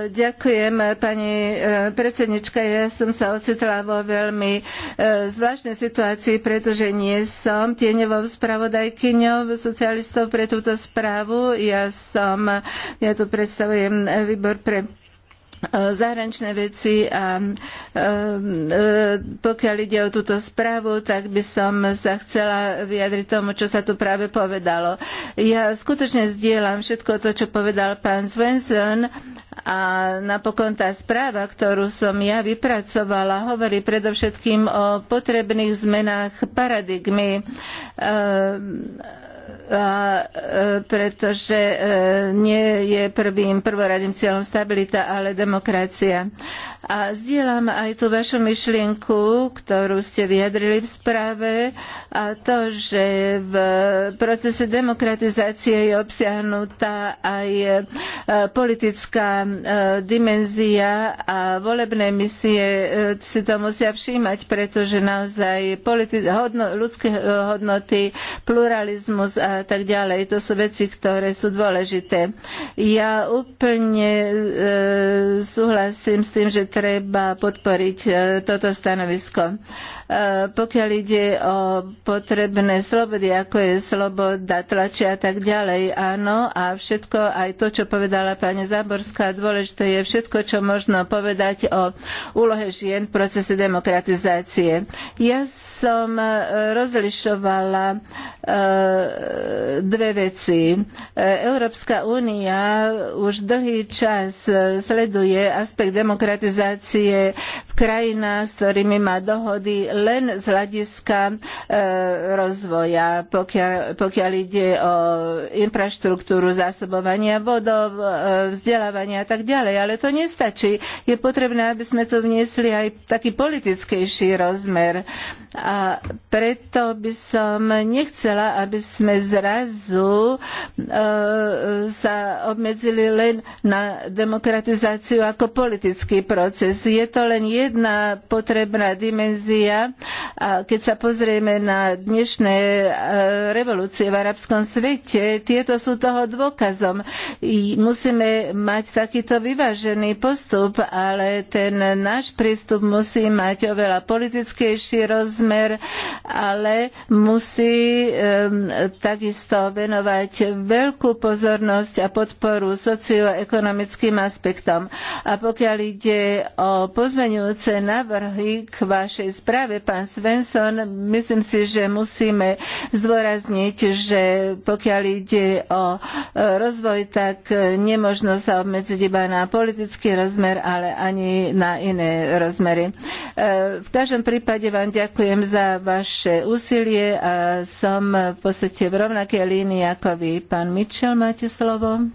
ďakujem, pani eh, predsednička. Ja som sa ocitla vo veľmi eh, zvláštnej situácii, pretože nie som tieňovou spravodajkyňou socialistov pre túto správu. Ja som, ja tu predstavujem výbor pre zahraničné veci a um, uh, pokiaľ ide o túto správu, tak by som sa chcela vyjadriť tomu, čo sa tu práve povedalo. Ja skutočne zdieľam všetko to, čo povedal pán Svensson a napokon tá správa, ktorú som ja vypracovala, hovorí predovšetkým o potrebných zmenách paradigmy uh, E, pretože e, nie je prvým prvoradým cieľom stabilita, ale demokracia. A zdieľam aj tú vašu myšlienku, ktorú ste vyjadrili v správe a to, že v procese demokratizácie je obsiahnutá aj e, politická e, dimenzia a volebné misie e, si to musia všímať, pretože naozaj politi- hodno- ľudské hodnoty, pluralizmus a tak ďalej, to sú veci, ktoré sú dôležité. Ja úplne e, súhlasím s tým, že treba podporiť eh, toto stanovisko. E, pokiaľ ide o potrebné slobody, ako je sloboda tlače a tak ďalej, áno, a všetko, aj to, čo povedala pani Záborská, dôležité je všetko, čo možno povedať o úlohe žien v procese demokratizácie. Ja som e, rozlišovala e, dve veci. Európska únia už dlhý čas sleduje aspekt demokratizácie v krajinách, s ktorými má dohody len z hľadiska e, rozvoja, pokiaľ, pokiaľ ide o infraštruktúru zásobovania vodov, e, vzdelávania a tak ďalej. Ale to nestačí. Je potrebné, aby sme tu vniesli aj taký politickejší rozmer. A preto by som nechcela, aby sme zrazu e, sa obmedzili len na demokratizáciu ako politický proces. Je to len jedna potrebná dimenzia a keď sa pozrieme na dnešné e, revolúcie v arabskom svete, tieto sú toho dôkazom. I musíme mať takýto vyvážený postup, ale ten náš prístup musí mať oveľa politickejší rozmer, ale musí um, takisto venovať veľkú pozornosť a podporu socioekonomickým aspektom. A pokiaľ ide o pozmeňujúce návrhy k vašej správe, práve pán Svensson. Myslím si, že musíme zdôrazniť, že pokiaľ ide o e, rozvoj, tak nemožno sa obmedziť iba na politický rozmer, ale ani na iné rozmery. E, v každom prípade vám ďakujem za vaše úsilie a som v podstate v rovnakej línii ako vy. Pán Mitchell, máte slovo.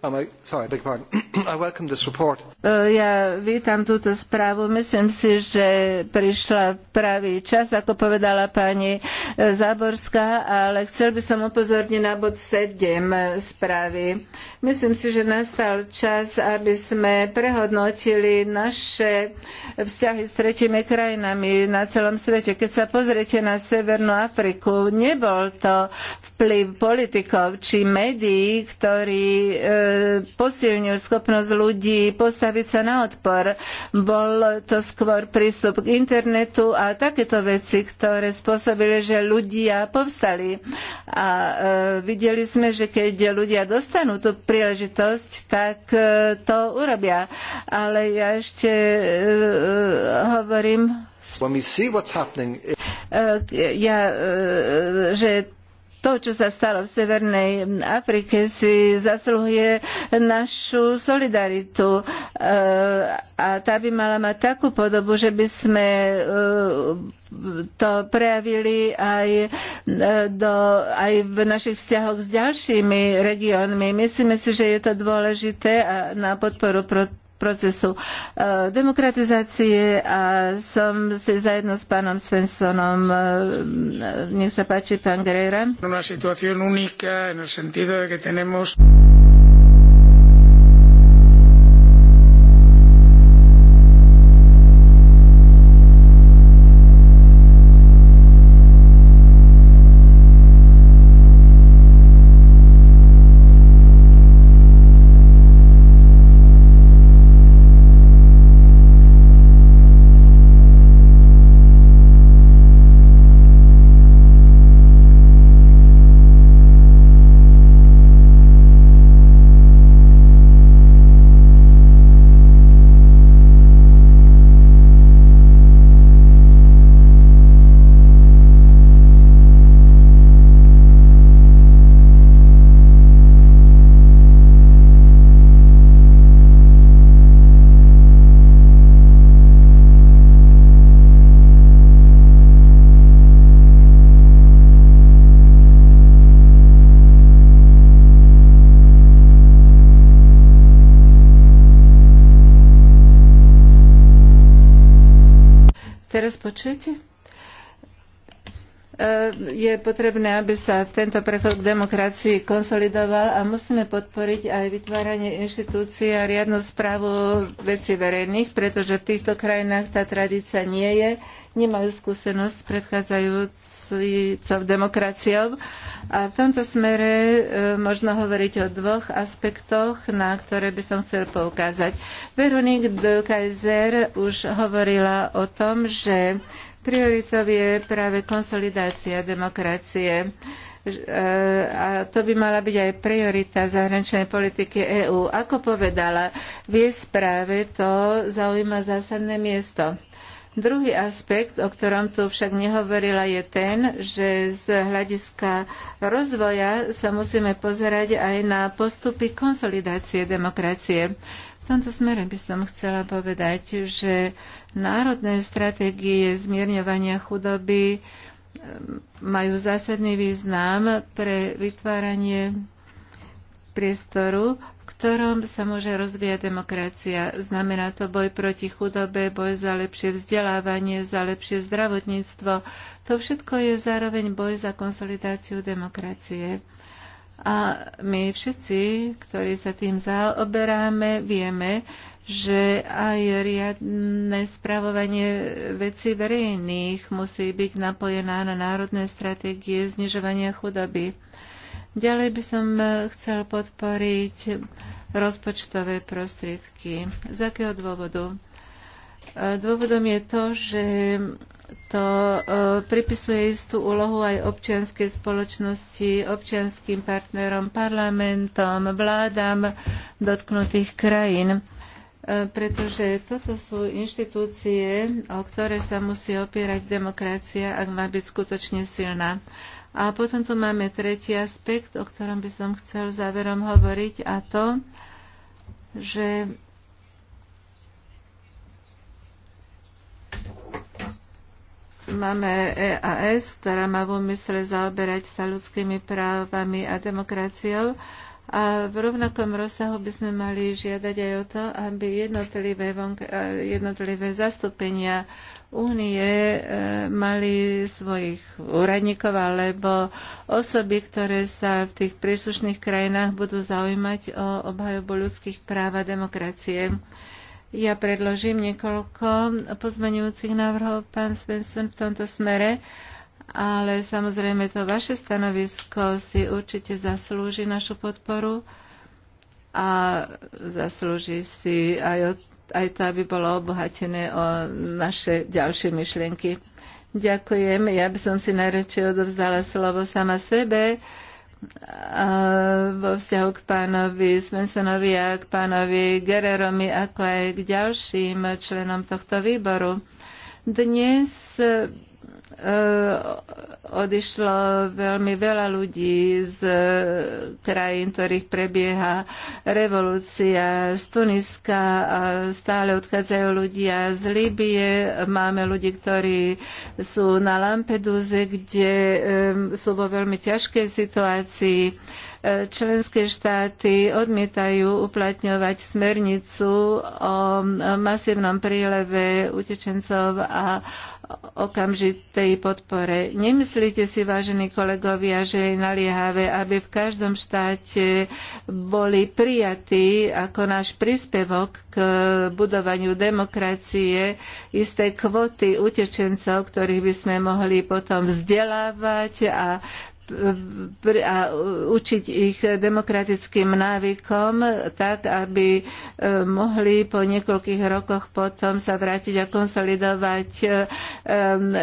E, ja vítam túto správu. Myslím si, že prišla pravý čas, ako povedala pani e, Záborská, ale chcel by som upozorniť na bod 7 e, správy. Myslím si, že nastal čas, aby sme prehodnotili naše vzťahy s tretimi krajinami na celom svete. Keď sa pozriete na Severnú Afriku, nebol to vplyv politikov či médií, ktorí posilňujú schopnosť ľudí postaviť sa na odpor. Bol to skôr prístup k internetu a takéto veci, ktoré spôsobili, že ľudia povstali. A e, videli sme, že keď ľudia dostanú tú príležitosť, tak e, to urobia. Ale ja ešte hovorím ja, že to, čo sa stalo v Severnej Afrike, si zasluhuje našu solidaritu e, a tá by mala mať takú podobu, že by sme e, to prejavili aj, e, do, aj v našich vzťahoch s ďalšími regiónmi. Myslíme si, že je to dôležité na podporu procesu eh, demokratizácie a som si zajedno s pánom Svenssonom, eh, Nech sa páči, pán Guerrera. Una situación única en el sentido de que tenemos rozpočet je potrebné, aby sa tento prechod k demokracii konsolidoval a musíme podporiť aj vytváranie inštitúcií a riadnu správu veci verejných, pretože v týchto krajinách tá tradícia nie je, nemajú skúsenosť s predchádzajúc súvisiacov demokraciou. A v tomto smere e, možno hovoriť o dvoch aspektoch, na ktoré by som chcel poukázať. Veronique de Kaiser už hovorila o tom, že prioritou je práve konsolidácia demokracie e, a to by mala byť aj priorita zahraničnej politiky EÚ. Ako povedala, v jej správe to zaujíma zásadné miesto. Druhý aspekt, o ktorom tu však nehovorila, je ten, že z hľadiska rozvoja sa musíme pozerať aj na postupy konsolidácie demokracie. V tomto smere by som chcela povedať, že národné stratégie zmierňovania chudoby ehm, majú zásadný význam pre vytváranie priestoru, ktorom sa môže rozvíjať demokracia. Znamená to boj proti chudobe, boj za lepšie vzdelávanie, za lepšie zdravotníctvo. To všetko je zároveň boj za konsolidáciu demokracie. A my všetci, ktorí sa tým zaoberáme, vieme, že aj riadne spravovanie vecí verejných musí byť napojená na národné stratégie znižovania chudoby. Ďalej by som e, chcel podporiť rozpočtové prostriedky. Z akého dôvodu? E, dôvodom je to, že to e, pripisuje istú úlohu aj občianskej spoločnosti, občianským partnerom, parlamentom, vládam dotknutých krajín pretože toto sú inštitúcie, o ktoré sa musí opierať demokracia, ak má byť skutočne silná. A potom tu máme tretí aspekt, o ktorom by som chcel záverom hovoriť a to, že máme EAS, ktorá má v úmysle zaoberať sa ľudskými právami a demokraciou a v rovnakom rozsahu by sme mali žiadať aj o to, aby jednotlivé, vonk- jednotlivé zastúpenia únie e, mali svojich úradníkov alebo osoby, ktoré sa v tých príslušných krajinách budú zaujímať o obhajobu ľudských práv a demokracie. Ja predložím niekoľko pozmenujúcich návrhov, pán Svensson, v tomto smere ale samozrejme to vaše stanovisko si určite zaslúži našu podporu a zaslúži si aj, aj to, aby bolo obohatené o naše ďalšie myšlienky. Ďakujem. Ja by som si najradšej odovzdala slovo sama sebe vo vzťahu k pánovi Svensonovi a k pánovi Gereromi, ako aj k ďalším členom tohto výboru. Dnes E, odišlo veľmi veľa ľudí z e, krajín, ktorých prebieha revolúcia z Tuniska a stále odchádzajú ľudia z Líbie. Máme ľudí, ktorí sú na Lampeduze, kde e, sú vo veľmi ťažkej situácii Členské štáty odmietajú uplatňovať smernicu o masívnom príleve utečencov a okamžitej podpore. Nemyslíte si, vážení kolegovia, že je naliehavé, aby v každom štáte boli prijatí ako náš príspevok k budovaniu demokracie isté kvoty utečencov, ktorých by sme mohli potom vzdelávať a a učiť ich demokratickým návykom, tak aby e, mohli po niekoľkých rokoch potom sa vrátiť a konsolidovať e,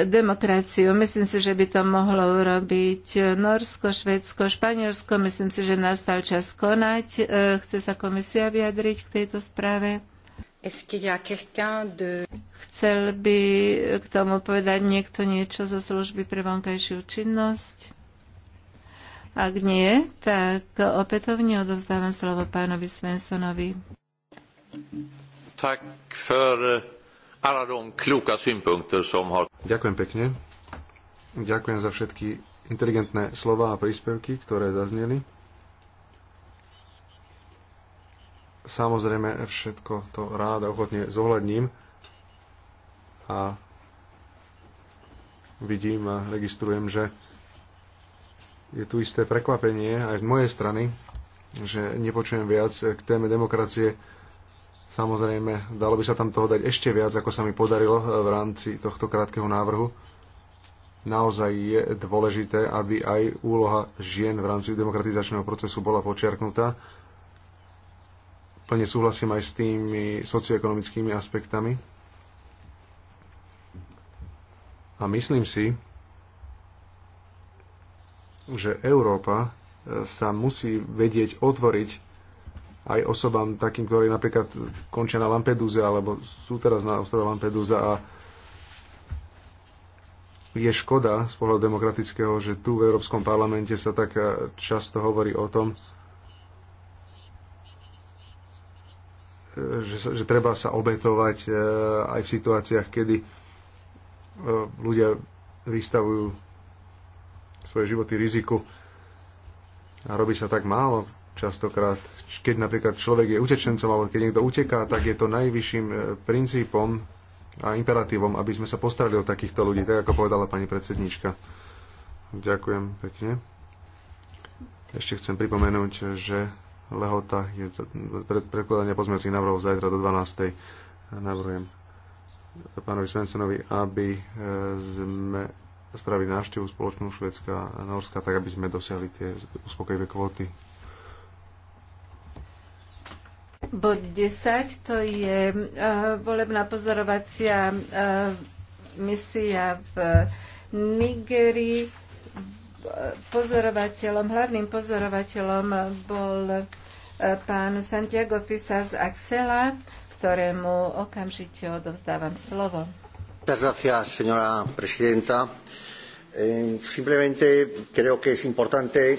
demokraciu. Myslím si, že by to mohlo urobiť Norsko, Švedsko, Španielsko. Myslím si, že nastal čas konať. E, chce sa komisia vyjadriť k tejto správe? Chcel by k tomu povedať niekto niečo zo služby pre vonkajšiu činnosť? Ak nie, tak opätovne odovzdávam slovo pánovi Svensonovi. Tak för eh, alla de kloka synpunkter som har... Ďakujem pekne. Ďakujem za všetky inteligentné slova a príspevky, ktoré zazneli. Samozrejme, všetko to rád a ochotne zohľadním a vidím a registrujem, že je tu isté prekvapenie aj z mojej strany, že nepočujem viac k téme demokracie. Samozrejme, dalo by sa tam toho dať ešte viac, ako sa mi podarilo v rámci tohto krátkeho návrhu. Naozaj je dôležité, aby aj úloha žien v rámci demokratizačného procesu bola počiarknutá. Plne súhlasím aj s tými socioekonomickými aspektami. A myslím si, že Európa e, sa musí vedieť otvoriť aj osobám takým, ktorí napríklad končia na lampedúze alebo sú teraz na ostrove lampedúza a je škoda z pohľadu demokratického, že tu v Európskom parlamente sa tak e, často hovorí o tom, e, že, že treba sa obetovať aj v situáciách, kedy ľudia vystavujú svoje životy riziku. A robí sa tak málo častokrát. Keď napríklad človek je utečencom alebo keď niekto uteká, tak je to najvyšším e, princípom a imperatívom, aby sme sa postarali o takýchto ľudí, tak ako povedala pani predsednička. Ďakujem pekne. Ešte chcem pripomenúť, že lehota je pred prekladania pozmeňovacích návrhov zajtra do 12. Navrhujem pánovi Svensonovi, aby e, sme spraviť návštevu spoločnú Švedska a Norska, tak aby sme dosiahli tie uspokojivé kvóty. Bod 10 to je uh, volebná pozorovacia uh, misia v Nigerii. Pozorovateľom, hlavným pozorovateľom bol uh, pán Santiago z Axela, ktorému okamžite odovzdávam slovo. gracias, señora presidenta simplemente creo que es importante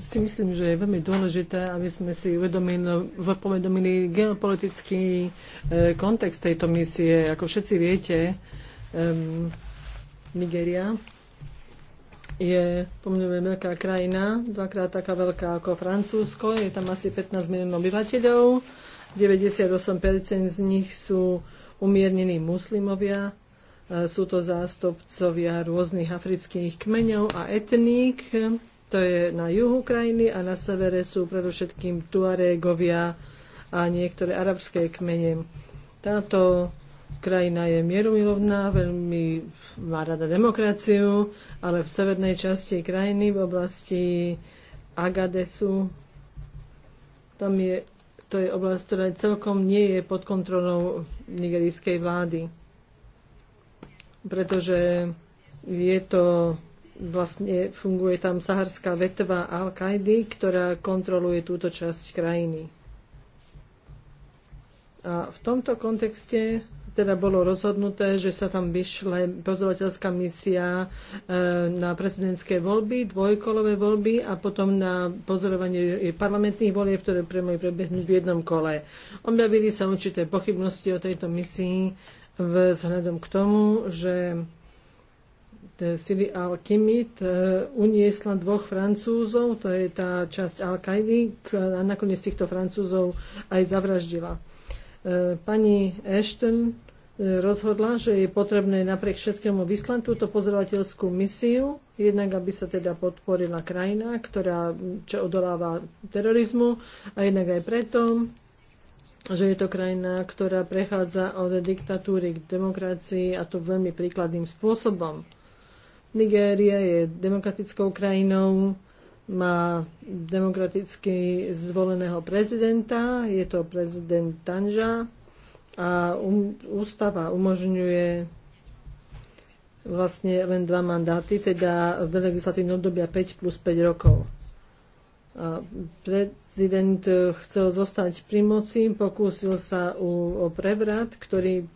si myslím, že je veľmi dôležité, aby sme si uvedomili, geopolitický e, kontext tejto misie. Ako všetci viete, Nigeria je pomerne veľká krajina, dvakrát taká veľká ako Francúzsko, je tam asi 15 miliónov obyvateľov, 98% z nich sú umiernení muslimovia E, sú to zástupcovia rôznych afrických kmeňov a etník. To je na juhu krajiny a na severe sú predovšetkým Tuaregovia a niektoré arabské kmene. Táto krajina je mierumilovná, veľmi má rada demokraciu, ale v severnej časti krajiny, v oblasti Agadesu, tam je, to je oblasť, ktorá celkom nie je pod kontrolou nigerijskej vlády pretože je to vlastne funguje tam saharská vetva Al-Kaidy, ktorá kontroluje túto časť krajiny. A v tomto kontexte teda bolo rozhodnuté, že sa tam vyšle pozorovateľská misia e, na prezidentské voľby, dvojkolové voľby a potom na pozorovanie parlamentných volieb, ktoré premajú prebehnúť v jednom kole. Objavili sa určité pochybnosti o tejto misii, vzhľadom k tomu, že Siri Al-Kimit e, uniesla dvoch Francúzov, to je tá časť Al-Kaidi, a nakoniec týchto Francúzov aj zavraždila. E, pani Ashton e, rozhodla, že je potrebné napriek všetkému vyslať túto pozorovateľskú misiu, jednak aby sa teda podporila krajina, ktorá čo odoláva terorizmu, a jednak aj preto, že je to krajina, ktorá prechádza od diktatúry k demokracii a to veľmi príkladným spôsobom. Nigéria je demokratickou krajinou, má demokraticky zvoleného prezidenta, je to prezident Tanža a um, ústava umožňuje vlastne len dva mandáty, teda v legislatívnom obdobia 5 plus 5 rokov a prezident e, chcel zostať pri moci, pokúsil sa o prevrat, ktorý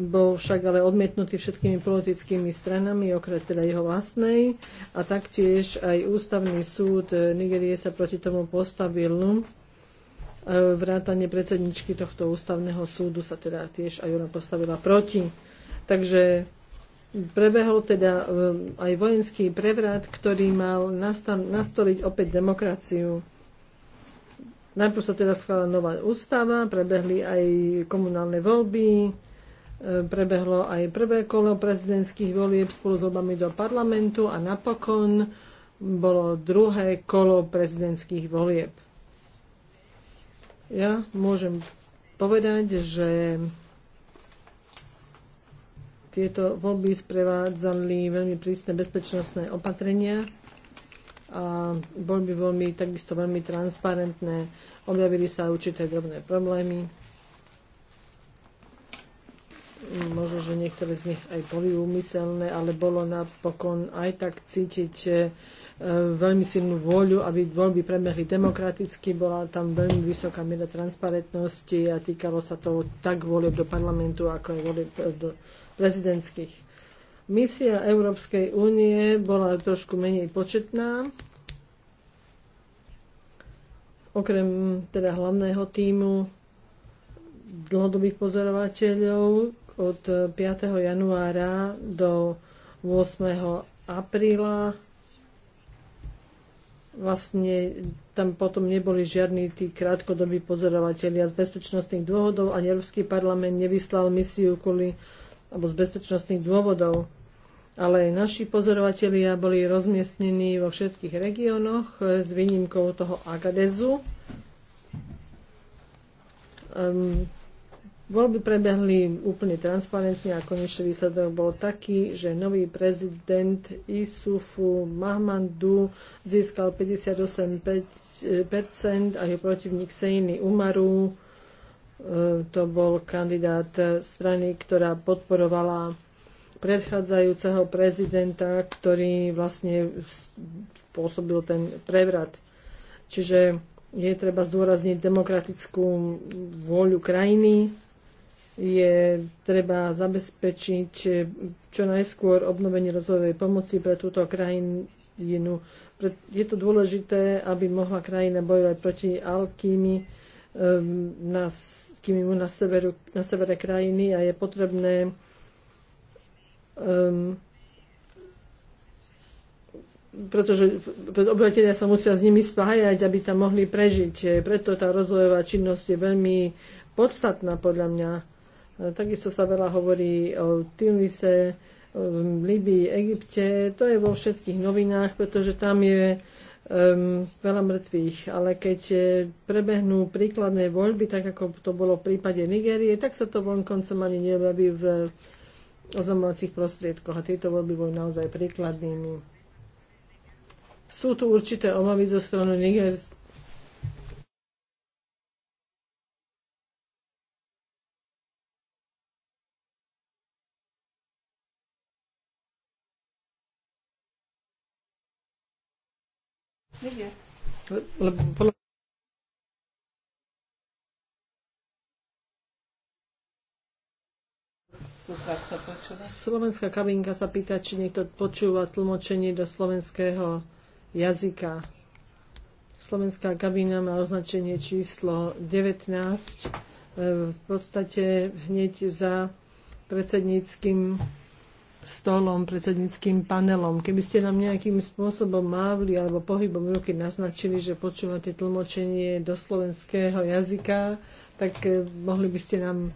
bol však ale odmietnutý všetkými politickými stranami, okrem teda jeho vlastnej. A taktiež aj ústavný súd Nigerie sa proti tomu postavil. E, vrátanie predsedničky tohto ústavného súdu sa teda tiež aj ona postavila proti. Takže prebehol teda eh, aj vojenský prevrat, ktorý mal nastoliť opäť demokraciu. Najprv sa teda schválila nová ústava, prebehli aj komunálne voľby, eh, prebehlo aj prvé kolo prezidentských volieb spolu s voľbami do parlamentu a napokon bolo druhé kolo prezidentských volieb. Ja môžem povedať, že tieto voľby sprevádzali veľmi prísne bezpečnostné opatrenia a voľby veľmi, takisto veľmi transparentné. Objavili sa určité drobné problémy. Možno, že niektoré z nich aj boli úmyselné, ale bolo napokon aj tak cítiť e, veľmi silnú vôľu, aby voľby prebehli demokraticky. Bola tam veľmi vysoká miera transparentnosti a týkalo sa to tak volieb do parlamentu, ako aj volieb e, do prezidentských. Misia Európskej únie bola trošku menej početná. Okrem teda hlavného týmu dlhodobých pozorovateľov od 5. januára do 8. apríla vlastne tam potom neboli žiadni tí krátkodobí pozorovatelia z bezpečnostných dôvodov a Európsky parlament nevyslal misiu kvôli alebo z bezpečnostných dôvodov. Ale naši pozorovatelia boli rozmiestnení vo všetkých regiónoch eh, s výnimkou toho Agadezu. Um, voľby prebehli úplne transparentne a konečný výsledok bol taký, že nový prezident Isufu Mahmandu získal 58% eh, a jeho protivník Sejny Umaru E, to bol kandidát strany, ktorá podporovala predchádzajúceho prezidenta, ktorý vlastne spôsobil ten prevrat. Čiže je treba zdôrazniť demokratickú vôľu krajiny, je treba zabezpečiť čo najskôr obnovenie rozvojovej pomoci pre túto krajinu. Je to dôležité, aby mohla krajina bojovať proti alkými, e, na všetkým na, severu, na severe krajiny a je potrebné um, pretože obyvateľia sa musia s nimi spájať, aby tam mohli prežiť. Preto tá rozvojová činnosť je veľmi podstatná podľa mňa. E, takisto sa veľa hovorí o Tunise, v Libii, Egypte. To je vo všetkých novinách, pretože tam je um, veľa mŕtvych, ale keď e, prebehnú príkladné voľby, tak ako to bolo v prípade Nigérie, tak sa to vonkoncom ani neobjaví v oznamovacích prostriedkoch a tieto voľby boli naozaj príkladnými. Sú tu určité obavy zo strany nigerských Slovenská kabinka sa pýta, či niekto počúva tlmočenie do slovenského jazyka. Slovenská kabína má označenie číslo 19. V podstate hneď za predsedníckým stolom, predsedníckým panelom. Keby ste nám nejakým spôsobom mávli alebo pohybom ruky naznačili, že počúvate tlmočenie do slovenského jazyka, tak e, mohli by ste nám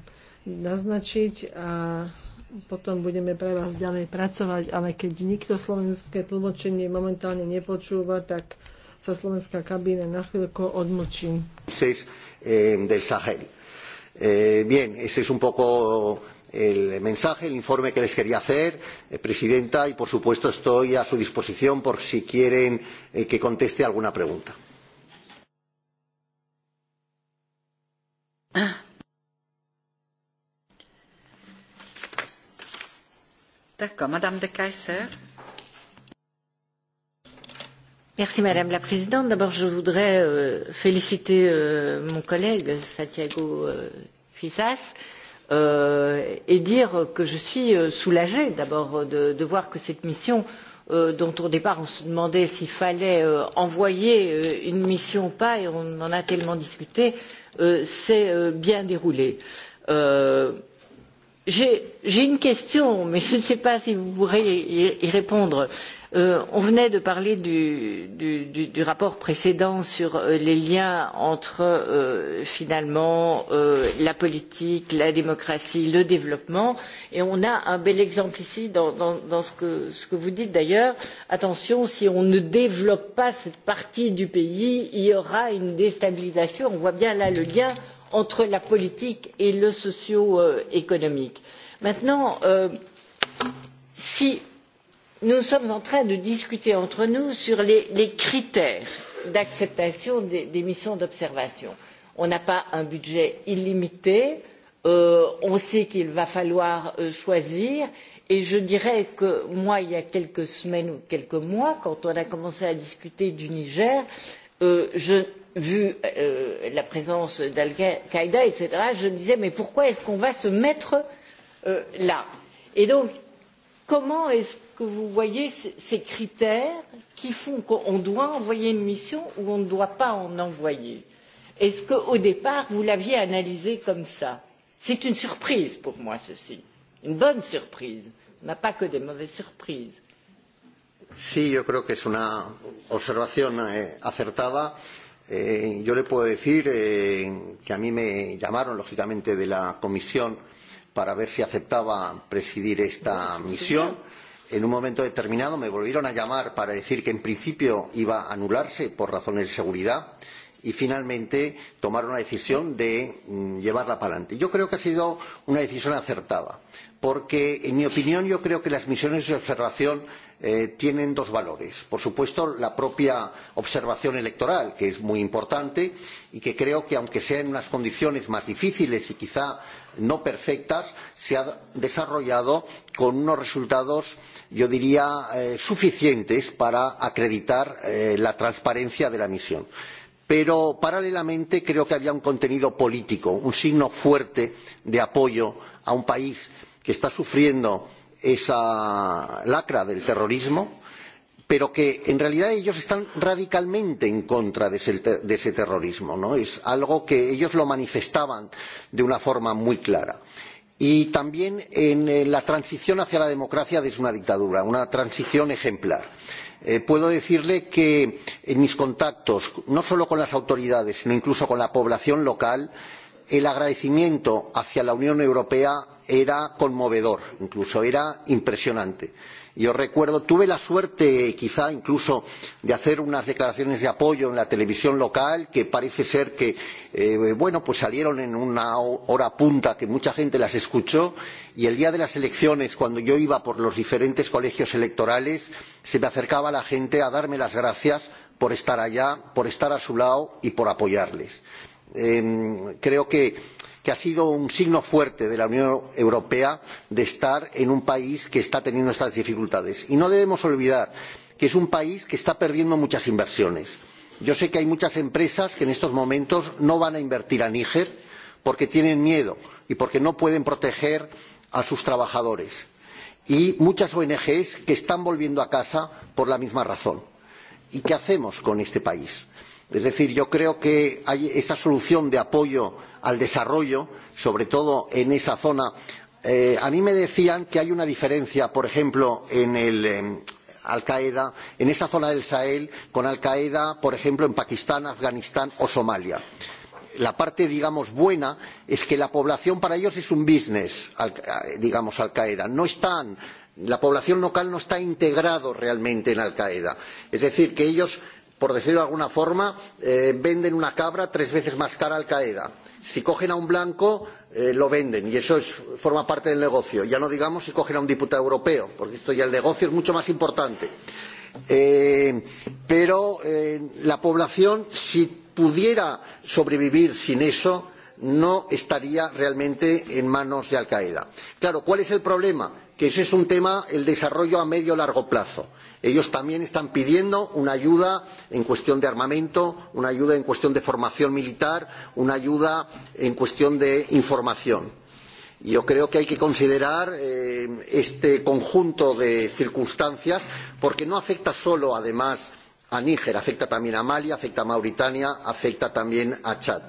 naznačiť a potom budeme pre vás ďalej pracovať, ale keď nikto slovenské tlmočenie momentálne nepočúva, tak sa slovenská kabína na chvíľku odmlčí. Eh, del Sahel. Eh, bien, ese es un poco el mensaje, el informe que les quería hacer, señora eh, Presidenta, y por supuesto estoy a su disposición por si quieren eh, que conteste alguna pregunta. Merci, madame la présidente d'abord je voudrais euh, féliciter euh, mon collègue santiago euh, fisas pour Euh, et dire que je suis euh, soulagée d'abord de, de, voir que cette mission euh, dont au départ on se demandait s'il fallait envoyer une mission ou pas et on en a tellement discuté s'est bien déroulée. J'ai une question, mais je ne sais pas si vous pourrez y répondre. Euh, Euh, on venait de parler du, du, du, du rapport précédent sur euh, les liens entre euh, finalement euh, la politique, la démocratie, le développement et on a un bel exemple ici dans, dans, dans ce, que, ce, que, vous dites d'ailleurs attention si on ne développe pas cette partie du pays il y aura une déstabilisation on voit bien là le lien entre la politique et le socio économique. Maintenant si nous sommes en train de discuter entre nous sur les, les critères d'acceptation des, des missions d'observation. on n'a pas un budget illimité euh, on sait qu'il va falloir euh, choisir et je dirais que moi il y a quelques semaines ou quelques mois quand on a commencé à discuter du niger euh, je, vu euh, la présence d'al qaïda etc. je me disais mais pourquoi est ce qu'on va se mettre euh, là? et donc comment est ce que vous voyez ces critères qui font qu'on doit envoyer une mission ou on ne doit pas en envoyer. Est ce qu'au départ vous l'aviez analysé comme cela? C'est une surprise pour moi ceci, une bonne surprise. On n'a pas que des mauvaises surprises. Sí, yo creo que es una observación eh, acertada. Eh, yo le puedo decir eh, que a mí me llamaron, lógicamente, de la comisión para ver si aceptaba presidir esta misión en un momento determinado me volvieron a llamar para decir que en principio iba a anularse por razones de seguridad y finalmente tomaron la decisión de mm, llevarla para adelante. Yo creo que ha sido una decisión acertada, porque en mi opinión yo creo que las misiones de observación eh, tienen dos valores. Por supuesto, la propia observación electoral, que es muy importante y que creo que aunque sea en unas condiciones más difíciles y quizá no perfectas se ha desarrollado con unos resultados yo diría eh, suficientes para acreditar eh, la transparencia de la misión. Pero paralelamente creo que había un contenido político, un signo fuerte de apoyo a un país que está sufriendo esa lacra del terrorismo pero que en realidad ellos están radicalmente en contra de ese, de ese terrorismo. ¿no? Es algo que ellos lo manifestaban de una forma muy clara y también en eh, la transición hacia la democracia desde una dictadura una transición ejemplar. Eh, puedo decirle que en mis contactos no solo con las autoridades sino incluso con la población local el agradecimiento hacia la unión europea era conmovedor incluso era impresionante. Yo recuerdo, tuve la suerte quizá incluso de hacer unas declaraciones de apoyo en la televisión local que parece ser que eh, salieron en una hora punta que mucha gente las escuchó y el día de las elecciones cuando yo iba por los diferentes colegios electorales se me acercaba la gente a darme las gracias por estar allá, por estar a su lado y por apoyarles creo que, ha sido un signo fuerte de la Unión Europea estar en un país que está teniendo estas dificultades. Y no debemos olvidar que es un país que está perdiendo muchas inversiones. Yo sé que hay muchas empresas que en estos momentos no van a invertir a Níger porque tienen miedo y porque no pueden proteger a sus trabajadores. Y muchas ONG que están volviendo a casa por la misma razón. ¿Y qué hacemos con este país? Es decir, yo creo que hay esa solución de apoyo al desarrollo, sobre todo en esa zona. Eh, a mí me decían que hay una diferencia, por ejemplo, en el, eh, Al Qaeda, en esa zona del Sahel, con Al Qaeda, por ejemplo, en Pakistán, Afganistán o Somalia. La parte, digamos, buena es que la población para ellos es un business, eh, digamos, Al Qaeda. No están, la población local no está integrada realmente en Al Qaeda. Es decir, que ellos por decirlo de alguna forma eh, venden una cabra tres veces más cara al qaeda si cogen a un blanco eh, lo venden y eso forma parte del negocio ya no digamos si cogen a un diputado europeo porque esto ya el negocio es mucho más importante eh, pero eh, la población si pudiera sobrevivir sin eso no estaría realmente en manos de al qaeda. claro cuál es el problema? que ese es un tema el desarrollo a medio y largo plazo. ellos también están pidiendo una ayuda en cuestión de armamento una ayuda en cuestión de formación militar una ayuda en cuestión de información. yo creo que hay que considerar eh, este conjunto de circunstancias porque no afecta solo además a níger afecta también a mali afecta a mauritania afecta también a chad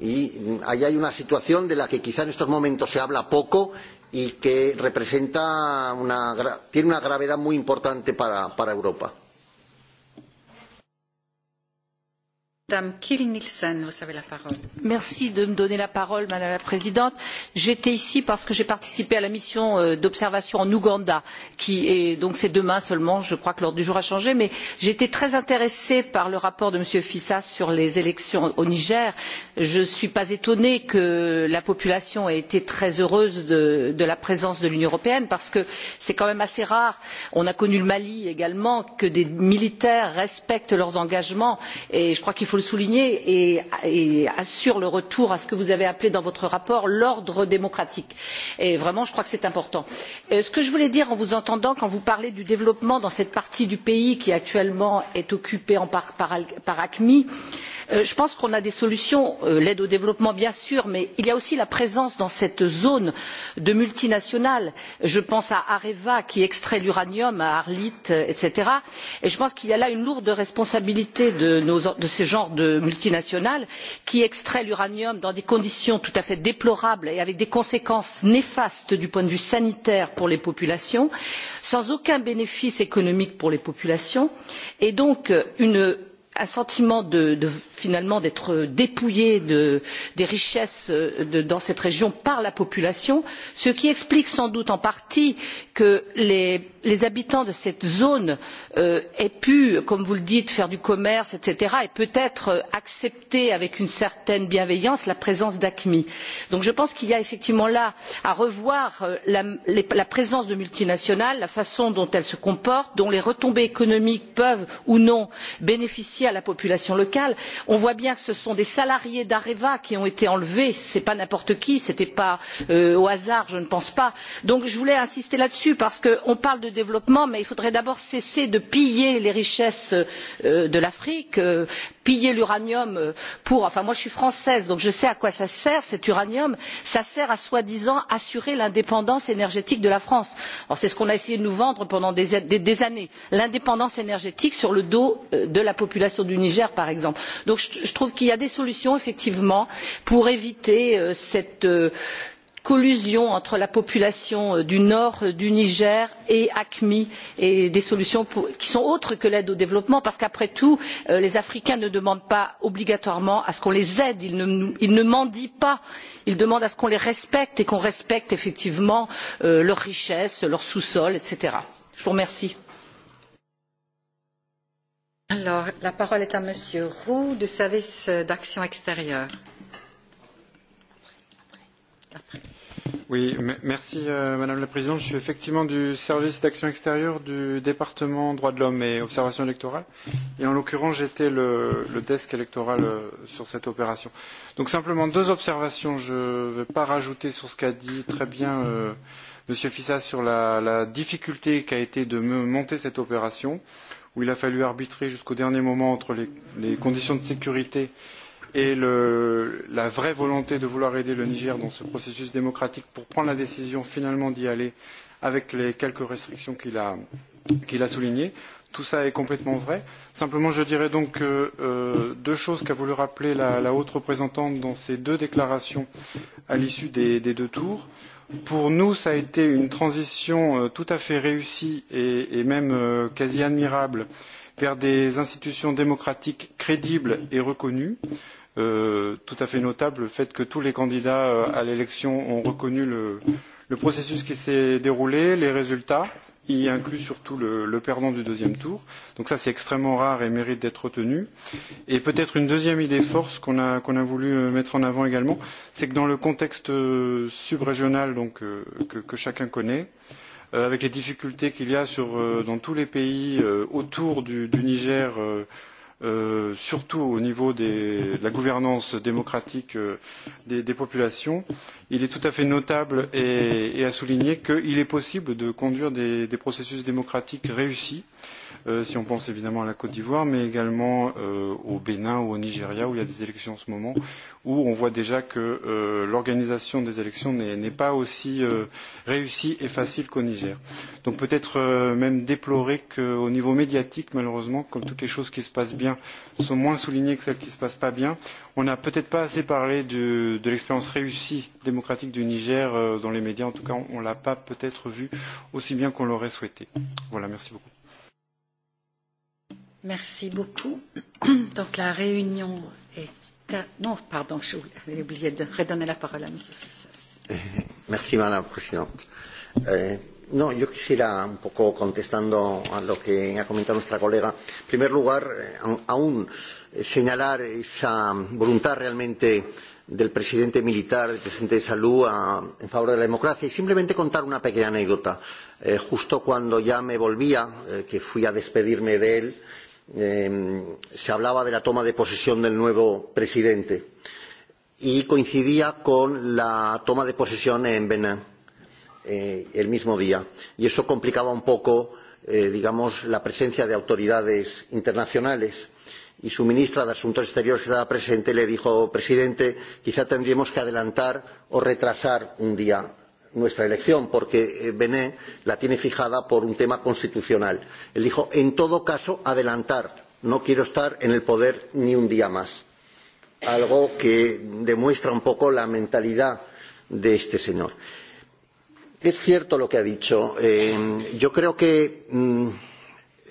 y ahí hay una situación de la que quizá en estos momentos se habla poco y que representa una, tiene una gravedad muy importante para, para Europa. Merci de me donner la parole, Madame la Présidente. J'étais ici parce que j'ai participé à la mission euh, d'observation en Ouganda, qui est donc c'est demain seulement. Je crois que l'ordre du jour a changé, mais j'ai été très intéressée par le rapport de M. Fissa sur les élections au Niger. Je ne suis pas étonnée que la population ait été très heureuse de, de la présence de l'Union européenne, parce que c'est quand même assez rare. On a connu le Mali également que des militaires respectent leurs engagements, et je crois qu'il faut le le soulignez et, et assure le retour à ce que vous avez appelé dans votre rapport l'ordre démocratique. Et vraiment, je crois que c'est important. Euh, ce que je voulais dire en vous entendant, quand vous parlez du développement dans cette partie du pays qui actuellement est occupée par, par, par Euh, je pense qu'on a des solutions euh, l'aide au développement bien sûr mais il y a aussi la présence dans cette zone de multinationales je pense à areva qui extrait l'uranium à arlit euh, etc. et je pense qu'il y a là une lourde responsabilité de, nos, de ce genre de multinationales qui extraient l'uranium dans des conditions tout à fait déplorables et avec des conséquences néfastes du point de vue sanitaire pour les populations sans aucun bénéfice économique pour les populations et donc une un sentiment de, de, finalement d'être dépouillés des richesses euh, dans cette région par la population ce qui explique sans doute en partie que les, les habitants de cette zone euh, aient pu comme vous le dites faire du commerce etc. et peut être euh, accepter avec une certaine bienveillance la présence d'acme. donc je pense qu'il y a effectivement là à revoir euh, la, la présence de multinationales la façon dont elles se comportent dont les retombées économiques peuvent ou non bénéficier à la population locale on voit bien que ce sont des salariés d'areva qui ont été enlevés ce n'est pas n'importe qui ce n'était pas euh, au hasard je ne pense pas. donc je voulais insister là dessus parce qu'on parle de développement mais il faudrait d'abord cesser de piller les richesses euh, de l'afrique. par euh, piller l'uranium euh, pour enfin moi je suis française donc je sais à quoi ça sert cet uranium ça sert à soi disant assurer l'indépendance énergétique de la France c'est ce qu'on a essayé de nous vendre pendant des, des, des années l'indépendance énergétique sur le dos euh, de la population du Niger par exemple donc je, je trouve qu'il y a des solutions effectivement pour éviter euh, cette, collusion entre la population euh, du nord euh, du niger et acmi et des solutions pour, qui sont autres que l'aide au développement parce qu'après tout euh, les africains ne demandent pas obligatoirement à ce qu'on les aide ils ne, ils ne mendient pas ils demandent à ce qu'on les respecte et qu'on respecte effectivement euh, leurs richesses leur sous sol etc. je vous remercie. Alors, la parole est à monsieur roux du service d'action extérieure. Après. Oui, merci euh, Madame la Présidente. Je suis effectivement du service d'action extérieure du département droits de l'homme et observation électorale. Et en l'occurrence, j'étais le, le desk électoral euh, sur cette opération. Donc simplement deux observations. Je ne vais pas rajouter sur ce qu'a dit très bien euh, Monsieur Fissa sur la, la difficulté qu'a été de monter cette opération, où il a fallu arbitrer jusqu'au dernier moment entre les, les conditions de sécurité euh, et le, la vraie volonté de vouloir aider le Niger dans ce processus démocratique pour prendre la décision finalement d'y aller avec les quelques restrictions qu'il a, qu a soulignées. Tout cela est complètement vrai. Simplement, je dirais donc euh, deux choses qu'a voulu rappeler la, la, haute représentante dans ses deux déclarations à l'issue des, des, deux tours. Pour nous, cela a été une transition euh, tout à fait réussie et, et même euh, quasi admirable vers des institutions démocratiques crédibles et reconnues. Euh, tout à fait notable le fait que tous les candidats euh, à l'élection ont reconnu le, le processus qui s'est déroulé, les résultats, y inclut surtout le, le perdant du deuxième tour. Donc ça, c'est extrêmement rare et mérite d'être retenu. Et peut-être une deuxième idée force qu'on a, qu'on a voulu euh, mettre en avant également, c'est que dans le contexte subrégional donc, que, que chacun connaît, avec les difficultés qu'il y a sur, dans tous les pays autour du, du Niger, Euh, surtout au niveau des, de la gouvernance démocratique euh, des, des, populations, il est tout à fait notable et, et à souligner qu'il est possible de conduire des, des processus démocratiques réussis euh, euh, si on pense évidemment à la Côte d'Ivoire, mais également euh, au Bénin ou au Nigeria, où il y a des élections en ce moment, où on voit déjà que euh, l'organisation des élections n'est pas aussi euh, réussie et facile qu'au Niger. Donc peut-être euh, même déplorer qu'au niveau médiatique, malheureusement, comme toutes les choses qui se passent bien sont moins soulignées que celles qui ne se passent pas bien, on n'a peut-être pas assez parlé de, de l'expérience réussie démocratique du Niger euh, dans les médias. En tout cas, on ne l'a pas peut-être vue aussi bien qu'on l'aurait souhaité. Voilà, merci beaucoup. Merci beaucoup. Donc la réunion est... Non, pardon, j'ai oublié de redonner la parole à M. Fissas. Merci, Madame la Presidente. Eh, no, yo quisiera, un poco contestando a lo que ha comentado nuestra colega, en primer lugar, eh, aún eh, señalar esa voluntad realmente del presidente militar, del presidente de Salud, a, en favor de la democracia. Y simplemente contar una pequeña anécdota. Eh, justo cuando ya me volvía, eh, que fui a despedirme de él, se hablaba de la toma de posesión del nuevo presidente y coincidía con la toma de posesión en Benin eh, el mismo día. Y eso complicaba un poco, eh, digamos, la presencia de autoridades internacionales. Y su ministra de Asuntos Exteriores, que estaba presente, le dijo, presidente, quizá tendríamos que adelantar o retrasar un día nuestra elección, porque eh, Bené la tiene fijada por un tema constitucional. Él dijo, en todo caso, adelantar. No quiero estar en el poder ni un día más. Algo que demuestra un poco la mentalidad de este señor. Es cierto lo que ha dicho. Eh, yo creo que mm,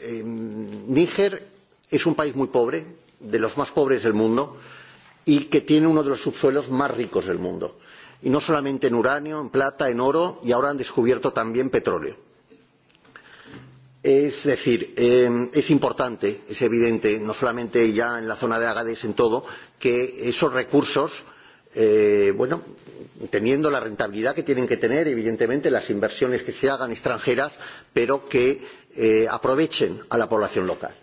eh, Níger es un país muy pobre, de los más pobres del mundo, y que tiene uno de los subsuelos más ricos del mundo y no solamente en uranio, en plata, en oro y ahora han descubierto también petróleo. Es decir, eh, es importante, es evidente, no solamente ya en la zona de Agades, en todo, que esos recursos, eh, bueno, teniendo la rentabilidad que tienen que tener, evidentemente, las inversiones que se hagan extranjeras, pero que eh, aprovechen a la población local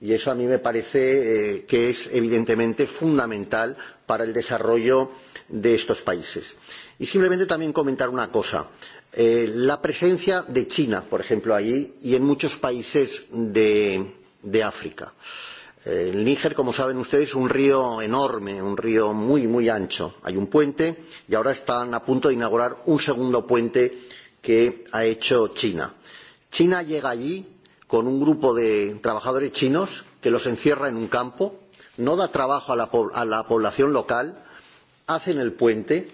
y eso a mí me parece eh, que es evidentemente fundamental para el desarrollo de estos países. Y simplemente también comentar una cosa. Eh, la presencia de China, por ejemplo, allí y en muchos países de, de África. Eh, el Níger, como saben ustedes, es un río enorme, un río muy, muy ancho. Hay un puente y ahora están a punto de inaugurar un segundo puente que ha hecho China. China llega allí con un grupo de trabajadores chinos que los encierra en un campo, no da trabajo a la, a la población local, hacen el puente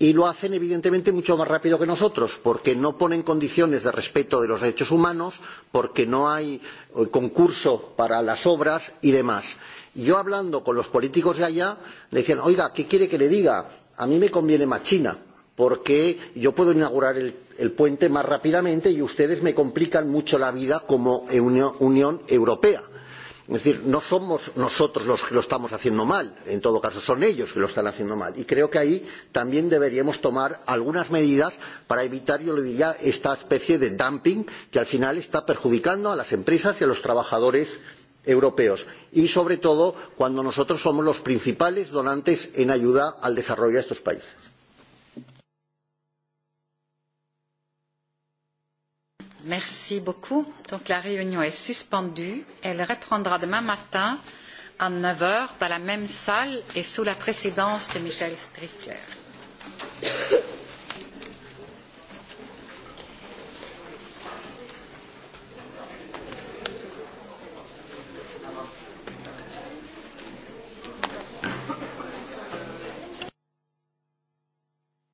y lo hacen evidentemente mucho más rápido que nosotros porque no ponen condiciones de respeto de los derechos humanos porque no hay eh, concurso para las obras y demás. yo hablando con los políticos de allá decían oiga qué quiere que le diga? a mí me conviene más china porque yo puedo inaugurar el, el puente más rápidamente y ustedes me complican mucho la vida como Unión, Unión Europea. Es decir, no somos nosotros los que lo estamos haciendo mal, en todo caso son ellos que lo están haciendo mal. Y creo que ahí también deberíamos tomar algunas medidas para evitar, yo le diría, esta especie de dumping que al final está perjudicando a las empresas y a los trabajadores europeos. Y sobre todo cuando nosotros somos los principales donantes en ayuda al desarrollo de estos países. Merci beaucoup. Donc la réunion est suspendue. Elle reprendra demain matin à neuf heures dans la même salle et sous la présidence de Michel Strifler.